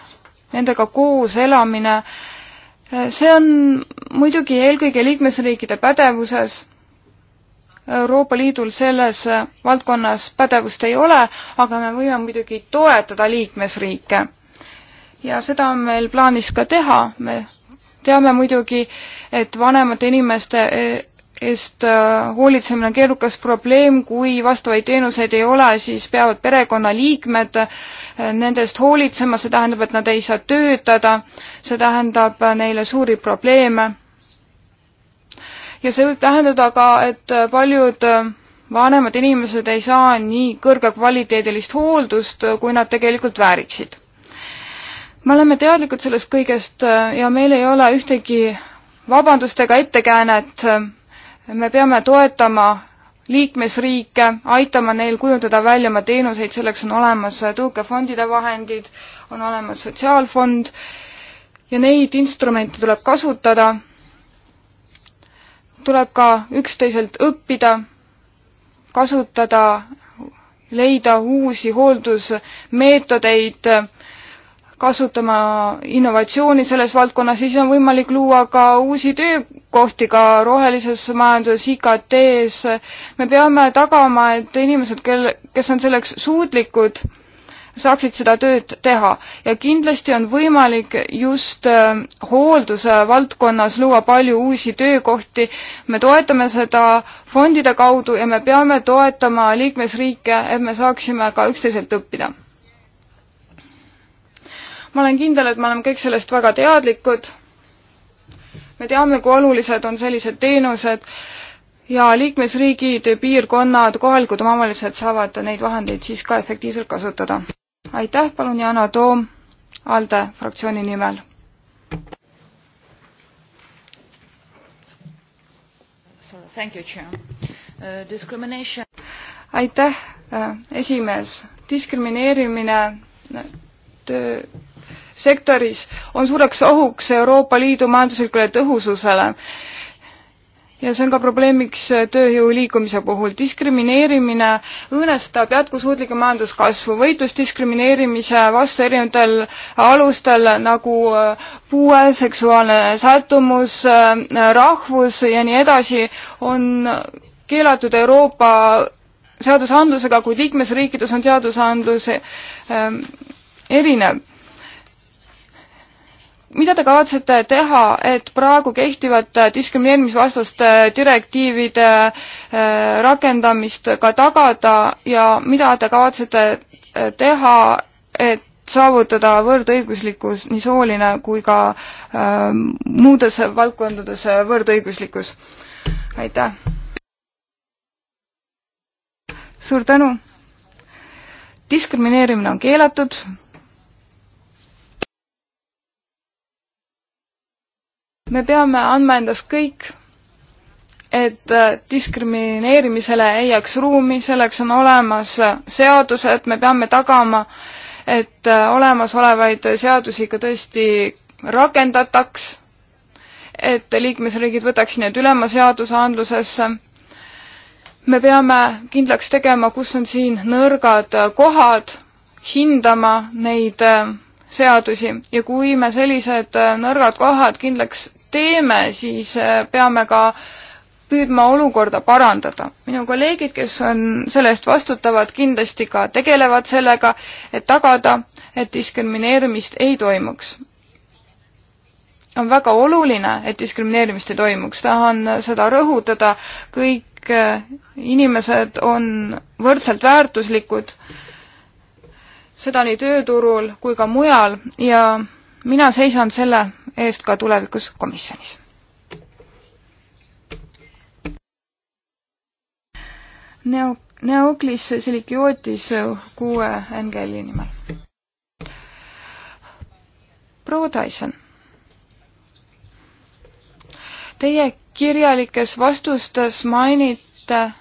nendega koos elamine, see on muidugi eelkõige liikmesriikide pädevuses Euroopa Liidul selles valdkonnas pädevust ei ole, aga me võime muidugi toetada liikmesriike. ja seda on meil plaanis ka teha, me teame muidugi, et vanemate inimeste e-, eest äh, hoolitsemine on keerukas probleem, kui vastavaid teenuseid ei ole, siis peavad perekonnaliikmed äh, nendest hoolitsema, see tähendab, et nad ei saa töötada, see tähendab äh, neile suuri probleeme. ja see võib tähendada ka, et paljud vanemad inimesed ei saa nii kõrgekvaliteedilist hooldust, kui nad tegelikult vääriksid. me oleme teadlikud sellest kõigest ja meil ei ole ühtegi vabandustega ettekäänet. Äh, me peame toetama liikmesriike, aitama neil kujundada välja oma teenuseid, selleks on olemas äh, tõukefondide vahendid, on olemas sotsiaalfond ja neid instrumente tuleb kasutada. tuleb ka üksteiselt õppida, kasutada, leida uusi hooldusmeetodeid kasutama innovatsiooni selles valdkonnas, siis on võimalik luua ka uusi töökohti ka rohelises majanduses, IKT-s. me peame tagama, et inimesed, kel, kes on selleks suutlikud, saaksid seda tööd teha ja kindlasti on võimalik just äh, hoolduse valdkonnas luua palju uusi töökohti. me toetame seda fondide kaudu ja me peame toetama liikmesriike, et me saaksime ka üksteiselt õppida ma olen kindel, et me oleme kõik sellest väga teadlikud. me teame, kui olulised on sellised teenused ja liikmesriigid, piirkonnad, kohalikud omavalitsused saavad neid vahendeid siis ka efektiivselt kasutada. aitäh, palun, Yana Toom, ALDE fraktsiooni nimel. Uh, aitäh, uh, esimees. diskrimineerimine töö sektoris on suureks ohuks Euroopa Liidu majanduslikule tõhususele. ja see on ka probleemiks tööjõu liikumise puhul. diskrimineerimine õõnestab jätkusuutlikku majanduskasvu, võitlus diskrimineerimise vastu erinevatel alustel nagu äh, puue, seksuaalne sättumus, äh, rahvus ja nii edasi on keelatud Euroopa seadusandlusega, kuid liikmesriikides on seadusandlus äh, erinev mida te kavatsete teha, et praegu kehtivat äh, diskrimineerimisvastaste äh, direktiivide äh, rakendamist ka tagada ja mida te kavatsete teha, et saavutada võrdõiguslikkus, nii sooline kui ka äh, muudes valdkondades võrdõiguslikkus. aitäh! suur tänu! diskrimineerimine on keelatud me peame andma endast kõik, et äh, diskrimineerimisele ei jääks ruumi, selleks on olemas äh, seadused, me peame tagama, et äh, olemasolevaid seadusi ka tõesti rakendataks, et liikmesriigid võtaksid need üle oma seadusandlusesse. me peame kindlaks tegema, kus on siin nõrgad kohad, hindama neid seadusi ja kui me sellised nõrgad kohad kindlaks teeme, siis äh, peame ka püüdma olukorda parandada. minu kolleegid, kes on selle eest vastutavad, kindlasti ka tegelevad sellega, et tagada, et diskrimineerimist ei toimuks. on väga oluline, et diskrimineerimist ei toimuks, tahan seda rõhutada, kõik äh, inimesed on võrdselt väärtuslikud, seda nii tööturul kui ka mujal ja mina seisan selle eest ka tulevikus komisjonis. Neo-, Neoklis Silikiootis kuue NGL-i nimel. proua Tyson, teie kirjalikes vastustes mainite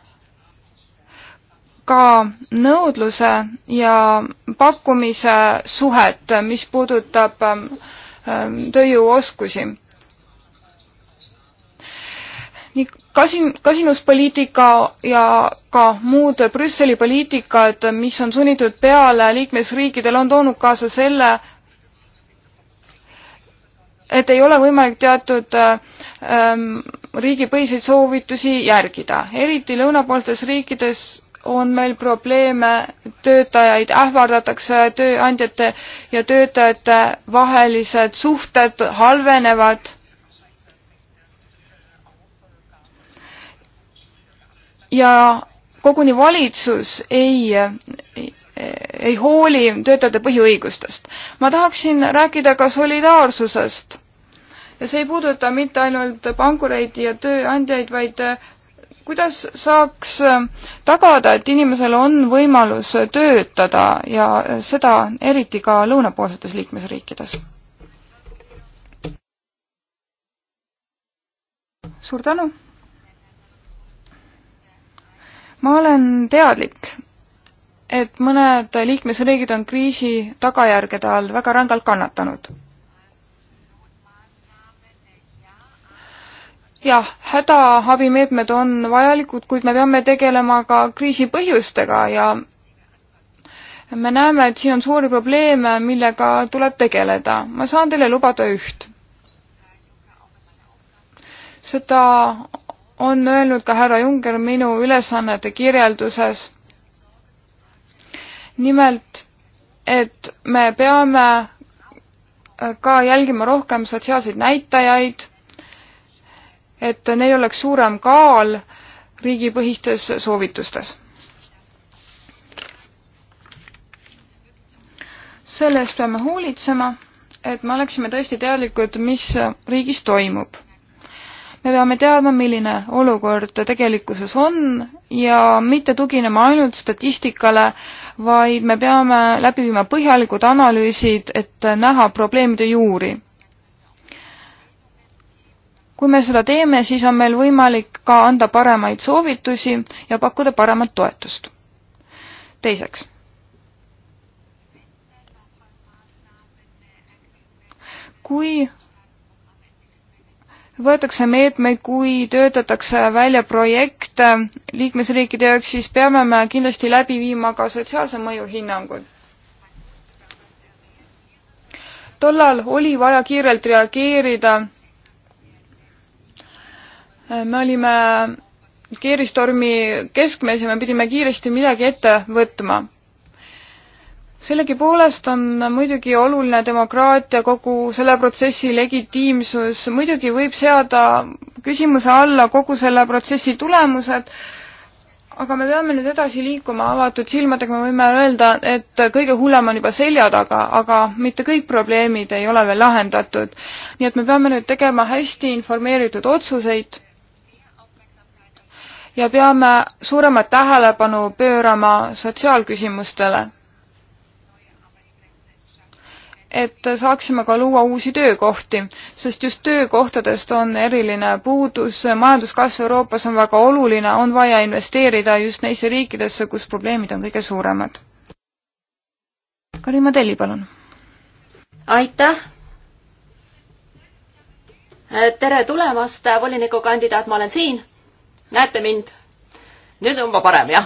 ka nõudluse ja pakkumise suhet, mis puudutab ähm, ähm, tööjõuoskusi. nii kasin-, kasinuspoliitika ja ka muud Brüsseli poliitikad, mis on sunnitud peale liikmesriikidel, on toonud kaasa selle, et ei ole võimalik teatud ähm, riigipõhiseid soovitusi järgida, eriti lõunapoolses riikides on meil probleeme, töötajaid ähvardatakse, tööandjate ja töötajate vahelised suhted halvenevad. ja koguni valitsus ei, ei hooli töötajate põhiõigustest. ma tahaksin rääkida ka solidaarsusest ja see ei puuduta mitte ainult pankureid ja tööandjaid, vaid kuidas saaks äh, tagada, et inimesel on võimalus töötada ja seda eriti ka lõunapoolsetes liikmesriikides? suur tänu! ma olen teadlik, et mõned liikmesriigid on kriisi tagajärgede all väga rängalt kannatanud jah, hädaabimeetmed on vajalikud, kuid me peame tegelema ka kriisi põhjustega ja me näeme, et siin on suuri probleeme, millega tuleb tegeleda. ma saan teile lubada üht. seda on öelnud ka härra Junger minu ülesannete kirjelduses. nimelt, et me peame ka jälgima rohkem sotsiaalseid näitajaid et neil oleks suurem kaal riigipõhistes soovitustes. selle eest peame hoolitsema, et me oleksime tõesti teadlikud, mis riigis toimub. me peame teadma, milline olukord tegelikkuses on ja mitte tuginema ainult statistikale, vaid me peame läbi viima põhjalikud analüüsid, et näha probleemide juuri kui me seda teeme, siis on meil võimalik ka anda paremaid soovitusi ja pakkuda paremat toetust. teiseks. kui võetakse meetmeid, kui töötatakse välja projekte liikmesriikide jaoks, siis peame me kindlasti läbi viima ka sotsiaalse mõju hinnangud. tollal oli vaja kiirelt reageerida me olime keeristormi keskmes ja me pidime kiiresti midagi ette võtma. sellegipoolest on muidugi oluline demokraatia, kogu selle protsessi legitiimsus, muidugi võib seada küsimuse alla kogu selle protsessi tulemused, aga me peame nüüd edasi liikuma avatud silmadega, me võime öelda, et kõige hullem on juba selja taga, aga mitte kõik probleemid ei ole veel lahendatud. nii et me peame nüüd tegema hästi informeeritud otsuseid ja peame suuremat tähelepanu pöörama sotsiaalküsimustele. et saaksime ka luua uusi töökohti, sest just töökohtadest on eriline puudus, majanduskasv Euroopas on väga oluline, on vaja investeerida just neisse riikidesse, kus probleemid on kõige suuremad. Karima Telli, palun. aitäh tere tulemast, volinikukandidaat, ma olen siin näete mind? nüüd on juba parem, jah?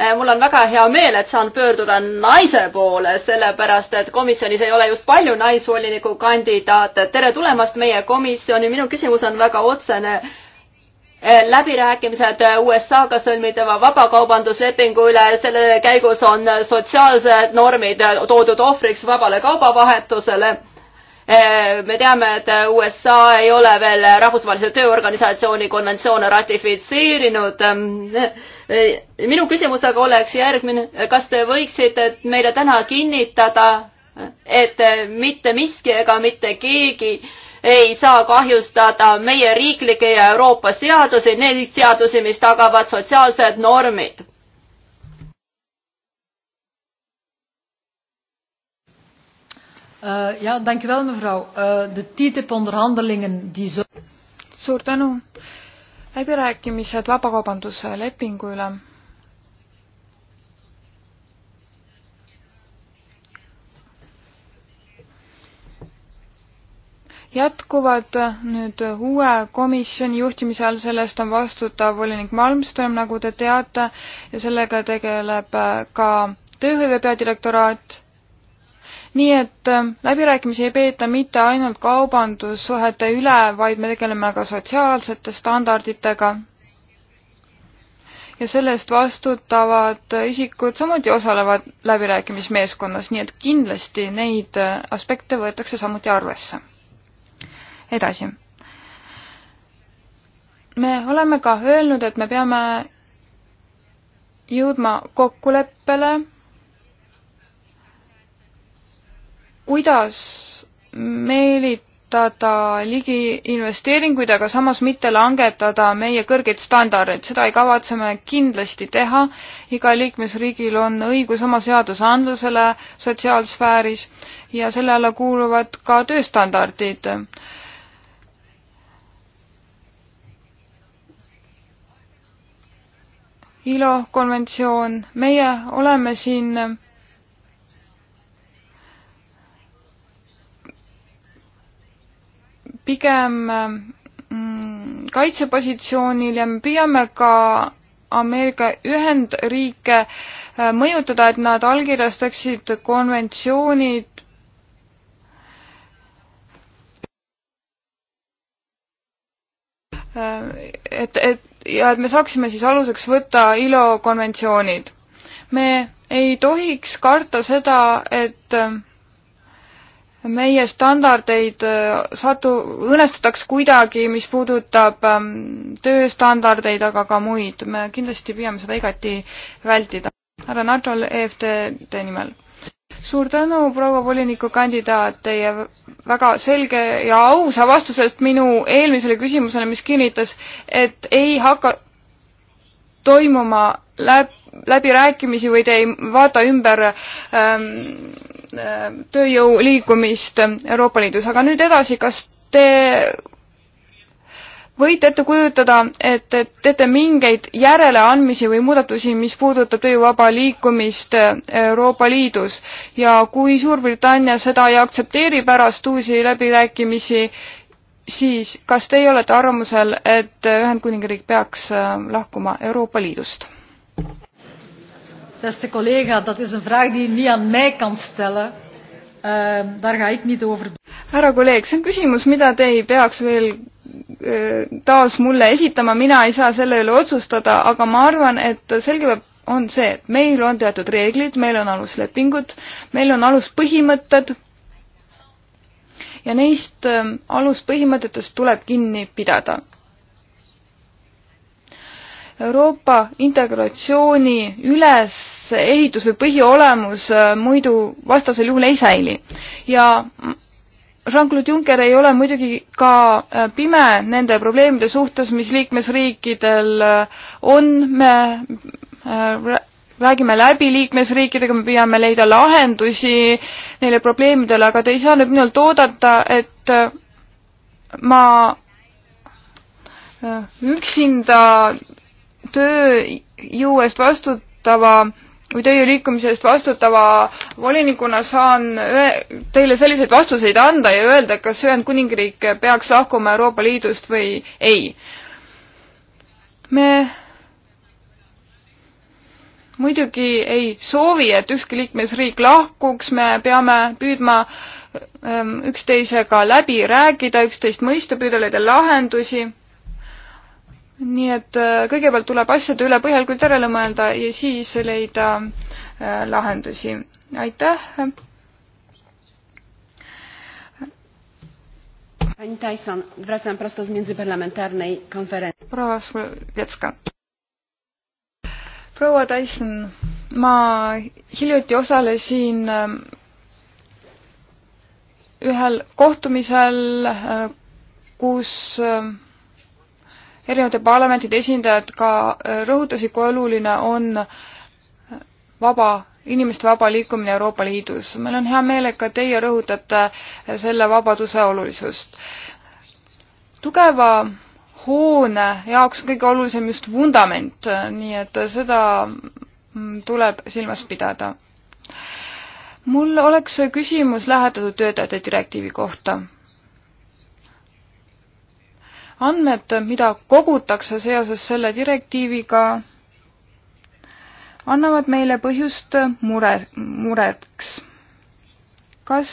Äh, mul on väga hea meel, et saan pöörduda naise poole, sellepärast et komisjonis ei ole just palju naisvoliniku kandidaate. tere tulemast meie komisjoni, minu küsimus on väga otsene äh, läbirääkimised USA-ga sõlmitava vabakaubanduslepingu üle, selle käigus on sotsiaalsed normid toodud ohvriks vabale kaubavahetusele Äh, me teame, et USA ei ole veel Rahvusvahelise Tööorganisatsiooni konventsioone ratifitseerinud. Äh, minu küsimus aga oleks järgmine, kas te võiksite meile täna kinnitada, et mitte miski ega mitte keegi ei saa kahjustada meie riiklikke ja Euroopa seadusi, neid seadusi, mis tagavad sotsiaalsed normid Uh, ja, dankjewel mevrouw. Uh, de TTIP-onderhandelingen die zo... Suur tänu. Läbirääkimised vabakaubanduse lepingu üle. jätkuvad nüüd uue komisjoni juhtimise all, sellest on vastutav volinik Malmström, nagu te teate, ja sellega tegeleb ka tööhõive peadirektoraat nii et äh, läbirääkimisi ei peeta mitte ainult kaubandussuhete üle, vaid me tegeleme ka sotsiaalsete standarditega. ja selle eest vastutavad isikud samuti osalevad läbirääkimismeeskonnas, nii et kindlasti neid äh, aspekte võetakse samuti arvesse. edasi. me oleme ka öelnud, et me peame jõudma kokkuleppele kuidas meelitada ligi investeeringuid, aga samas mitte langetada meie kõrgeid standardeid, seda ei kavatse me kindlasti teha. igal liikmesriigil on õigus oma seadusandlusele sotsiaalsfääris ja selle alla kuuluvad ka tööstandardid ILO konventsioon, meie oleme siin pigem mm, kaitsepositsioonil ja me püüame ka Ameerika Ühendriike äh, mõjutada, et nad allkirjastaksid konventsioonid äh, et, et ja et me saaksime siis aluseks võtta ILO konventsioonid. me ei tohiks karta seda, et äh, meie standardeid äh, satu, õõnestataks kuidagi, mis puudutab ähm, tööstandardeid, aga ka muid. me kindlasti püüame seda igati vältida. härra Natol EFTD nimel. suur tänu, proua volinikukandidaat, teie väga selge ja ausa vastusest minu eelmisele küsimusele, mis kinnitas, et ei hakka toimuma läbi läbirääkimisi või te ei vaata ümber ähm, äh, tööjõu liikumist Euroopa Liidus, aga nüüd edasi, kas te võite ette kujutada, et te teete mingeid järeleandmisi või muudatusi, mis puudutab tööjõuvaba liikumist Euroopa Liidus ja kui Suurbritannia seda ei aktsepteeri pärast uusi läbirääkimisi, siis kas teie olete arvamusel, et Ühendkuningriik peaks äh, lahkuma Euroopa Liidust? beste collega, dat is een vraag die u niet aan mij kan stellen. Uh, daar ga ik niet over. härra kolleeg, see on küsimus, mida te ei peaks veel eh, taas mulle esitama, mina ei saa selle üle otsustada, aga ma arvan, et selge on see, et meil on teatud reeglid, meil on aluslepingud, meil on aluspõhimõtted ja neist ehm, aluspõhimõtetest tuleb kinni pidada. Euroopa integratsiooni ülesehitus või põhiolemus äh, muidu vastasel juhul ei säili. ja Jean-Claude Juncker ei ole muidugi ka äh, pime nende probleemide suhtes, mis liikmesriikidel äh, on, me räägime läbi liikmesriikidega, me püüame leida lahendusi neile probleemidele, aga te ei saa nüüd minult oodata, et ma üksinda tööjõu eest vastutava või tööjõu liikumise eest vastutava volinikuna saan teile selliseid vastuseid anda ja öelda, kas Ühendkuningriik peaks lahkuma Euroopa Liidust või ei. me muidugi ei soovi, et ükski liikmesriik lahkuks, me peame püüdma ähm, üksteisega läbi rääkida, üksteist mõista, püüda leida lahendusi nii et äh, kõigepealt tuleb asjade üle põhjalikult järele mõelda ja siis leida äh, lahendusi. aitäh. Pani Tyson, wracam prosto z międzyparlamentarnej konferencji. proua Svetska. proua Tyson, ma hiljuti osalesin ähm, ühel kohtumisel, äh, kus erinevate parlamentide esindajad ka äh, rõhutasid, kui oluline on äh, vaba, inimeste vaba liikumine Euroopa Liidus. meil on hea meel, et ka teie rõhutate äh, selle vabaduse olulisust. tugeva hoone jaoks on kõige olulisem just vundament, nii et seda mm, tuleb silmas pidada. mul oleks küsimus lähetatud töötajate direktiivi kohta andmed, mida kogutakse seoses selle direktiiviga, annavad meile põhjust mure, mureks. kas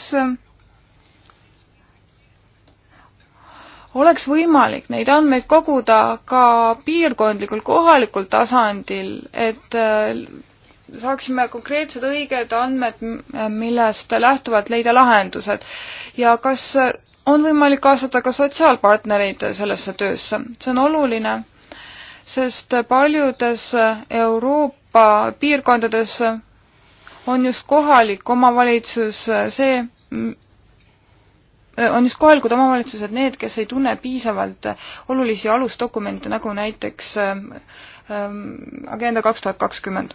oleks võimalik neid andmeid koguda ka piirkondlikul, kohalikul tasandil, et äh, saaksime konkreetsed õiged andmed, millest lähtuvalt leida lahendused. ja kas on võimalik kaasata ka sotsiaalpartnereid sellesse töösse. see on oluline, sest paljudes Euroopa piirkondades on just kohalik omavalitsus see, on just kohalikud omavalitsused need, kes ei tunne piisavalt olulisi alusdokumente, nagu näiteks ähm, ähm, Agenda kaks tuhat kakskümmend.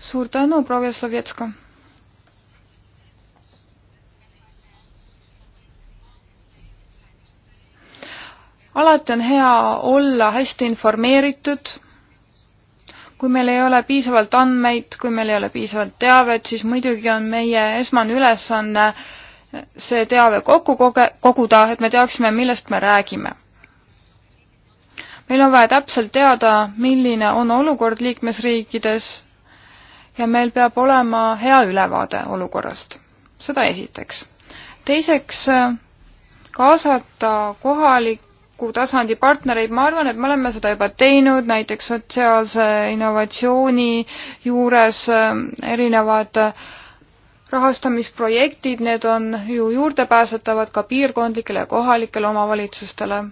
suur tänu, proua Jaslovetska! alati on hea olla hästi informeeritud. kui meil ei ole piisavalt andmeid, kui meil ei ole piisavalt teavet, siis muidugi on meie esmane ülesanne see teave kokku koge-, koguda, et me teaksime, millest me räägime. meil on vaja täpselt teada, milline on olukord liikmesriikides ja meil peab olema hea ülevaade olukorrast. seda esiteks. teiseks, kaasata kohalik avaliku tasandi partnereid, ma arvan, et me oleme seda juba teinud, näiteks sotsiaalse innovatsiooni juures ähm, erinevad äh, rahastamisprojektid, need on ju juurdepääsetavad ka piirkondlikele ja kohalikele omavalitsustele.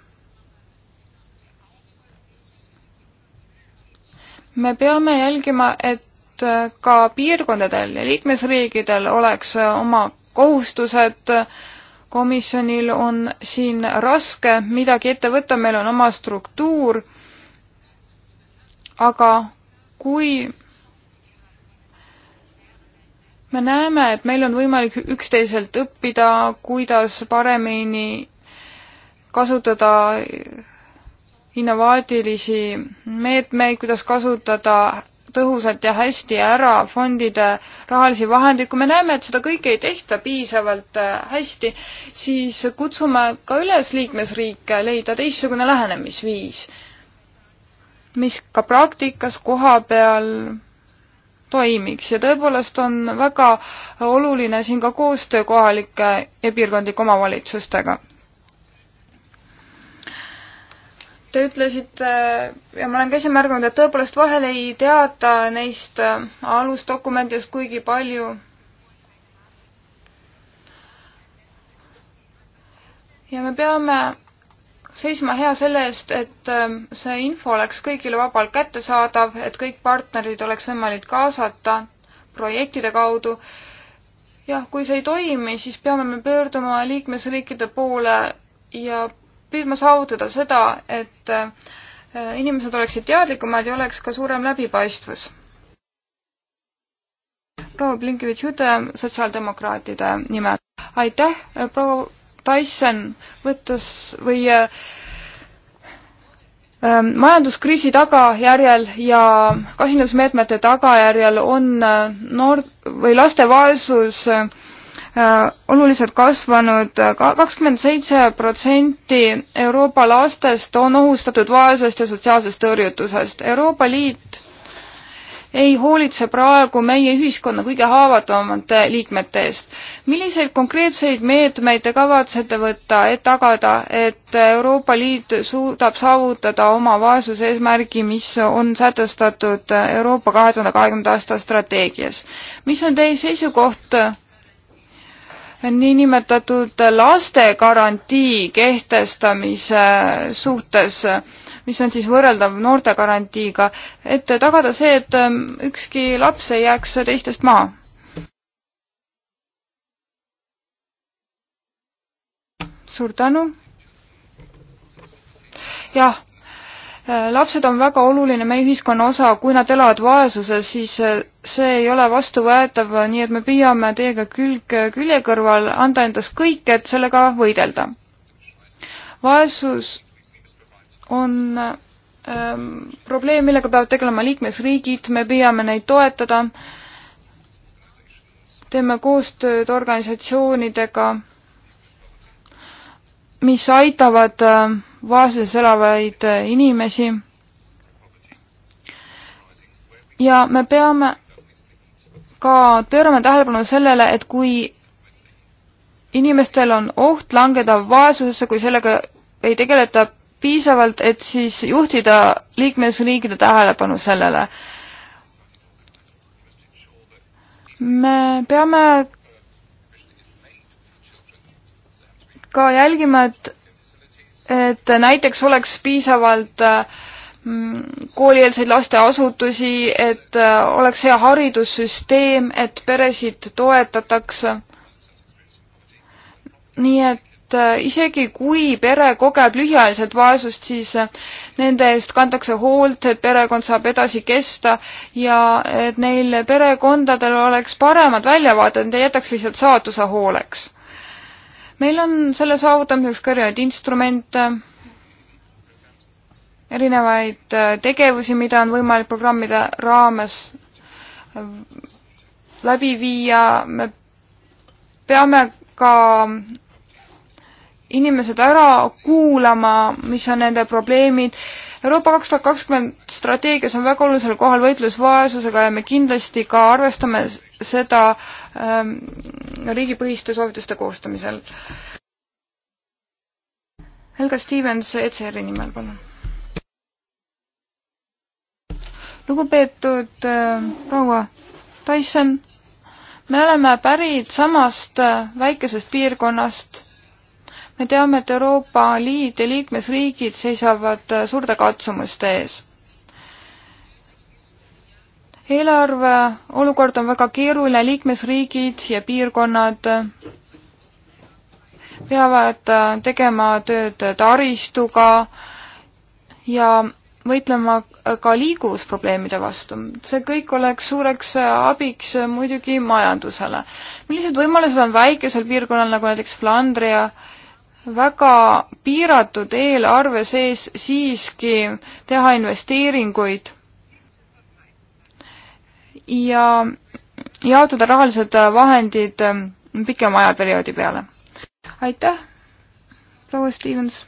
me peame jälgima, et äh, ka piirkondadel ja liikmesriigidel oleks äh, oma kohustused äh, komisjonil on siin raske midagi ette võtta, meil on oma struktuur, aga kui me näeme, et meil on võimalik üksteiselt õppida, kuidas paremini kasutada innovaatilisi meetmeid, kuidas kasutada tõhusalt ja hästi ära fondide rahalisi vahendeid, kui me näeme, et seda kõike ei tehta piisavalt äh, hästi, siis kutsume ka üles liikmesriike leida teistsugune lähenemisviis, mis ka praktikas koha peal toimiks ja tõepoolest on väga oluline siin ka koostöö kohalike ja piirkondlike omavalitsustega Te ütlesite ja ma olen ka ise märganud, et tõepoolest vahel ei teata neist äh, alusdokumentidest kuigi palju. ja me peame seisma hea selle eest, et äh, see info oleks kõigile vabalt kättesaadav, et kõik partnerid oleks võimalik kaasata projektide kaudu. jah, kui see ei toimi, siis peame me pöörduma liikmesriikide poole ja püüdma saavutada seda, et äh, inimesed oleksid teadlikumad ja oleks ka suurem läbipaistvus. proua Blinkevitš-Jude sotsiaaldemokraatide nimel. aitäh, proua Tyson, võttes või äh, äh, majanduskriisi tagajärjel ja kasinusmeetmete tagajärjel on noor- või laste vaesus äh, Äh, oluliselt kasvanud, kakskümmend seitse protsenti Euroopa lastest on ohustatud vaesusest ja sotsiaalsest tõrjutusest. Euroopa Liit ei hoolitse praegu meie ühiskonna kõige haavatavamate liikmete eest. milliseid konkreetseid meetmeid te kavatsete võtta, et tagada, et Euroopa Liit suudab saavutada oma vaesuse eesmärgi, mis on sätestatud Euroopa kahe tuhande kahekümnenda aasta strateegias? mis on teie seisukoht niinimetatud lastegarantii kehtestamise suhtes, mis on siis võrreldav noortegarantiiga, et tagada see, et ähm, ükski laps ei jääks teistest maha. suur tänu. jah Äh, lapsed on väga oluline meie ühiskonna osa, kui nad elavad vaesuses, siis äh, see ei ole vastuvõetav, nii et me püüame teiega külg äh, külje kõrval anda endast kõik, et sellega võidelda. vaesus on ähm, probleem, millega peavad tegelema liikmesriigid, me püüame neid toetada, teeme koostööd organisatsioonidega, mis aitavad äh, vaesuses elavaid äh, inimesi. ja me peame ka pöörama tähelepanu sellele, et kui inimestel on oht langeda vaesusesse, kui sellega ei tegeleta piisavalt, et siis juhtida liikmesriikide tähelepanu sellele. me peame ka jälgima, et et näiteks oleks piisavalt mm, koolieelseid lasteasutusi, et äh, oleks hea haridussüsteem, et peresid toetatakse. nii et äh, isegi kui pere kogeb lühiajaliselt vaesust, siis äh, nende eest kantakse hoolt, et perekond saab edasi kesta ja et neil perekondadel oleks paremad väljavaated, nad ei jätaks lihtsalt saatuse hooleks meil on selle saavutamiseks ka erinevaid instrumente, erinevaid äh, tegevusi, mida on võimalik programmide raames äh, läbi viia, me peame ka inimesed ära kuulama, mis on nende probleemid, Euroopa kaks tuhat kakskümmend strateegias on väga olulisel kohal võitlus vaesusega ja me kindlasti ka arvestame seda ähm, riigipõhiste soovituste koostamisel. Helga Stevens ECR-i nimel, palun. lugupeetud äh, proua Tyson, me oleme pärit samast äh, väikesest piirkonnast me teame, et Euroopa Liit ja liikmesriigid seisavad suurte katsumuste ees. eelarve olukord on väga keeruline, liikmesriigid ja piirkonnad peavad tegema tööd taristuga ja võitlema ka liikuvusprobleemide vastu. see kõik oleks suureks abiks muidugi majandusele. millised võimalused on väikesel piirkonnal nagu näiteks Flandria väga piiratud eelarve sees siiski teha investeeringuid ja jaotada rahalised vahendid pikema ajaperioodi peale. aitäh, proua Stevens!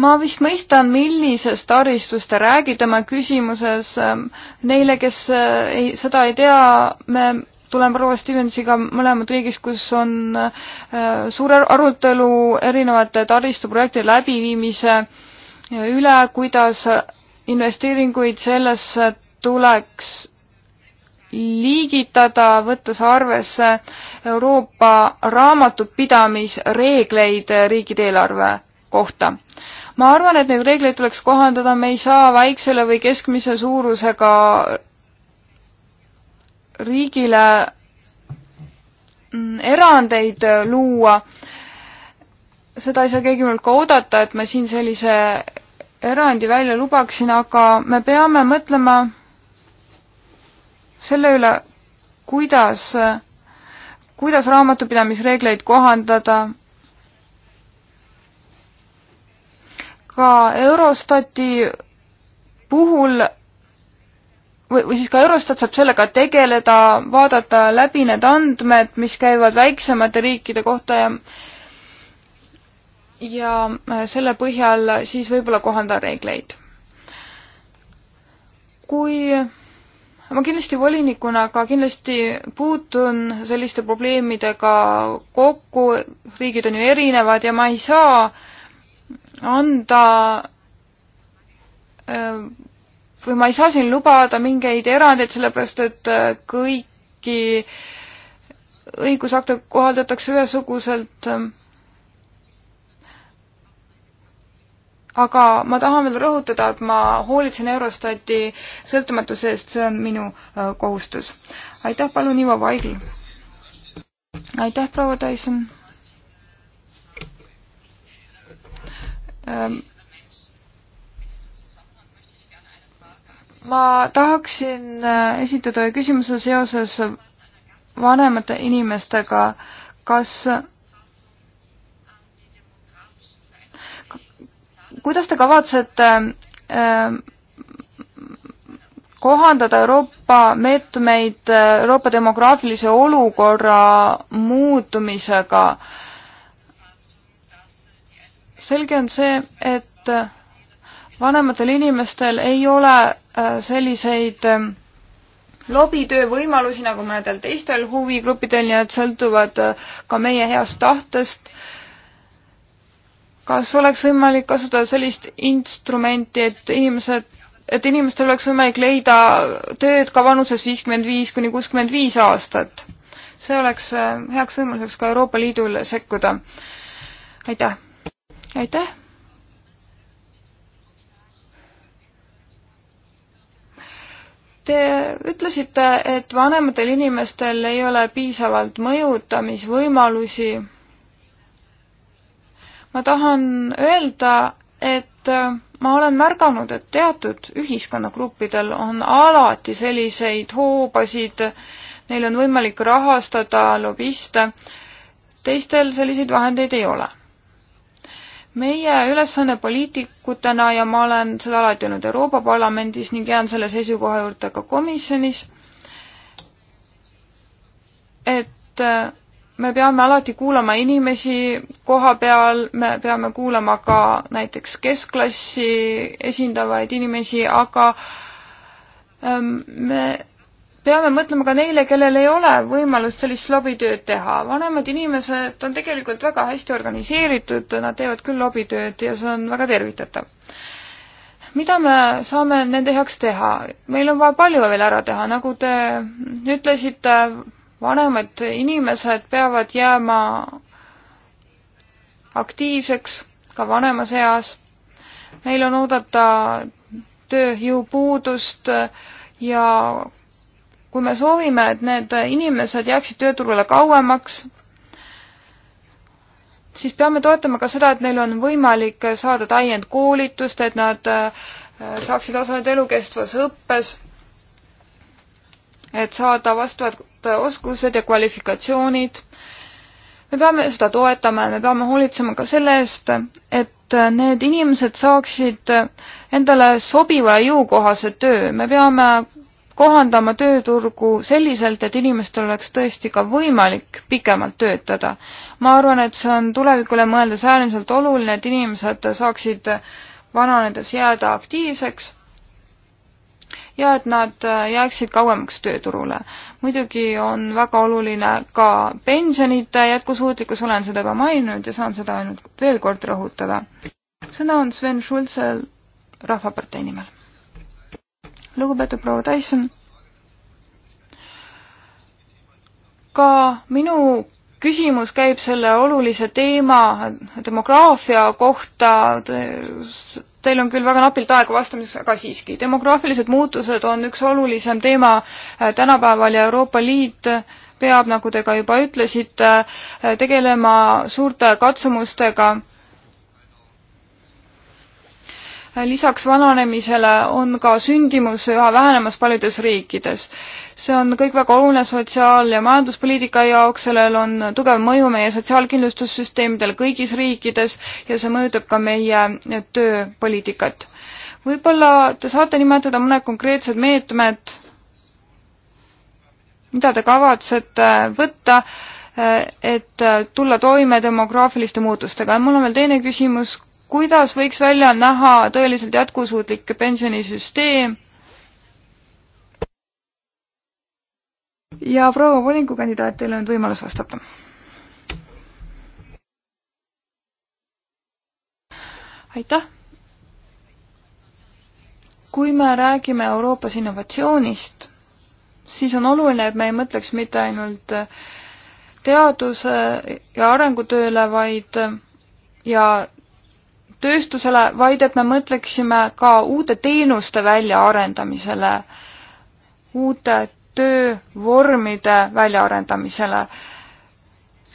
ma vist mõistan, millisest taristust te räägite oma küsimuses. Ähm, neile, kes äh, ei, seda ei tea, me tuleme proua Stevensiga mõlemad riigist, kus on äh, suur arutelu erinevate taristuprojektide läbiviimise üle, kuidas investeeringuid sellesse tuleks liigitada, võttes arvesse Euroopa raamatupidamisreegleid riikide eelarve kohta. ma arvan, et neid reegleid tuleks kohandada, me ei saa väiksele või keskmise suurusega riigile mm, erandeid äh, luua. seda ei saa keegi meilt ka oodata, et me siin sellise erandi välja lubaksin, aga me peame mõtlema selle üle, kuidas, kuidas raamatupidamisreegleid kohandada ka Eurostati puhul või, või siis ka Eurostat saab sellega tegeleda, vaadata läbi need andmed, mis käivad väiksemate riikide kohta ja ja äh, selle põhjal siis võib-olla kohandada reegleid. kui ma kindlasti volinikuna ka kindlasti puutun selliste probleemidega kokku, riigid on ju erinevad ja ma ei saa äh, anda äh, või ma ei saa siin lubada mingeid erandeid, sellepärast et äh, kõiki õigusakte kohaldatakse ühesuguselt. aga ma tahan veel rõhutada, et ma hoolitsen Eurostati sõltumatuse eest, see on minu äh, kohustus. aitäh, palun, Ivo Vaigl. aitäh, proua Tyson Ähm, ma tahaksin äh, esitada ühe küsimuse seoses vanemate inimestega. kas, kuidas te kavatsete ähm, kohandada Euroopa meetmeid äh, Euroopa demograafilise olukorra muutumisega äh, selge on see, et vanematel inimestel ei ole äh, selliseid ähm, lobitöö võimalusi nagu mõnedel teistel huvigruppidel, nii et sõltuvad äh, ka meie heast tahtest. kas oleks võimalik kasutada sellist instrumenti, et inimesed, et inimestel oleks võimalik leida tööd ka vanuses viiskümmend viis kuni kuuskümmend viis aastat? see oleks äh, heaks võimaluseks ka Euroopa Liidul sekkuda. aitäh! aitäh. Te ütlesite, et vanematel inimestel ei ole piisavalt mõjutamisvõimalusi. ma tahan öelda, et ma olen märganud, et teatud ühiskonnagruppidel on alati selliseid hoobasid, neil on võimalik rahastada lobiste, teistel selliseid vahendeid ei ole meie ülesanne poliitikutena ja ma olen seda alati olnud Euroopa Parlamendis ning jään selle seisukoha juurde ka komisjonis, et äh, me peame alati kuulama inimesi koha peal, me peame kuulama ka näiteks keskklassi esindavaid inimesi, aga ähm, me peame mõtlema ka neile, kellel ei ole võimalust sellist lobitööd teha. vanemad inimesed on tegelikult väga hästi organiseeritud, nad teevad küll lobitööd ja see on väga tervitatav. mida me saame nende heaks teha? meil on vaja palju veel ära teha, nagu te ütlesite, vanemad inimesed peavad jääma aktiivseks ka vanemas eas. meil on oodata tööjõupuudust ja kui me soovime, et need inimesed jääksid tööturule kauemaks, siis peame toetama ka seda, et neil on võimalik saada täiendkoolitust, et nad äh, saaksid osaleda elukestvas õppes, et saada vastavad oskused ja kvalifikatsioonid. me peame seda toetama ja me peame hoolitsema ka selle eest, et need inimesed saaksid endale sobiva ja jõukohase töö. me peame kohandama tööturgu selliselt, et inimestel oleks tõesti ka võimalik pikemalt töötada. ma arvan, et see on tulevikule mõeldes äärmiselt oluline, et inimesed saaksid vananedes jääda aktiivseks ja et nad jääksid kauemaks tööturule. muidugi on väga oluline ka pensionite jätkusuutlikkus, olen seda juba maininud ja saan seda ainult veel kord rõhutada. sõna on Sven Schulzel Rahvapartei nimel lugupeetud proua Tyson. ka minu küsimus käib selle olulise teema demograafia kohta. Teil on küll väga napilt aega vastamiseks, aga siiski. demograafilised muutused on üks olulisem teema äh, tänapäeval ja Euroopa Liit peab, nagu te ka juba ütlesite, äh, tegelema suurte katsumustega lisaks vananemisele on ka sündimus üha vähenemas paljudes riikides. see on kõik väga oluline sotsiaal- ja majanduspoliitika jaoks, sellel on tugev mõju meie sotsiaalkindlustussüsteemidel kõigis riikides ja see mõjutab ka meie tööpoliitikat. võib-olla te saate nimetada mõned konkreetsed meetmed, mida te kavatsete võtta, et tulla toime demograafiliste muutustega ja mul on veel teine küsimus, kuidas võiks välja näha tõeliselt jätkusuutlik pensionisüsteem? ja proua volinikukandidaat, teil on nüüd võimalus vastata. aitäh. kui me räägime Euroopas innovatsioonist, siis on oluline, et me ei mõtleks mitte ainult teaduse ja arengutööle, vaid ja tööstusele, vaid et me mõtleksime ka uute teenuste väljaarendamisele, uute töövormide väljaarendamisele,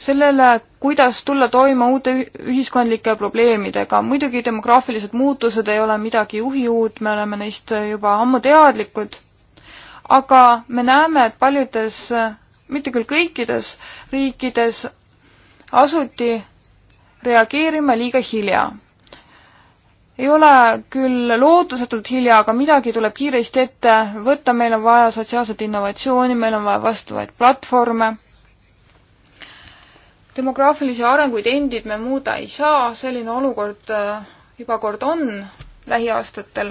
sellele, kuidas tulla toime uute ühiskondlike probleemidega. muidugi demograafilised muutused ei ole midagi uhiuut, me oleme neist juba ammu teadlikud, aga me näeme, et paljudes, mitte küll kõikides riikides asuti reageerima liiga hilja ei ole küll lootusetult hilja, aga midagi tuleb kiiresti ette võtta, meil on vaja sotsiaalset innovatsiooni, meil on vaja vastavaid platvorme. demograafilisi arenguid endid me muuda ei saa, selline olukord äh, juba kord on lähiaastatel.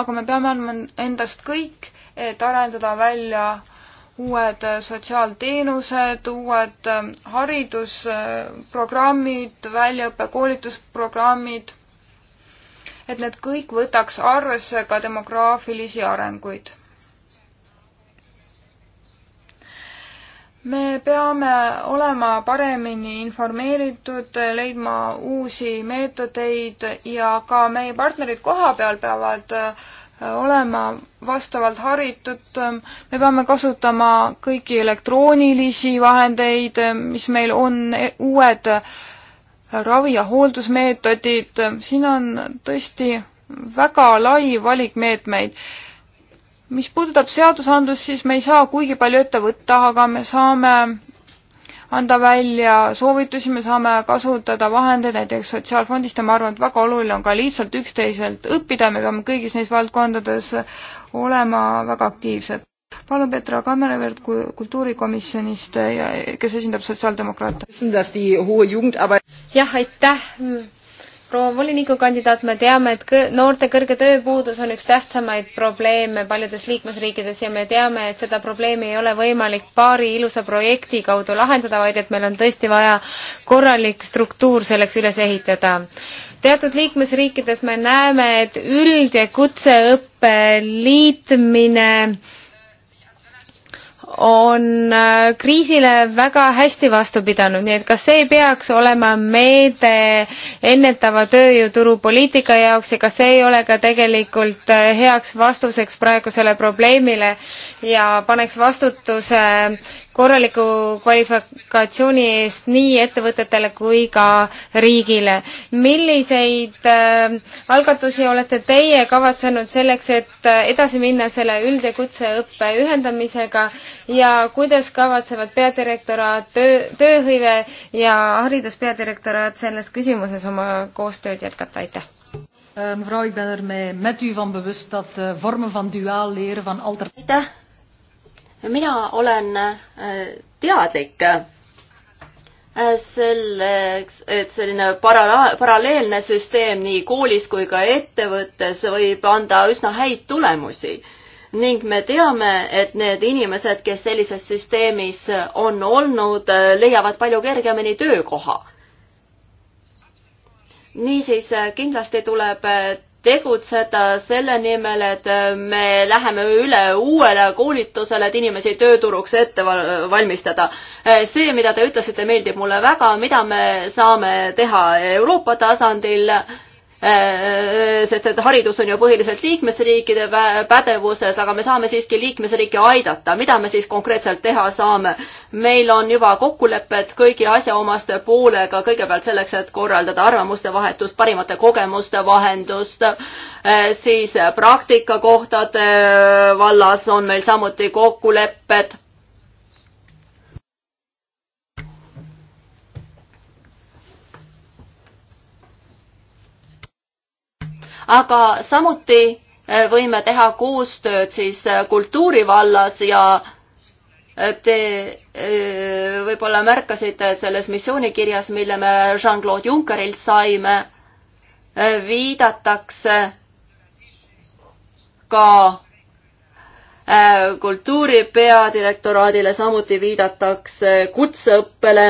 aga me peame andma endast kõik, et arendada välja uued äh, sotsiaalteenused, uued äh, haridusprogrammid, väljaõppe koolitusprogrammid et need kõik võtaks arvesse ka demograafilisi arenguid. me peame olema paremini informeeritud, leidma uusi meetodeid ja ka meie partnerid kohapeal peavad äh, olema vastavalt haritud, me peame kasutama kõiki elektroonilisi vahendeid, mis meil on, e, uued ravi- ja hooldusmeetodid, siin on tõesti väga lai valik meetmeid. mis puudutab seadusandlust, siis me ei saa kuigi palju ette võtta, aga me saame anda välja soovitusi, me saame kasutada vahendeid näiteks Sotsiaalfondist ja ma arvan, et väga oluline on ka lihtsalt üksteiselt õppida, me peame kõigis neis valdkondades olema väga aktiivsed palun Petra Kammerevert kultuurikomisjonist, eh, kes esindab sotsiaaldemokraate. jah, aitäh proua volinikukandidaat, me teame, et kõ noorte kõrge tööpuudus on üks tähtsamaid probleeme paljudes liikmesriikides ja me teame, et seda probleemi ei ole võimalik paari ilusa projekti kaudu lahendada, vaid et meil on tõesti vaja korralik struktuur selleks üles ehitada. teatud liikmesriikides me näeme, et üld- ja kutseõppe liitmine äh, on äh, kriisile väga hästi vastu pidanud, nii et kas see peaks olema meede ennetava tööjõuturupoliitika jaoks ja kas see ei ole ka tegelikult äh, heaks vastuseks praegusele probleemile ja paneks vastutuse korraliku kvalifikatsiooni eest nii ettevõtetele kui ka riigile. milliseid äh, algatusi olete teie kavatsenud selleks, et äh, edasi minna selle üld- ja kutseõppe ühendamisega ja kuidas kavatsevad peadirektoraat töö, tööhõive ja hariduspeadirektoraat selles küsimuses oma koostööd jätkata, aitäh! Äh, mevrouw, ik ben er met u van bewust dat äh, vormen van duaal leren van alternatief mina olen äh, teadlik äh, selleks, et selline para-, paralleelne süsteem nii koolis kui ka ettevõttes võib anda üsna häid tulemusi. ning me teame, et need inimesed, kes sellises süsteemis on olnud, äh, leiavad palju kergemini töökoha. niisiis kindlasti tuleb tegutseda selle nimel, et me läheme üle uuele koolitusele, et inimesi tööturuks ette valmistada. see, mida te ütlesite, meeldib mulle väga, mida me saame teha Euroopa tasandil Äh, sest et haridus on ju põhiliselt liikmesriikide pädevuses, aga me saame siiski liikmesriike aidata. mida me siis konkreetselt teha saame? meil on juba kokkulepped kõigi asjaomaste poolega, kõigepealt selleks, et korraldada arvamuste vahetust, parimate kogemuste vahendust, äh, siis praktikakohtade vallas on meil samuti kokkulepped aga samuti äh, võime teha koostööd siis äh, kultuuri vallas ja äh, te võib-olla märkasite, et selles missioonikirjas, mille me Jean-Claude Junckerilt saime, viidatakse ka kultuuri peadirektoraadile, samuti viidatakse kutseõppele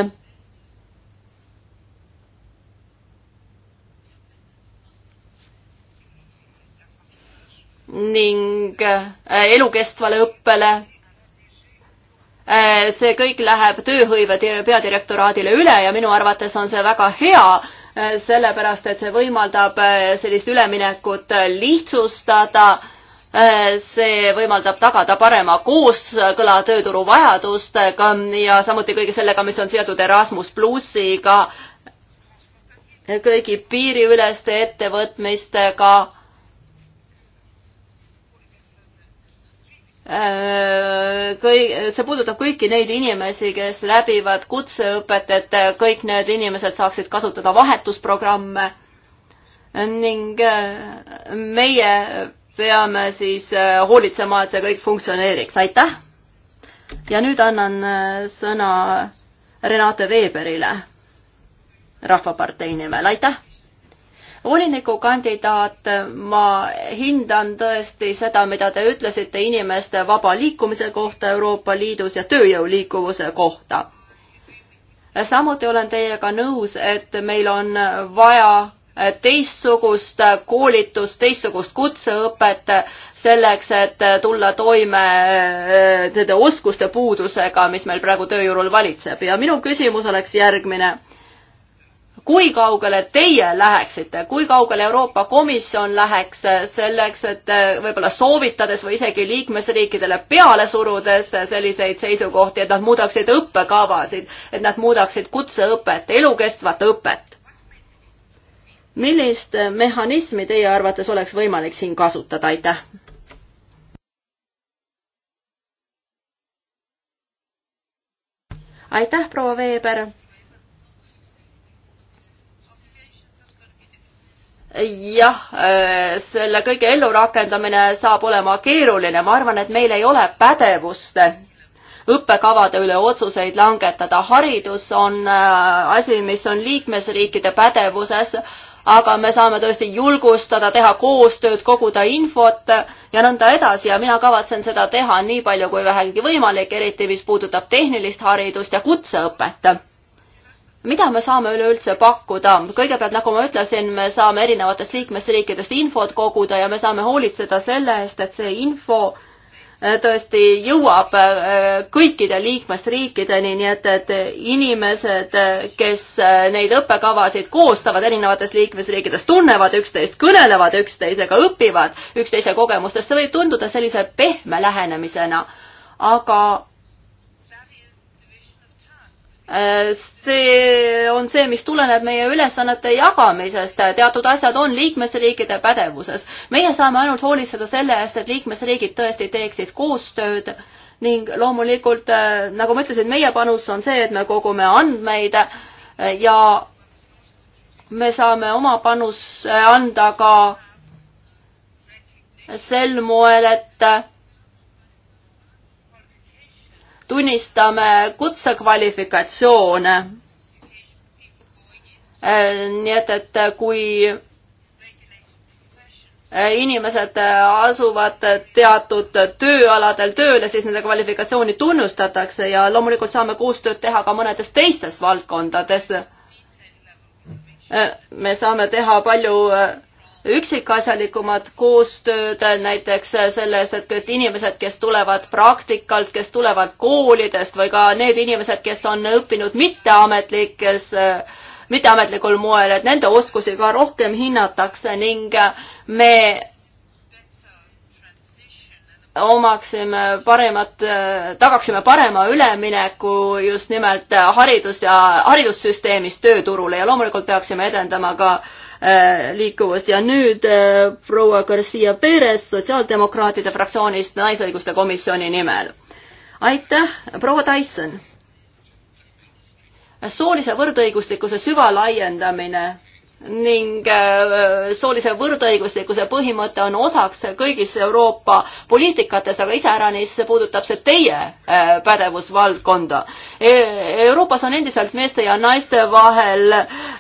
ning äh, elukestvale õppele. Äh, see kõik läheb tööhõive peadirektoraadile üle ja minu arvates on see väga hea, äh, sellepärast et see võimaldab sellist üleminekut lihtsustada. see võimaldab tagada parema kooskõla tööturu vajadustega ja samuti kõige sellega, mis on seotud Erasmus plussiga, kõigi piiriüleste ettevõtmistega Äh, kõik, see puudutab kõiki neid inimesi, kes läbivad kutseõpet, et kõik need inimesed saaksid kasutada vahetusprogramme ning äh, meie peame siis äh, hoolitsema, et see kõik funktsioneeriks, aitäh! ja nüüd annan sõna Renate Veeberile Rahvapartei nimel, aitäh! volinikukandidaat, ma hindan tõesti seda, mida te ütlesite inimeste vaba liikumise kohta Euroopa Liidus ja tööjõu liikuvuse kohta. samuti olen teiega nõus, et meil on vaja teistsugust koolitust, teistsugust kutseõpet selleks, et tulla toime äh, nende oskuste puudusega, mis meil praegu tööjõul valitseb ja minu küsimus oleks järgmine kui kaugele teie läheksite, kui kaugele Euroopa Komisjon läheks selleks, et eh, võib-olla soovitades või isegi liikmesriikidele peale surudes selliseid seisukohti, et nad muudaksid õppekavasid, et nad muudaksid kutseõpet, elukestvat õpet? millist mehhanismi teie arvates oleks võimalik siin kasutada, aitäh? aitäh, proua Veeber jah, äh, selle kõige ellurakendamine saab olema keeruline, ma arvan, et meil ei ole pädevust õppekavade üle otsuseid langetada, haridus on äh, asi, mis on liikmesriikide pädevuses, aga me saame tõesti julgustada, teha koostööd, koguda infot ja nõnda edasi ja mina kavatsen seda teha nii palju kui vähegi võimalik, eriti mis puudutab tehnilist haridust ja kutseõpet mida me saame üleüldse pakkuda? kõigepealt, nagu ma ütlesin, me saame erinevatest liikmesriikidest infot koguda ja me saame hoolitseda selle eest, et see info äh, tõesti jõuab äh, kõikide liikmesriikideni, nii et, et inimesed, äh, kes neid õppekavasid koostavad erinevates liikmesriikides, tunnevad üksteist, kõnelevad üksteisega, õpivad üksteise kogemustest, see võib tunduda sellise pehme lähenemisena, aga Äh, see on see, mis tuleneb meie ülesannete jagamisest, teatud asjad on liikmesriikide pädevuses. meie saame ainult hoolitseda selle eest, et liikmesriigid tõesti teeksid koostööd ning loomulikult, äh, nagu ma ütlesin, meie panus on see, et me kogume andmeid äh, ja me saame oma panus anda ka sel moel, et tunnistame kutsekvalifikatsioone. nii et, et kui inimesed asuvad teatud tööaladel tööle, siis nende kvalifikatsiooni tunnustatakse ja loomulikult saame koostööd teha ka mõnedes teistes valdkondades. me saame teha palju üksikasjalikumat koostööd, näiteks sellest, et, et inimesed, kes tulevad praktikalt, kes tulevad koolidest või ka need inimesed, kes on õppinud mitteametlikes mitteametlikul moel, et nende oskusi ka rohkem hinnatakse ning me omaksime paremat, tagaksime parema ülemineku just nimelt haridus ja haridussüsteemist tööturule ja loomulikult peaksime edendama ka äh, Äh, liikuvust ja nüüd äh, proua Garcia Perez Sotsiaaldemokraatide fraktsioonist Naisõiguste Komisjoni nimel. aitäh, proua Tyson. soolise võrdõiguslikkuse süvalaiendamine ning äh, soolise võrdõiguslikkuse põhimõte on osaks kõigis Euroopa poliitikates, aga iseäranis puudutab see teie äh, pädevusvaldkonda. E, Euroopas on endiselt meeste ja naiste vahel äh,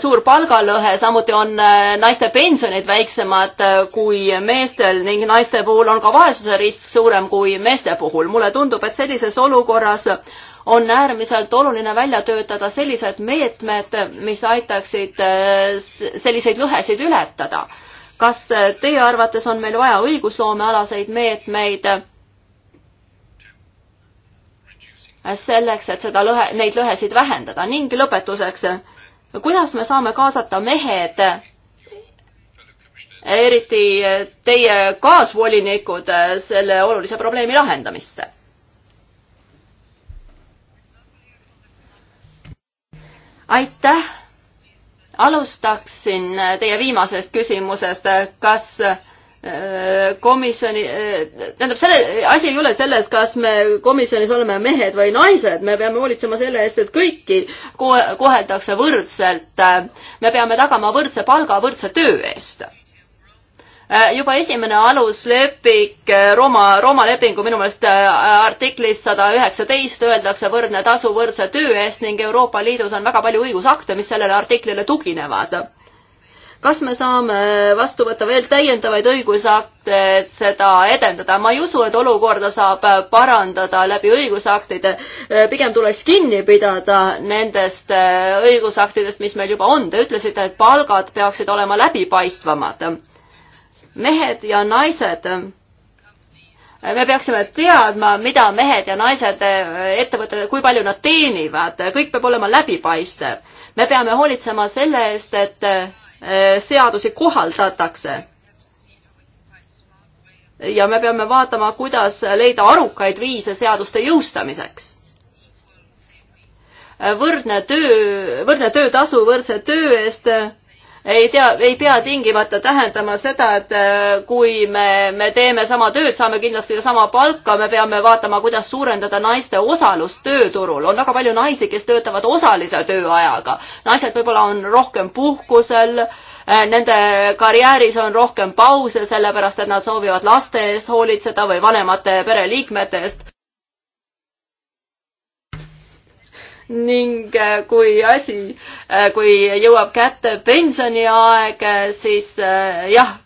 suur palgalõhe, samuti on naiste pensionid väiksemad kui meestel ning naiste puhul on ka vaesuse risk suurem kui meeste puhul. mulle tundub, et sellises olukorras on äärmiselt oluline välja töötada sellised meetmed, mis aitaksid eh, selliseid lõhesid ületada. kas eh, teie arvates on meil vaja õigusloomealaseid meetmeid eh, selleks, et seda lõhe, neid lõhesid vähendada ning lõpetuseks, kuidas me saame kaasata mehed eriti teie kaasvolinikud selle olulise probleemi lahendamisse? aitäh. alustaksin äh, teie viimasest küsimusest, äh, kas äh, komisjoni, tähendab, selle, asi ei ole selles, kas me komisjonis oleme mehed või naised, me peame hoolitsema selle eest, et kõiki koheldakse võrdselt. me peame tagama võrdse palga võrdse töö eest Äh, juba esimene alusleping, äh, Rooma, Rooma lepingu minu meelest äh, artiklis sada üheksateist öeldakse võrdne tasu võrdse töö eest ning Euroopa Liidus on väga palju õigusakte, mis sellele artiklile tuginevad. kas me saame vastu võtta veel täiendavaid õigusakte, et seda edendada? ma ei usu, et olukorda saab parandada läbi õigusaktide. pigem tuleks kinni pidada nendest õigusaktidest, mis meil juba on. Te ütlesite, et palgad peaksid olema läbipaistvamad mehed ja naised me peaksime teadma, mida mehed ja naised eh, ettevõtted, kui palju nad teenivad, kõik peab olema läbipaistev. me peame hoolitsema selle eest, et eh, seadusi kohaldatakse. ja me peame vaatama, kuidas leida arukaid viise seaduste jõustamiseks. võrdne töö, võrdne töötasu võrdse töö eest ei tea, ei pea tingimata tähendama seda, et äh, kui me, me teeme sama tööd, saame kindlasti ka sama palka, me peame vaatama, kuidas suurendada naiste osalust tööturul. on väga palju naisi, kes töötavad osalise tööajaga. naised võib-olla on rohkem puhkusel äh, nende karjääris on rohkem pause, sellepärast et nad soovivad laste eest hoolitseda või vanemate pereliikmete eest. ning äh, kui asi, äh, kui jõuab kätte pensioniaeg, äh, siis jah,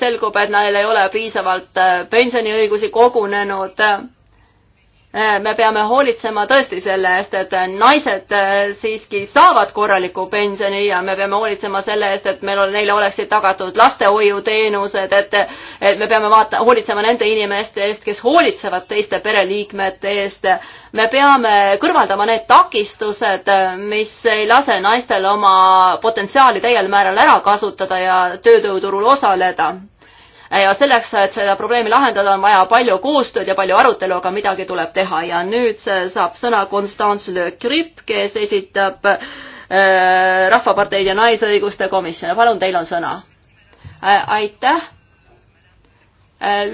selgub, et neil ei ole piisavalt pensioniõigusi kogunenud Äh, me peame hoolitsema tõesti selle eest, et naised äh, siiski saavad korraliku pensioni ja me peame hoolitsema selle eest, et meil on, neile oleksid tagatud lastehoiuteenused, et et me peame vaata-, hoolitsema nende inimeste eest, kes hoolitsevad teiste pereliikmete eest. me peame kõrvaldama need takistused, mis ei lase naistel oma potentsiaali täiel määral ära kasutada ja tööjõuturul osaleda Äh, ja selleks, et seda probleemi lahendada, on vaja palju koostööd ja palju arutelu, aga midagi tuleb teha ja nüüd saab sõna Constance Le Grip, kes esitab äh, Rahvaparteid ja Naisõiguste Komisjoni. palun, teil on sõna. Äh, aitäh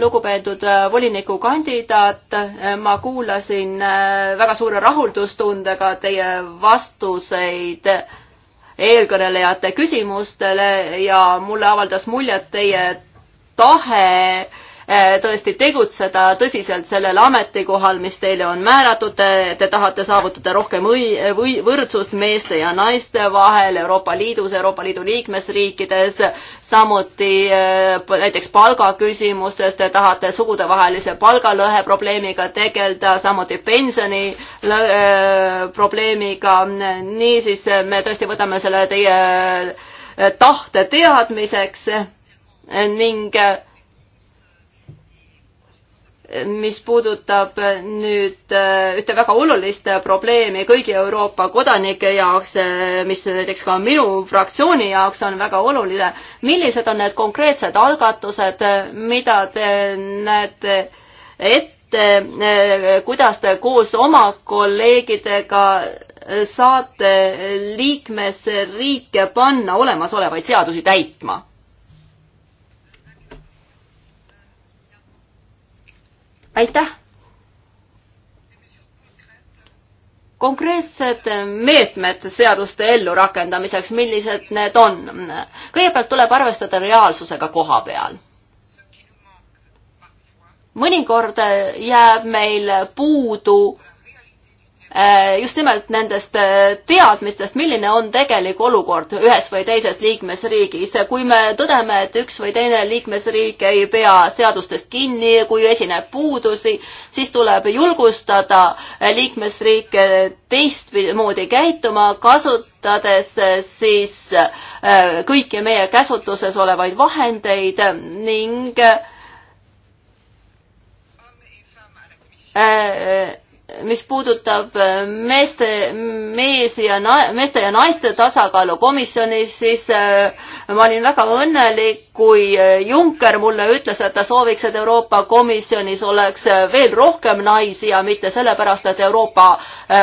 lugupeetud volinikukandidaat, ma kuulasin väga suure rahuldustundega teie vastuseid eelkõnelejate küsimustele ja mulle avaldas muljet teie tahe eh, tõesti tegutseda tõsiselt sellel ametikohal, mis teile on määratud, te, te tahate saavutada rohkem või, või võrdsust meeste ja naiste vahel Euroopa Liidus, Euroopa Liidu liikmesriikides, samuti eh, näiteks palgaküsimustes, te tahate sugudevahelise palgalõhe probleemiga tegeleda, samuti pensioni eh, probleemiga, niisiis me tõesti võtame selle teie tahte teadmiseks ning eh, mis puudutab nüüd eh, ühte väga olulist probleemi kõigi Euroopa kodanike jaoks, eh, mis näiteks ka minu fraktsiooni jaoks on väga oluline. millised on need konkreetsed algatused, mida te näete ette, kuidas te koos oma kolleegidega saate liikmesriike panna olemasolevaid seadusi täitma? aitäh! konkreetsed meetmed seaduste ellurakendamiseks, millised need on? kõigepealt tuleb arvestada reaalsusega koha peal. mõnikord jääb meil puudu Äh, just nimelt nendest äh, teadmistest, milline on tegelik olukord ühes või teises liikmesriigis. kui me tõdeme, et üks või teine liikmesriik ei pea seadustest kinni, kui esineb puudusi, siis tuleb julgustada äh, liikmesriike teistmoodi käituma, kasutades siis kõiki meie käsutuses olevaid vahendeid ning äh, mis puudutab äh, meeste, mees ja na-, meeste ja naiste tasakaalu komisjonis, siis äh, ma olin väga õnnelik, kui äh, Juncker mulle ütles, et ta sooviks, et Euroopa Komisjonis oleks veel rohkem naisi ja mitte sellepärast, et Euroopa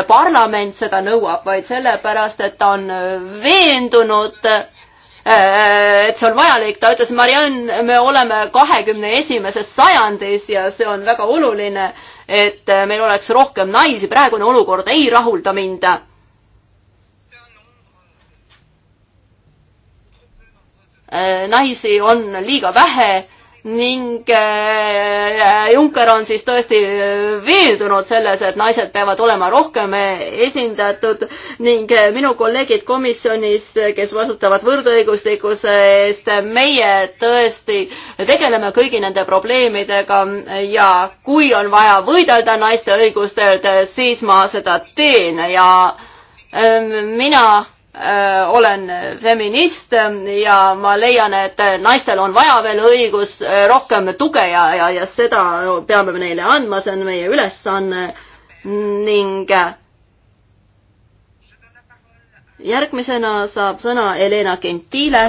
Parlament seda nõuab, vaid sellepärast, et ta on veendunud, et see on vajalik, ta ütles, Mariann, me oleme kahekümne esimeses sajandis ja see on väga oluline et äh, meil oleks rohkem naisi, praegune olukord ei rahulda mind. Äh, naisi on liiga vähe ning äh, äh, Juncker on siis tõesti äh, veendunud selles, et naised peavad olema rohkem esindatud ning minu kolleegid komisjonis, kes vastutavad võrdõiguslikkuse eest, meie tõesti tegeleme kõigi nende probleemidega ja kui on vaja võidelda naiste õigustelt, siis ma seda teen ja mina Äh, olen feminist ja ma leian, et naistel on vaja veel õigus äh, rohkem tuge ja, ja, ja seda peame neile andma, see on meie ülesanne ning äh, järgmisena saab sõna Helena Gentile.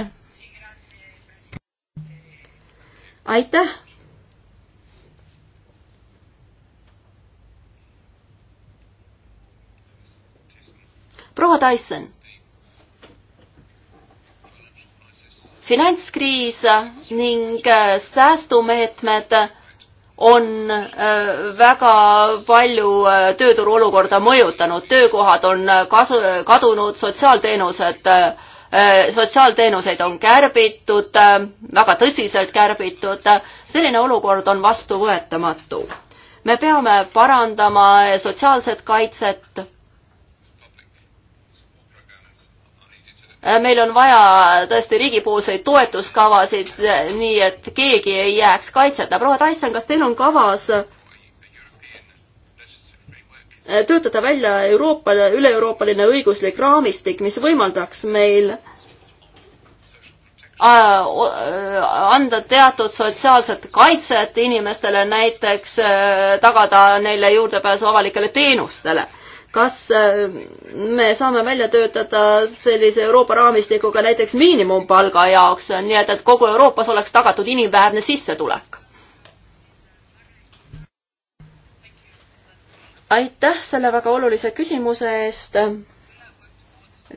aitäh proua Tyson. finantskriis ning äh, säästumeetmed on äh, väga palju äh, tööturu olukorda mõjutanud, töökohad on kasu, kadunud, sotsiaalteenused, sotsiaalteenuseid on kärbitud, väga tõsiselt kärbitud. selline olukord on vastuvõetamatu. me peame parandama sotsiaalset kaitset meil on vaja tõesti riigipoolseid toetuskavasid, nii et keegi ei jääks kaitseta. proua Tyson, kas teil on kavas töötada välja Euroopa, üle-euroopaline õiguslik raamistik, mis võimaldaks meil äh, äh, anda teatud sotsiaalset kaitset inimestele, näiteks äh, tagada neile juurdepääsu avalikele teenustele kas äh, me saame välja töötada sellise Euroopa raamistikuga näiteks miinimumpalga jaoks, nii et, et kogu Euroopas oleks tagatud inimväärne sissetulek? aitäh selle väga olulise küsimuse eest.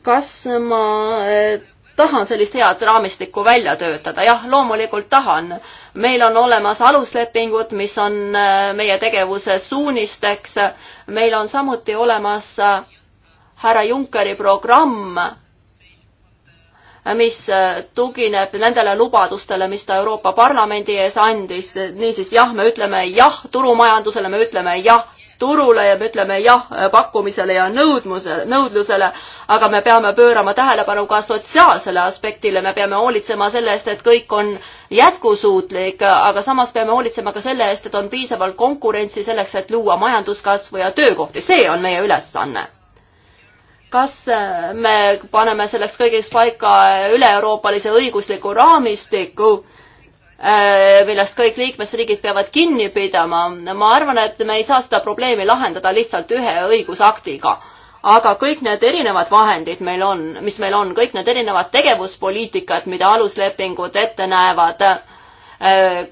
kas ma äh, tahan sellist head raamistikku välja töötada, jah, loomulikult tahan. meil on olemas aluslepingud, mis on äh, meie tegevuse suunisteks meil on samuti olemas äh, härra Junckeri programm, mis äh, tugineb nendele lubadustele, mis ta Euroopa Parlamendi ees andis. niisiis jah, me ütleme jah turumajandusele, me ütleme jah turule ja me ütleme jah äh, pakkumisele ja nõudmusele, nõudlusele, aga me peame pöörama tähelepanu ka sotsiaalsele aspektile, me peame hoolitsema selle eest, et kõik on jätkusuutlik, aga samas peame hoolitsema ka selle eest, et on piisavalt konkurentsi selleks, et luua majanduskasvu ja töökohti, see on meie ülesanne kas äh, me paneme selleks kõigeks paika üle-euroopalise õigusliku raamistiku äh, Äh, millest kõik liikmesriigid peavad kinni pidama. ma arvan, et me ei saa seda probleemi lahendada lihtsalt ühe õigusaktiga. aga kõik need erinevad vahendid meil on, mis meil on, kõik need erinevad tegevuspoliitikad, mida aluslepingud ette näevad Äh,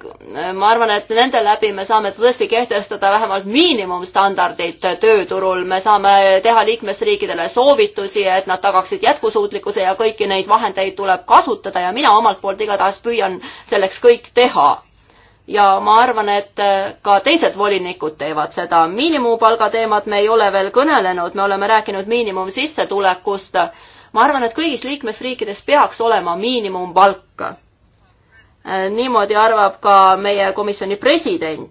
ma arvan, et nende läbi me saame tõesti kehtestada vähemalt miinimumstandardid tööturul, me saame teha liikmesriikidele soovitusi, et nad tagaksid jätkusuutlikkuse ja kõiki neid vahendeid tuleb kasutada ja mina omalt poolt igatahes püüan selleks kõik teha ja ma arvan, et äh, ka teised volinikud teevad seda. miinimumpalga teemat me ei ole veel kõnelenud, me oleme rääkinud miinimumsissetulekust. ma arvan, et kõigis liikmesriikides peaks olema miinimumpalk Äh, niimoodi arvab ka meie komisjoni president.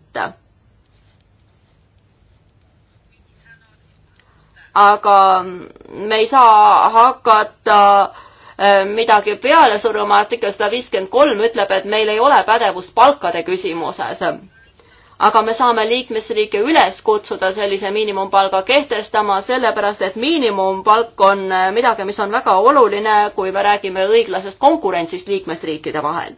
aga me ei saa hakata äh, midagi peale suruma, artikkel sada viiskümmend kolm ütleb, et meil ei ole pädevust palkade küsimuses aga me saame liikmesriike üles kutsuda sellise miinimumpalga kehtestama, sellepärast et miinimumpalk on äh, midagi, mis on väga oluline, kui me räägime õiglasest konkurentsist liikmesriikide vahel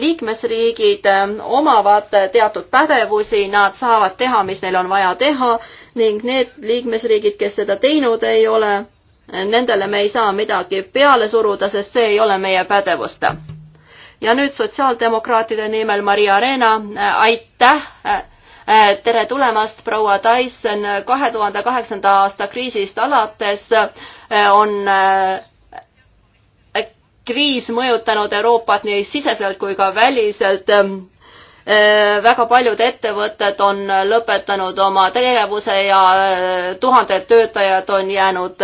liikmesriigid ähm, omavad teatud pädevusi, nad saavad teha, mis neil on vaja teha ning need liikmesriigid, kes seda teinud ei ole, nendele me ei saa midagi peale suruda, sest see ei ole meie pädevust. ja nüüd sotsiaaldemokraatide nimel Maria Reena, äh, aitäh! Äh, tere tulemast, proua Tyson, kahe tuhande kaheksanda aasta kriisist alates äh, on kriis mõjutanud Euroopat nii siseselt kui ka väliselt. Ehm, ehm, väga paljud ettevõtted on lõpetanud oma tegevuse ja ehm, tuhanded töötajad on jäänud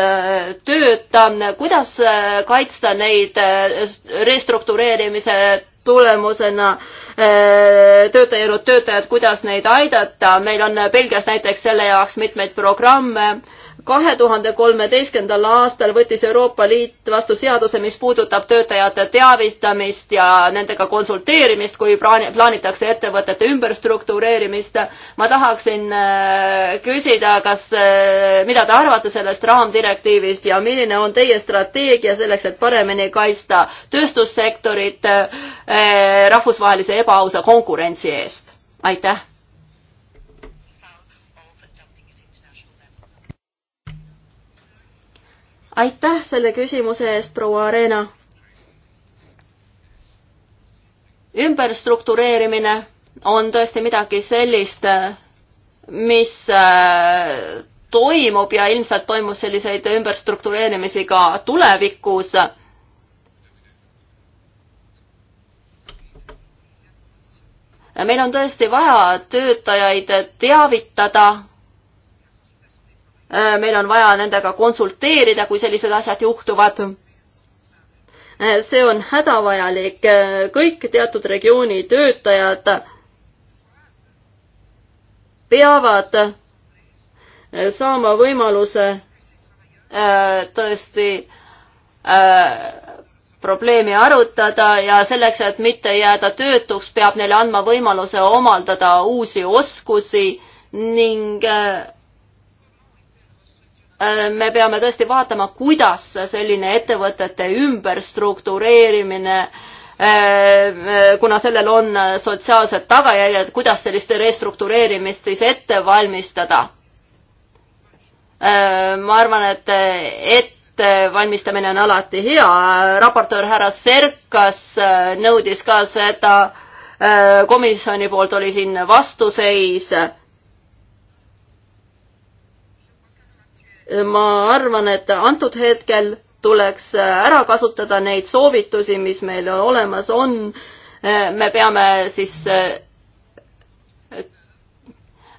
tööta. kuidas kaitsta neid restruktureerimise tulemusena tööta jäänud töötajad, kuidas neid aidata, meil on Belgias näiteks selle jaoks mitmeid programme kahe tuhande kolmeteistkümnendal aastal võttis Euroopa Liit vastu seaduse, mis puudutab töötajate teavitamist ja nendega konsulteerimist, kui plaanitakse ettevõtete ümberstruktureerimist. ma tahaksin äh, küsida, kas, äh, mida te arvate sellest raamdirektiivist ja milline on teie strateegia selleks, et paremini kaitsta tööstussektorit äh, rahvusvahelise ebaausa konkurentsi eest? aitäh aitäh selle küsimuse eest, proua Arena. ümberstruktureerimine on tõesti midagi sellist, mis äh, toimub ja ilmselt toimus selliseid ümberstruktureerimisi ka tulevikus meil on tõesti vaja töötajaid teavitada Äh, meil on vaja nendega konsulteerida, kui sellised asjad juhtuvad. Äh, see on hädavajalik, äh, kõik teatud regiooni töötajad peavad saama võimaluse tõesti probleemi arutada ja selleks, et mitte jääda töötuks, peab neile andma võimaluse omaldada uusi oskusi ning Äh, me peame tõesti vaatama, kuidas selline ettevõtete ümberstruktureerimine äh, kuna sellel on sotsiaalsed tagajärjed, kuidas sellist restruktureerimist siis ette valmistada? Äh, ma arvan, et ettevalmistamine on alati hea, raportöör härra Serkas nõudis ka seda, komisjoni poolt oli siin vastuseis ma arvan, et antud hetkel tuleks äh, ära kasutada neid soovitusi, mis meil olemas on. Äh, me peame siis äh,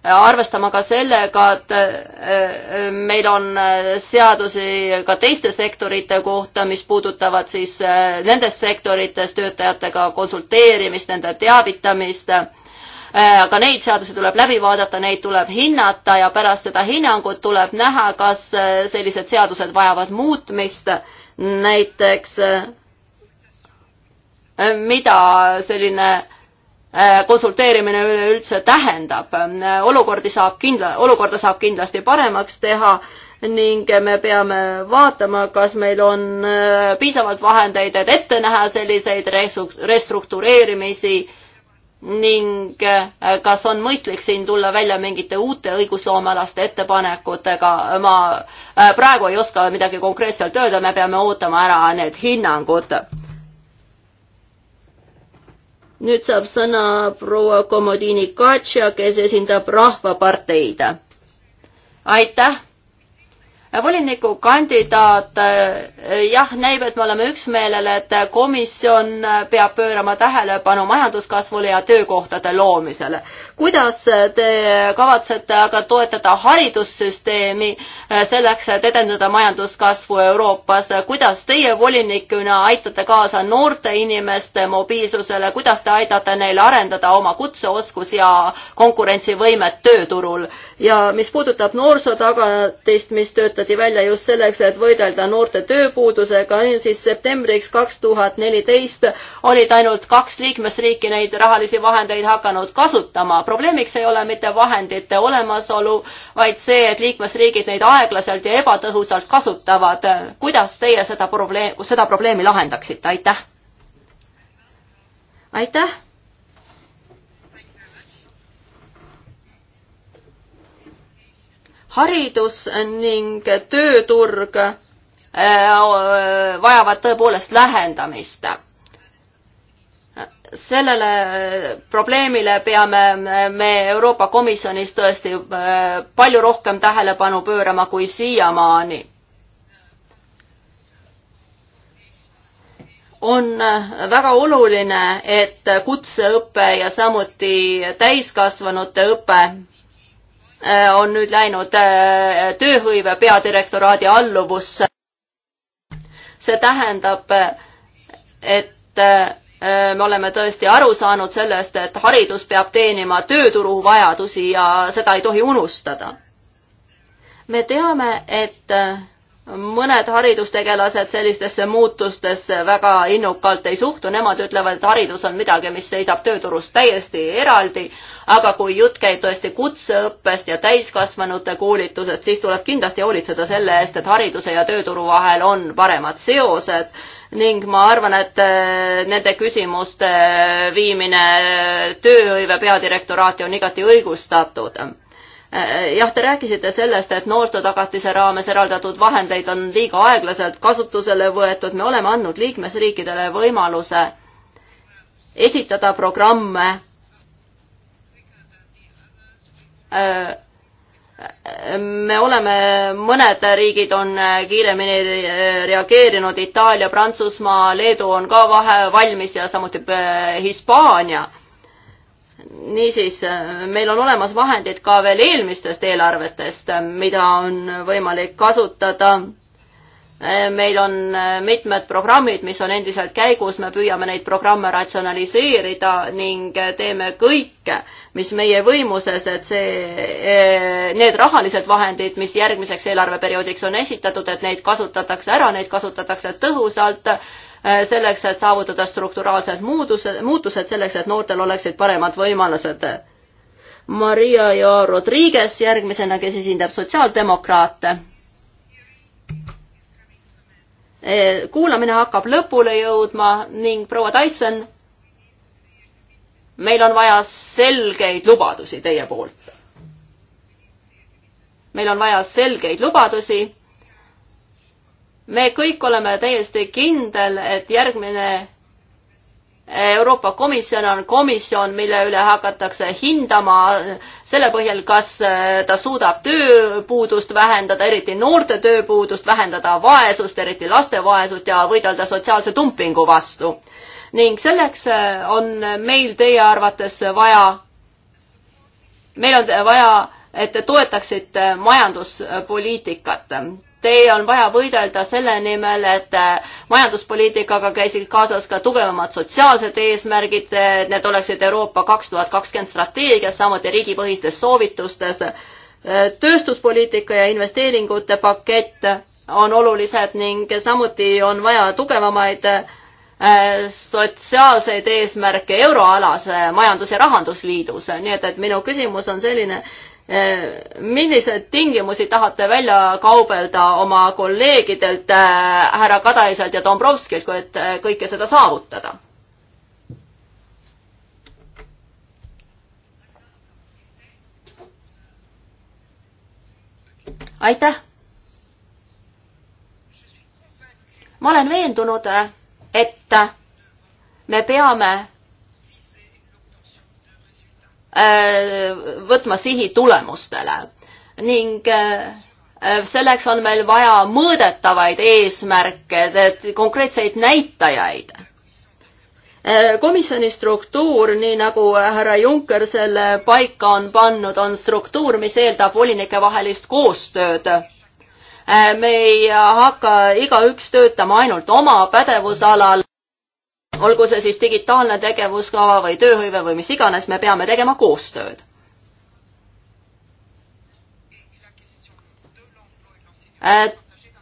arvestama ka sellega, et meil on seadusi ka teiste sektorite kohta, mis puudutavad siis nendes sektorites töötajatega konsulteerimist, nende teavitamist Äh, aga neid seadusi tuleb läbi vaadata, neid tuleb hinnata ja pärast seda hinnangut tuleb näha, kas äh, sellised seadused vajavad muutmist, näiteks äh, mida selline konsulteerimine üleüldse tähendab. olukordi saab kindla, olukorda saab kindlasti paremaks teha ning me peame vaatama, kas meil on piisavalt vahendeid, et ette näha selliseid restruktureerimisi ning äh, kas on mõistlik siin tulla välja mingite uute õigusloomealaste ettepanekutega, ma äh, praegu ei oska midagi konkreetselt öelda, me peame ootama ära need hinnangud. nüüd saab sõna proua Komodini Katša, kes esindab Rahvaparteid. aitäh volinikukandidaat, eh, jah, näib, et me oleme üksmeelel, et komisjon peab pöörama tähelepanu majanduskasvule ja töökohtade loomisele. kuidas te kavatsete aga toetada haridussüsteemi eh, selleks, et edendada majanduskasvu Euroopas, kuidas teie volinikuna aitate kaasa noorte inimeste mobiilsusele, kuidas te aitate neil arendada oma kutseoskusi ja konkurentsivõimet tööturul? ja mis puudutab noorsootagatist, mis töötati välja just selleks, et võidelda noorte tööpuudusega, siis septembriks kaks tuhat neliteist olid ainult kaks liikmesriiki neid rahalisi vahendeid hakanud kasutama. probleemiks ei ole mitte vahendite olemasolu, vaid see, et liikmesriigid neid aeglaselt ja ebatõhusalt kasutavad. kuidas teie seda probleemi, seda probleemi lahendaksite, aitäh? aitäh haridus ning tööturg äh, vajavad tõepoolest lähendamist. sellele probleemile peame me Euroopa Komisjonis tõesti äh, palju rohkem tähelepanu pöörama kui siiamaani. on äh, väga oluline, et kutseõpe ja samuti täiskasvanute õpe Äh, on nüüd läinud äh, tööhõive peadirektoraadi alluvusse. see tähendab, et äh, me oleme tõesti aru saanud sellest, et haridus peab teenima tööturu vajadusi ja seda ei tohi unustada. me teame, et mõned haridustegelased sellistesse muutustesse väga innukalt ei suhtu, nemad ütlevad, et haridus on midagi, mis seisab tööturust täiesti eraldi, aga kui jutt käib tõesti kutseõppest ja täiskasvanute koolitusest, siis tuleb kindlasti hoolitseda selle eest, et hariduse ja tööturu vahel on paremad seosed ning ma arvan, et äh, nende küsimuste viimine tööhõive peadirektoraati on igati õigustatud Äh, jah, te rääkisite sellest, et noorsootagatise raames eraldatud vahendeid on liiga aeglaselt kasutusele võetud, me oleme andnud liikmesriikidele võimaluse esitada programme äh, me oleme, mõned riigid on kiiremini reageerinud, Itaalia, Prantsusmaa, Leedu on ka vahe valmis ja samuti äh, Hispaania niisiis, meil on olemas vahendid ka veel eelmistest eelarvetest, mida on võimalik kasutada. meil on mitmed programmid, mis on endiselt käigus, me püüame neid programme ratsionaliseerida ning teeme kõike, mis meie võimuses, et see, need rahalised vahendid, mis järgmiseks eelarveperioodiks on esitatud, et neid kasutatakse ära, neid kasutatakse tõhusalt Äh, selleks, et saavutada strukturaalsed muudused, muutused selleks, et noortel oleksid paremad võimalused. Maria ja Rodriguez järgmisena, kes esindab sotsiaaldemokraate. Äh, kuulamine hakkab lõpule jõudma ning proua Tyson, meil on vaja selgeid lubadusi teie poolt. meil on vaja selgeid lubadusi me kõik oleme täiesti kindel, et järgmine Euroopa Komisjon on komisjon, mille üle hakatakse hindama selle põhjal, kas ta suudab tööpuudust vähendada, eriti noorte tööpuudust, vähendada vaesust, eriti laste vaesust ja võidelda sotsiaalse dumpingu vastu. ning selleks on meil teie arvates vaja, meil on vaja, et te toetaksite majanduspoliitikat teil on vaja võidelda selle nimel, et äh, majanduspoliitikaga käisid kaasas ka tugevamad sotsiaalsed eesmärgid, need oleksid Euroopa kaks tuhat kakskümmend strateegias, samuti riigipõhistes soovitustes. Äh, tööstuspoliitika ja investeeringute pakett on olulised ning samuti on vaja tugevamaid äh, sotsiaalseid eesmärke euroalas majandus- ja rahandusliidus, nii et, et minu küsimus on selline, Eh, milliseid tingimusi tahate välja kaubelda oma kolleegidelt eh, härra Kadaiselt ja Dombrovskilt, et eh, kõike seda saavutada? aitäh! ma olen veendunud, et me peame Äh, võtma sihi tulemustele ning äh, selleks on meil vaja mõõdetavaid eesmärke, konkreetseid näitajaid. Äh, komisjoni struktuur, nii nagu härra Juncker selle paika on pannud, on struktuur, mis eeldab volinike vahelist koostööd me ei hakka igaüks töötama ainult oma pädevusalal, olgu see siis digitaalne tegevuskava või tööhõive või mis iganes, me peame tegema koostööd. Äh,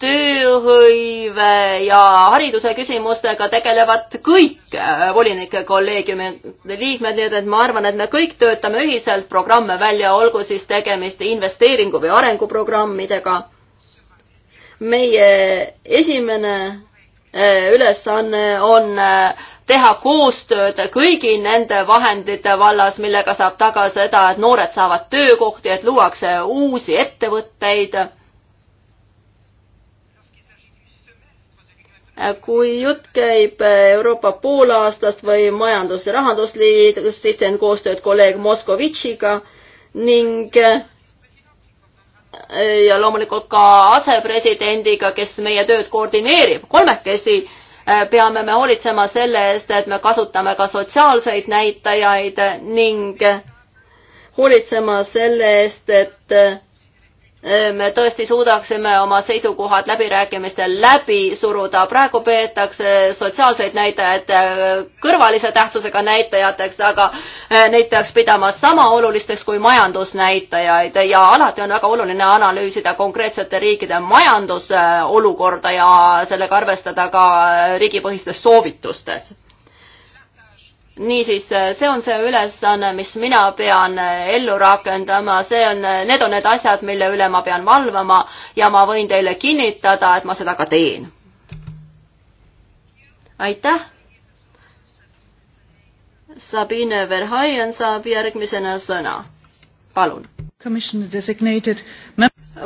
tööhõive ja hariduse küsimustega tegelevad kõik äh, volinike kolleegiumi liikmed, nii et, et ma arvan, et me kõik töötame ühiselt programme välja, olgu siis tegemist investeeringu või arenguprogrammidega. meie esimene Äh, ülesanne on äh, teha koostööd kõigi nende vahendite vallas, millega saab taga seda, et noored saavad töökohti, et luuakse uusi ettevõtteid. Äh, kui jutt käib Euroopa poolaastast või Majandus- ja Rahandusliidust, siis teen koostööd kolleeg Moskovitšiga ning Äh, ja loomulikult ka asepresidendiga, kes meie tööd koordineerib, kolmekesi äh, peame me hoolitsema selle eest, et me kasutame ka sotsiaalseid näitajaid ning hoolitsema selle eest, et äh, Ehm, me tõesti suudaksime oma seisukohad läbirääkimistel läbi suruda. praegu peetakse sotsiaalseid näitajaid ehm, kõrvalise tähtsusega näitajateks, aga ehm, neid peaks pidama sama olulisteks kui majandusnäitajaid ja alati on väga oluline analüüsida konkreetsete riikide majandusolukorda ja sellega arvestada ka riigipõhistes soovitustes niisiis, äh, see on see ülesanne, mis mina pean äh, ellu rakendama, see on, äh, need on need asjad, mille üle ma pean valvama ja ma võin teile kinnitada, et ma seda ka teen. aitäh. Sabine Verhaien saab järgmisena sõna. palun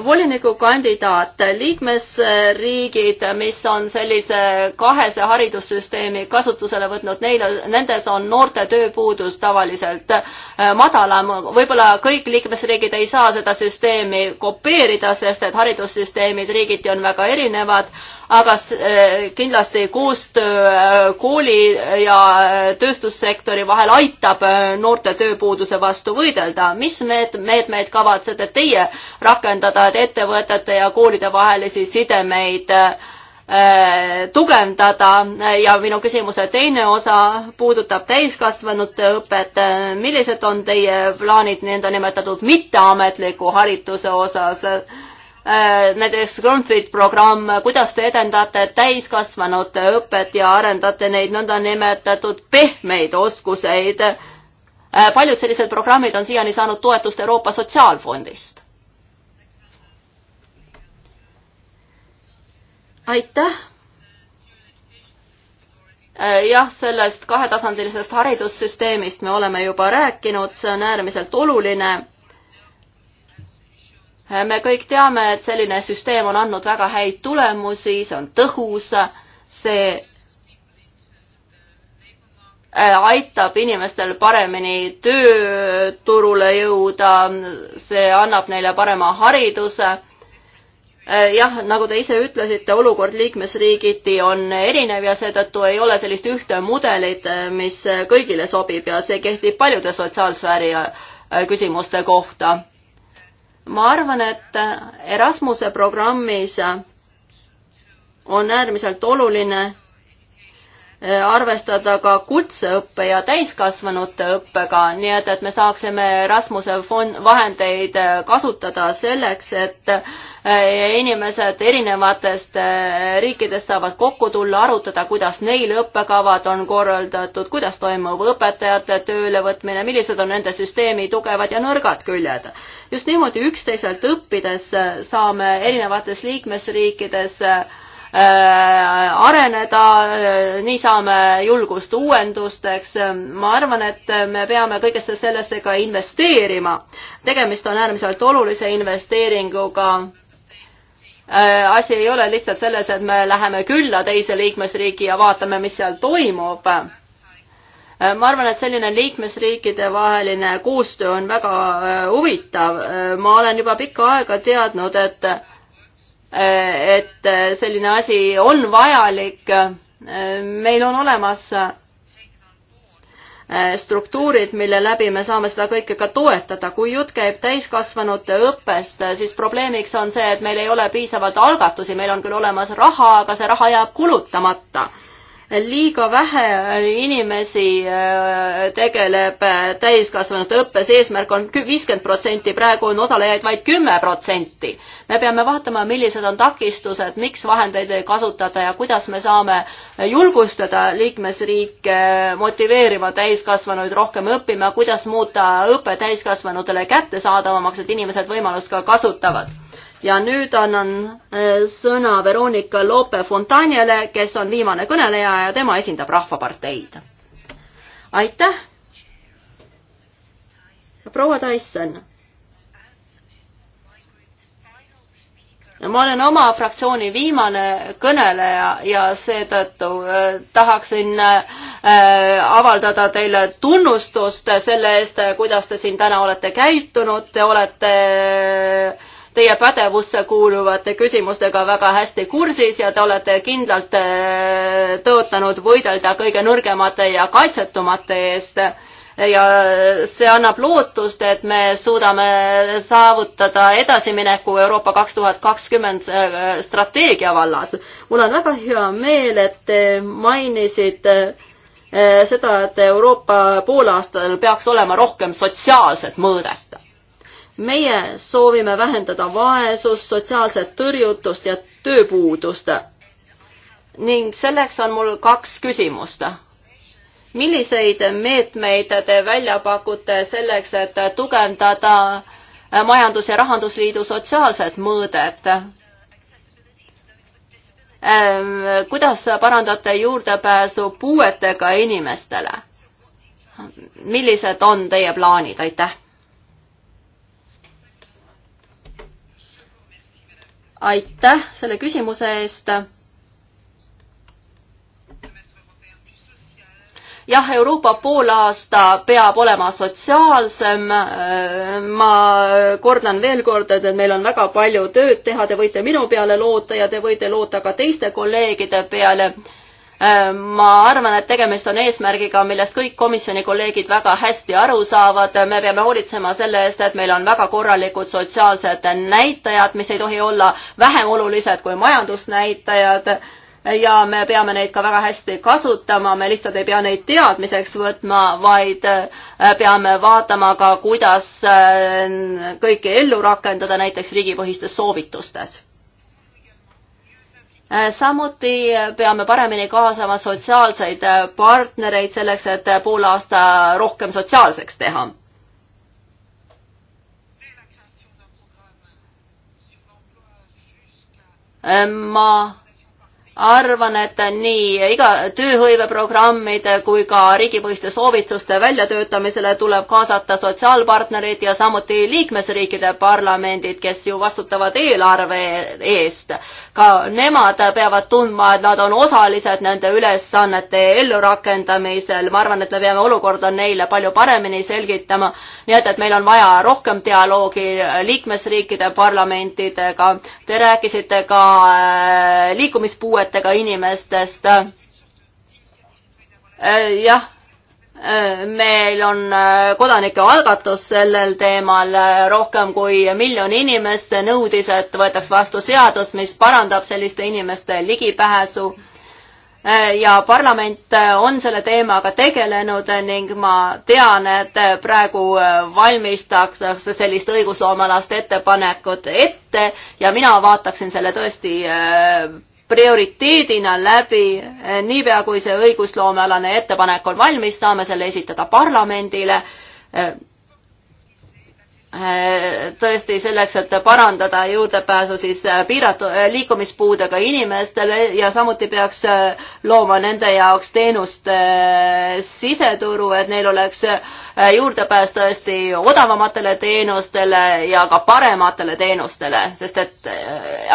volinikukandidaat, liikmesriigid, mis on sellise kahese haridussüsteemi kasutusele võtnud, neil, nendes on noorte tööpuudus tavaliselt äh, madalam. võib-olla kõik liikmesriigid ei saa seda süsteemi kopeerida, sest et haridussüsteemid riigiti on väga erinevad, aga eh, kindlasti koostöö eh, kooli ja eh, tööstussektori vahel aitab noorte tööpuuduse vastu võidelda. mis meet-, meetmeid kavatsete teie rakendada, et ettevõtete ja koolide vahelisi sidemeid tugevdada ja minu küsimuse teine osa puudutab täiskasvanute õpet. millised on teie plaanid nõndanimetatud mitteametliku harituse osas? Äh, näiteks Grundtvig programm, kuidas te edendate täiskasvanute õpet ja arendate neid nõndanimetatud pehmeid oskuseid. Äh, paljud sellised programmid on siiani saanud toetust Euroopa Sotsiaalfondist. aitäh. Äh, jah, sellest kahetasandilisest haridussüsteemist me oleme juba rääkinud, see on äärmiselt oluline me kõik teame, et selline süsteem on andnud väga häid tulemusi, see on tõhus, see äh, aitab inimestel paremini tööturule jõuda, see annab neile parema hariduse. Äh, jah, nagu te ise ütlesite, olukord liikmesriigiti on erinev ja seetõttu ei ole sellist ühte mudelit, äh, mis kõigile sobib ja see kehtib paljude sotsiaalsfääri küsimuste kohta ma arvan, et Erasmuse programmis on äärmiselt oluline Äh, arvestada ka kutseõppe ja täiskasvanute õppega, nii et, et me saaksime Rasmuse fond, vahendeid äh, kasutada selleks, et äh, inimesed erinevatest riikidest saavad kokku tulla, arutada, kuidas neil õppekavad on korraldatud, kuidas toimub õpetajate töölevõtmine, millised on nende süsteemi tugevad ja nõrgad küljed. just niimoodi üksteiselt õppides saame erinevates liikmesriikides Äh, areneda, äh, nii saame julgust uuendusteks. ma arvan, et me peame kõigesse sellesse ka investeerima. tegemist on äärmiselt olulise investeeringuga äh, asi ei ole lihtsalt selles, et me läheme külla teise liikmesriigi ja vaatame, mis seal toimub. ma arvan, et selline liikmesriikide vaheline koostöö on väga huvitav. ma olen juba pikka aega teadnud, et et selline asi on vajalik. meil on olemas äh, struktuurid, mille läbi me saame seda kõike ka toetada. kui jutt käib täiskasvanute õppest, siis probleemiks on see, et meil ei ole piisavalt algatusi, meil on küll olemas raha, aga see raha jääb kulutamata liiga vähe inimesi äh, tegeleb äh, täiskasvanute õppes, eesmärk on viiskümmend protsenti, praegu on osalejaid vaid kümme protsenti. me peame vaatama, millised on takistused, miks vahendeid ei kasutata ja kuidas me saame julgustada liikmesriike motiveerima täiskasvanuid rohkem õppima, kuidas muuta õpe täiskasvanutele kättesaadavamaks, et inimesed võimalust ka kasutavad ja nüüd annan eh, sõna Veronika Lope-Fontanjele, kes on viimane kõneleja ja tema esindab Rahvaparteid. aitäh. proua Tyson. ma olen oma fraktsiooni viimane kõneleja ja seetõttu eh, tahaksin eh, avaldada teile tunnustust selle eest, kuidas te siin täna olete käitunud, te olete teie pädevusse kuuluvate küsimustega väga hästi kursis ja te olete kindlalt eh, tõotanud võidelda kõige nõrgemate ja kaitsetumate eest. ja see annab lootust, et me suudame saavutada edasimineku Euroopa kaks tuhat kakskümmend eh, strateegia vallas. mul on väga hea meel, et te mainisite eh, seda, et Euroopa poolaastal peaks olema rohkem sotsiaalset mõõdet meie soovime vähendada vaesust, sotsiaalset tõrjutust ja tööpuudust. ning selleks on mul kaks küsimust. milliseid meetmeid te välja pakute selleks, et tugevdada majandus- ja rahandusliidu sotsiaalset mõõdet? Ähm, kuidas parandate juurdepääsu puuetega inimestele? millised on teie plaanid, aitäh? aitäh selle küsimuse eest. jah, Euroopa poolaasta peab olema sotsiaalsem. ma kordan veel kord, et meil on väga palju tööd teha, te võite minu peale loota ja te võite loota ka teiste kolleegide peale Äh, ma arvan, et tegemist on eesmärgiga, millest kõik komisjoni kolleegid väga hästi aru saavad. me peame hoolitsema selle eest, et meil on väga korralikud sotsiaalsed näitajad, mis ei tohi olla vähem olulised kui majandusnäitajad ja me peame neid ka väga hästi kasutama, me lihtsalt ei pea neid teadmiseks võtma, vaid äh, peame vaatama ka, kuidas äh, kõike ellu rakendada näiteks riigipõhistes soovitustes Äh, samuti peame paremini kaasama sotsiaalseid äh, partnereid selleks, et äh, poole aasta rohkem sotsiaalseks teha. ma arvan, et nii iga tööhõiveprogrammide kui ka riigipõhiste soovituste väljatöötamisele tuleb kaasata sotsiaalpartnerid ja samuti liikmesriikide parlamendid, kes ju vastutavad eelarve eest. ka nemad peavad tundma, et nad on osalised nende ülesannete ellurakendamisel. ma arvan, et me peame olukorda neile palju paremini selgitama. nii et, et meil on vaja rohkem dialoogi liikmesriikide parlamentidega. Te rääkisite ka äh, liikumispuuetega puuetega inimestest. Äh, jah, äh, meil on äh, kodanike algatus sellel teemal, rohkem kui miljon inimest nõudis, et võetaks vastu seadus, mis parandab selliste inimeste ligipääsu ja parlament on selle teemaga tegelenud ning ma tean, et praegu valmistatakse sellist õigusloomalast ettepanekut ette ja mina vaataksin selle tõesti prioriteedina läbi, eh, niipea kui see õigusloomealane ettepanek on valmis, saame selle esitada parlamendile eh, tõesti selleks, et parandada juurdepääsu siis äh, piiratud äh, liikumispuudega inimestele ja samuti peaks äh, looma nende jaoks teenuste siseturu, et neil oleks juurdepääs tõesti odavamatele teenustele ja ka parematele teenustele, sest et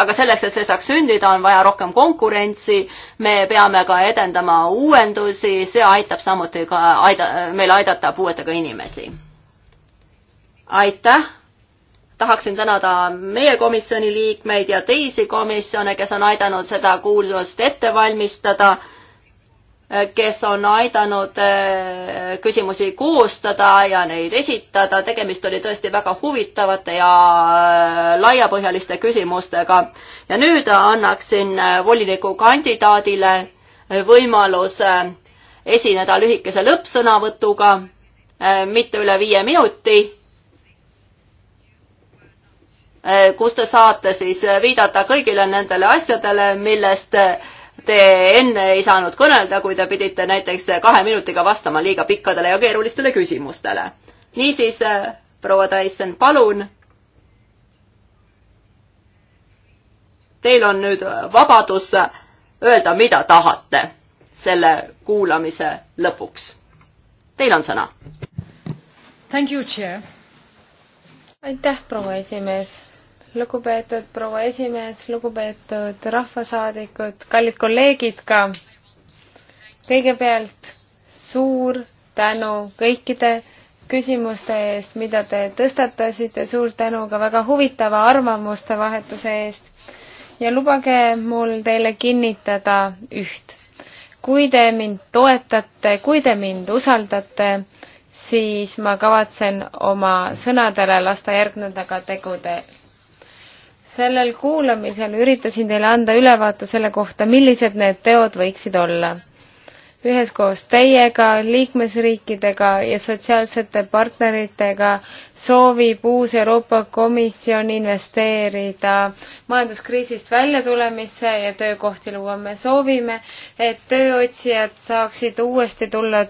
aga selleks, et see saaks sündida, on vaja rohkem konkurentsi. me peame ka edendama uuendusi, see aitab samuti ka aida-, meil aidata puuetega inimesi aitäh! tahaksin tänada meie komisjoni liikmeid ja teisi komisjone, kes on aidanud seda kuulsust ette valmistada, kes on aidanud eh, küsimusi koostada ja neid esitada. tegemist oli tõesti väga huvitavate ja eh, laiapõhjaliste küsimustega. ja nüüd annaksin eh, volinikukandidaadile võimaluse esineda lühikese lõppsõnavõtuga, mitte üle viie minuti Eh, kus te saate siis eh, viidata kõigile nendele asjadele, millest eh, te enne ei saanud kõnelda, kui te pidite näiteks kahe minutiga vastama liiga pikkadele ja keerulistele küsimustele. niisiis, proua Tyson, palun. Teil on nüüd vabadus öelda, mida tahate selle kuulamise lõpuks. Teil on sõna. aitäh, proua esimees lugupeetud proua esimees, lugupeetud rahvasaadikud, kallid kolleegid ka. kõigepealt suur tänu kõikide küsimuste eest, mida te tõstatasite, suur tänu ka väga huvitava arvamuste vahetuse eest. ja lubage mul teile kinnitada üht. kui te mind toetate, kui te mind usaldate, siis ma kavatsen oma sõnadele lasta järgneda ka tegudele sellel kuulamisel üritasin teile anda ülevaate selle kohta, millised need teod võiksid olla. üheskoos teiega, liikmesriikidega ja sotsiaalsete partneritega soovib uus Euroopa Komisjon investeerida majanduskriisist väljatulemisse ja töökohti luua. me soovime, et tööotsijad saaksid uuesti tulla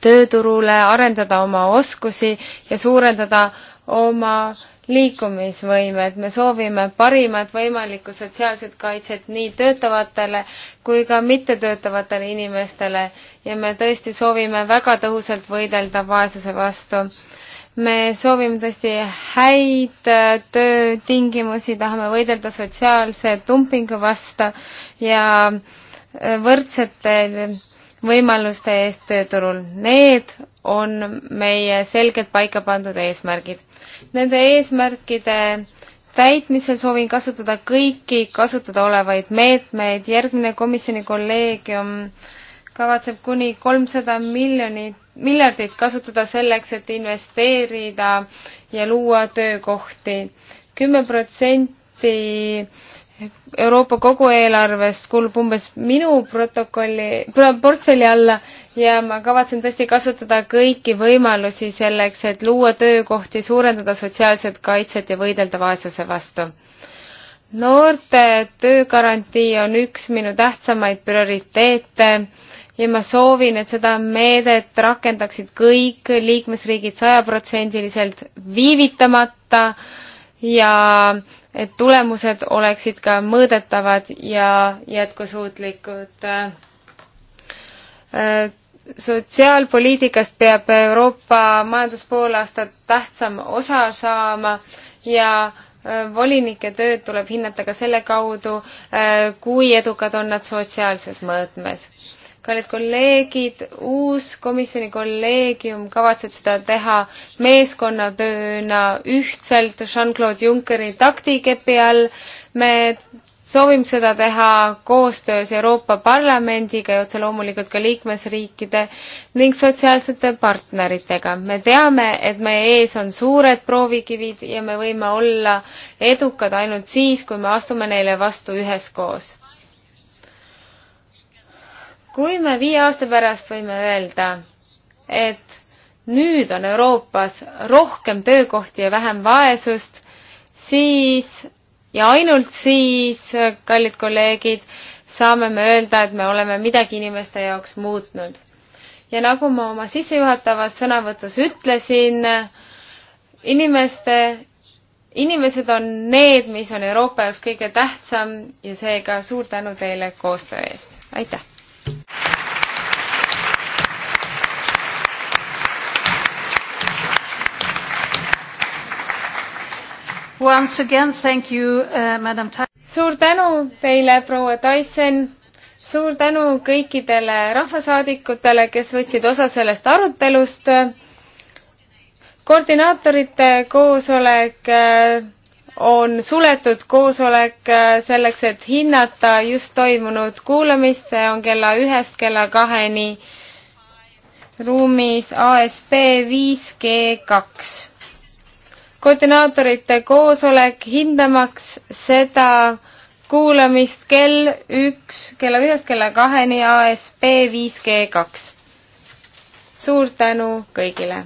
tööturule, arendada oma oskusi ja suurendada oma liikumisvõimet, me soovime parimat võimalikku sotsiaalset kaitset nii töötavatele kui ka mittetöötavatele inimestele ja me tõesti soovime väga tõhusalt võidelda vaesuse vastu. me soovime tõesti häid äh, töötingimusi, tahame võidelda sotsiaalse dumpingu vastu ja äh, võrdsete võimaluste eest tööturul. Need on meie selgelt paika pandud eesmärgid. Nende eesmärkide täitmisel soovin kasutada kõiki kasutada olevaid meetmeid. järgmine komisjoni kolleegium kavatseb kuni kolmsada miljonit, miljardit kasutada selleks, et investeerida ja luua töökohti. kümme protsenti Euroopa kogu eelarvest kuulub umbes minu protokolli, portfelli alla ja ma kavatsen tõesti kasutada kõiki võimalusi selleks, et luua töökohti, suurendada sotsiaalset kaitset ja võidelda vaesuse vastu. noorte töögarantii on üks minu tähtsamaid prioriteete ja ma soovin, et seda meedet rakendaksid kõik liikmesriigid sajaprotsendiliselt viivitamata ja et tulemused oleksid ka mõõdetavad ja jätkusuutlikud. Äh, sotsiaalpoliitikast peab Euroopa majandus pool aastat tähtsam osa saama ja äh, volinike tööd tuleb hinnata ka selle kaudu, äh, kui edukad on nad sotsiaalses mõõtmes kallid kolleegid, uus komisjoni kolleegium kavatseb seda teha meeskonnatööna ühtselt Jean-Claude Junckeri taktikepi all. me soovime seda teha koostöös Euroopa Parlamendiga ja otse loomulikult ka liikmesriikide ning sotsiaalsete partneritega. me teame, et meie ees on suured proovikivid ja me võime olla edukad ainult siis, kui me astume neile vastu üheskoos kui me viie aasta pärast võime öelda, et nüüd on Euroopas rohkem töökohti ja vähem vaesust, siis ja ainult siis, kallid kolleegid, saame me öelda, et me oleme midagi inimeste jaoks muutnud. ja nagu ma oma sissejuhatavas sõnavõtus ütlesin, inimeste, inimesed on need, mis on Euroopa jaoks kõige tähtsam ja seega suur tänu teile koostöö eest, aitäh! Once again, thank you uh,, madam. suur tänu teile, proua Tyson. suur tänu kõikidele rahvasaadikutele, kes võtsid osa sellest arutelust. koordinaatorite koosolek äh, on suletud koosolek äh, selleks, et hinnata just toimunud kuulamist, see on kella ühest kella kaheni ruumis ASP 5G2 koordinaatorite koosolek hindamaks seda kuulamist kell üks, kella ühest kella kaheni ASB 5G2. suur tänu kõigile!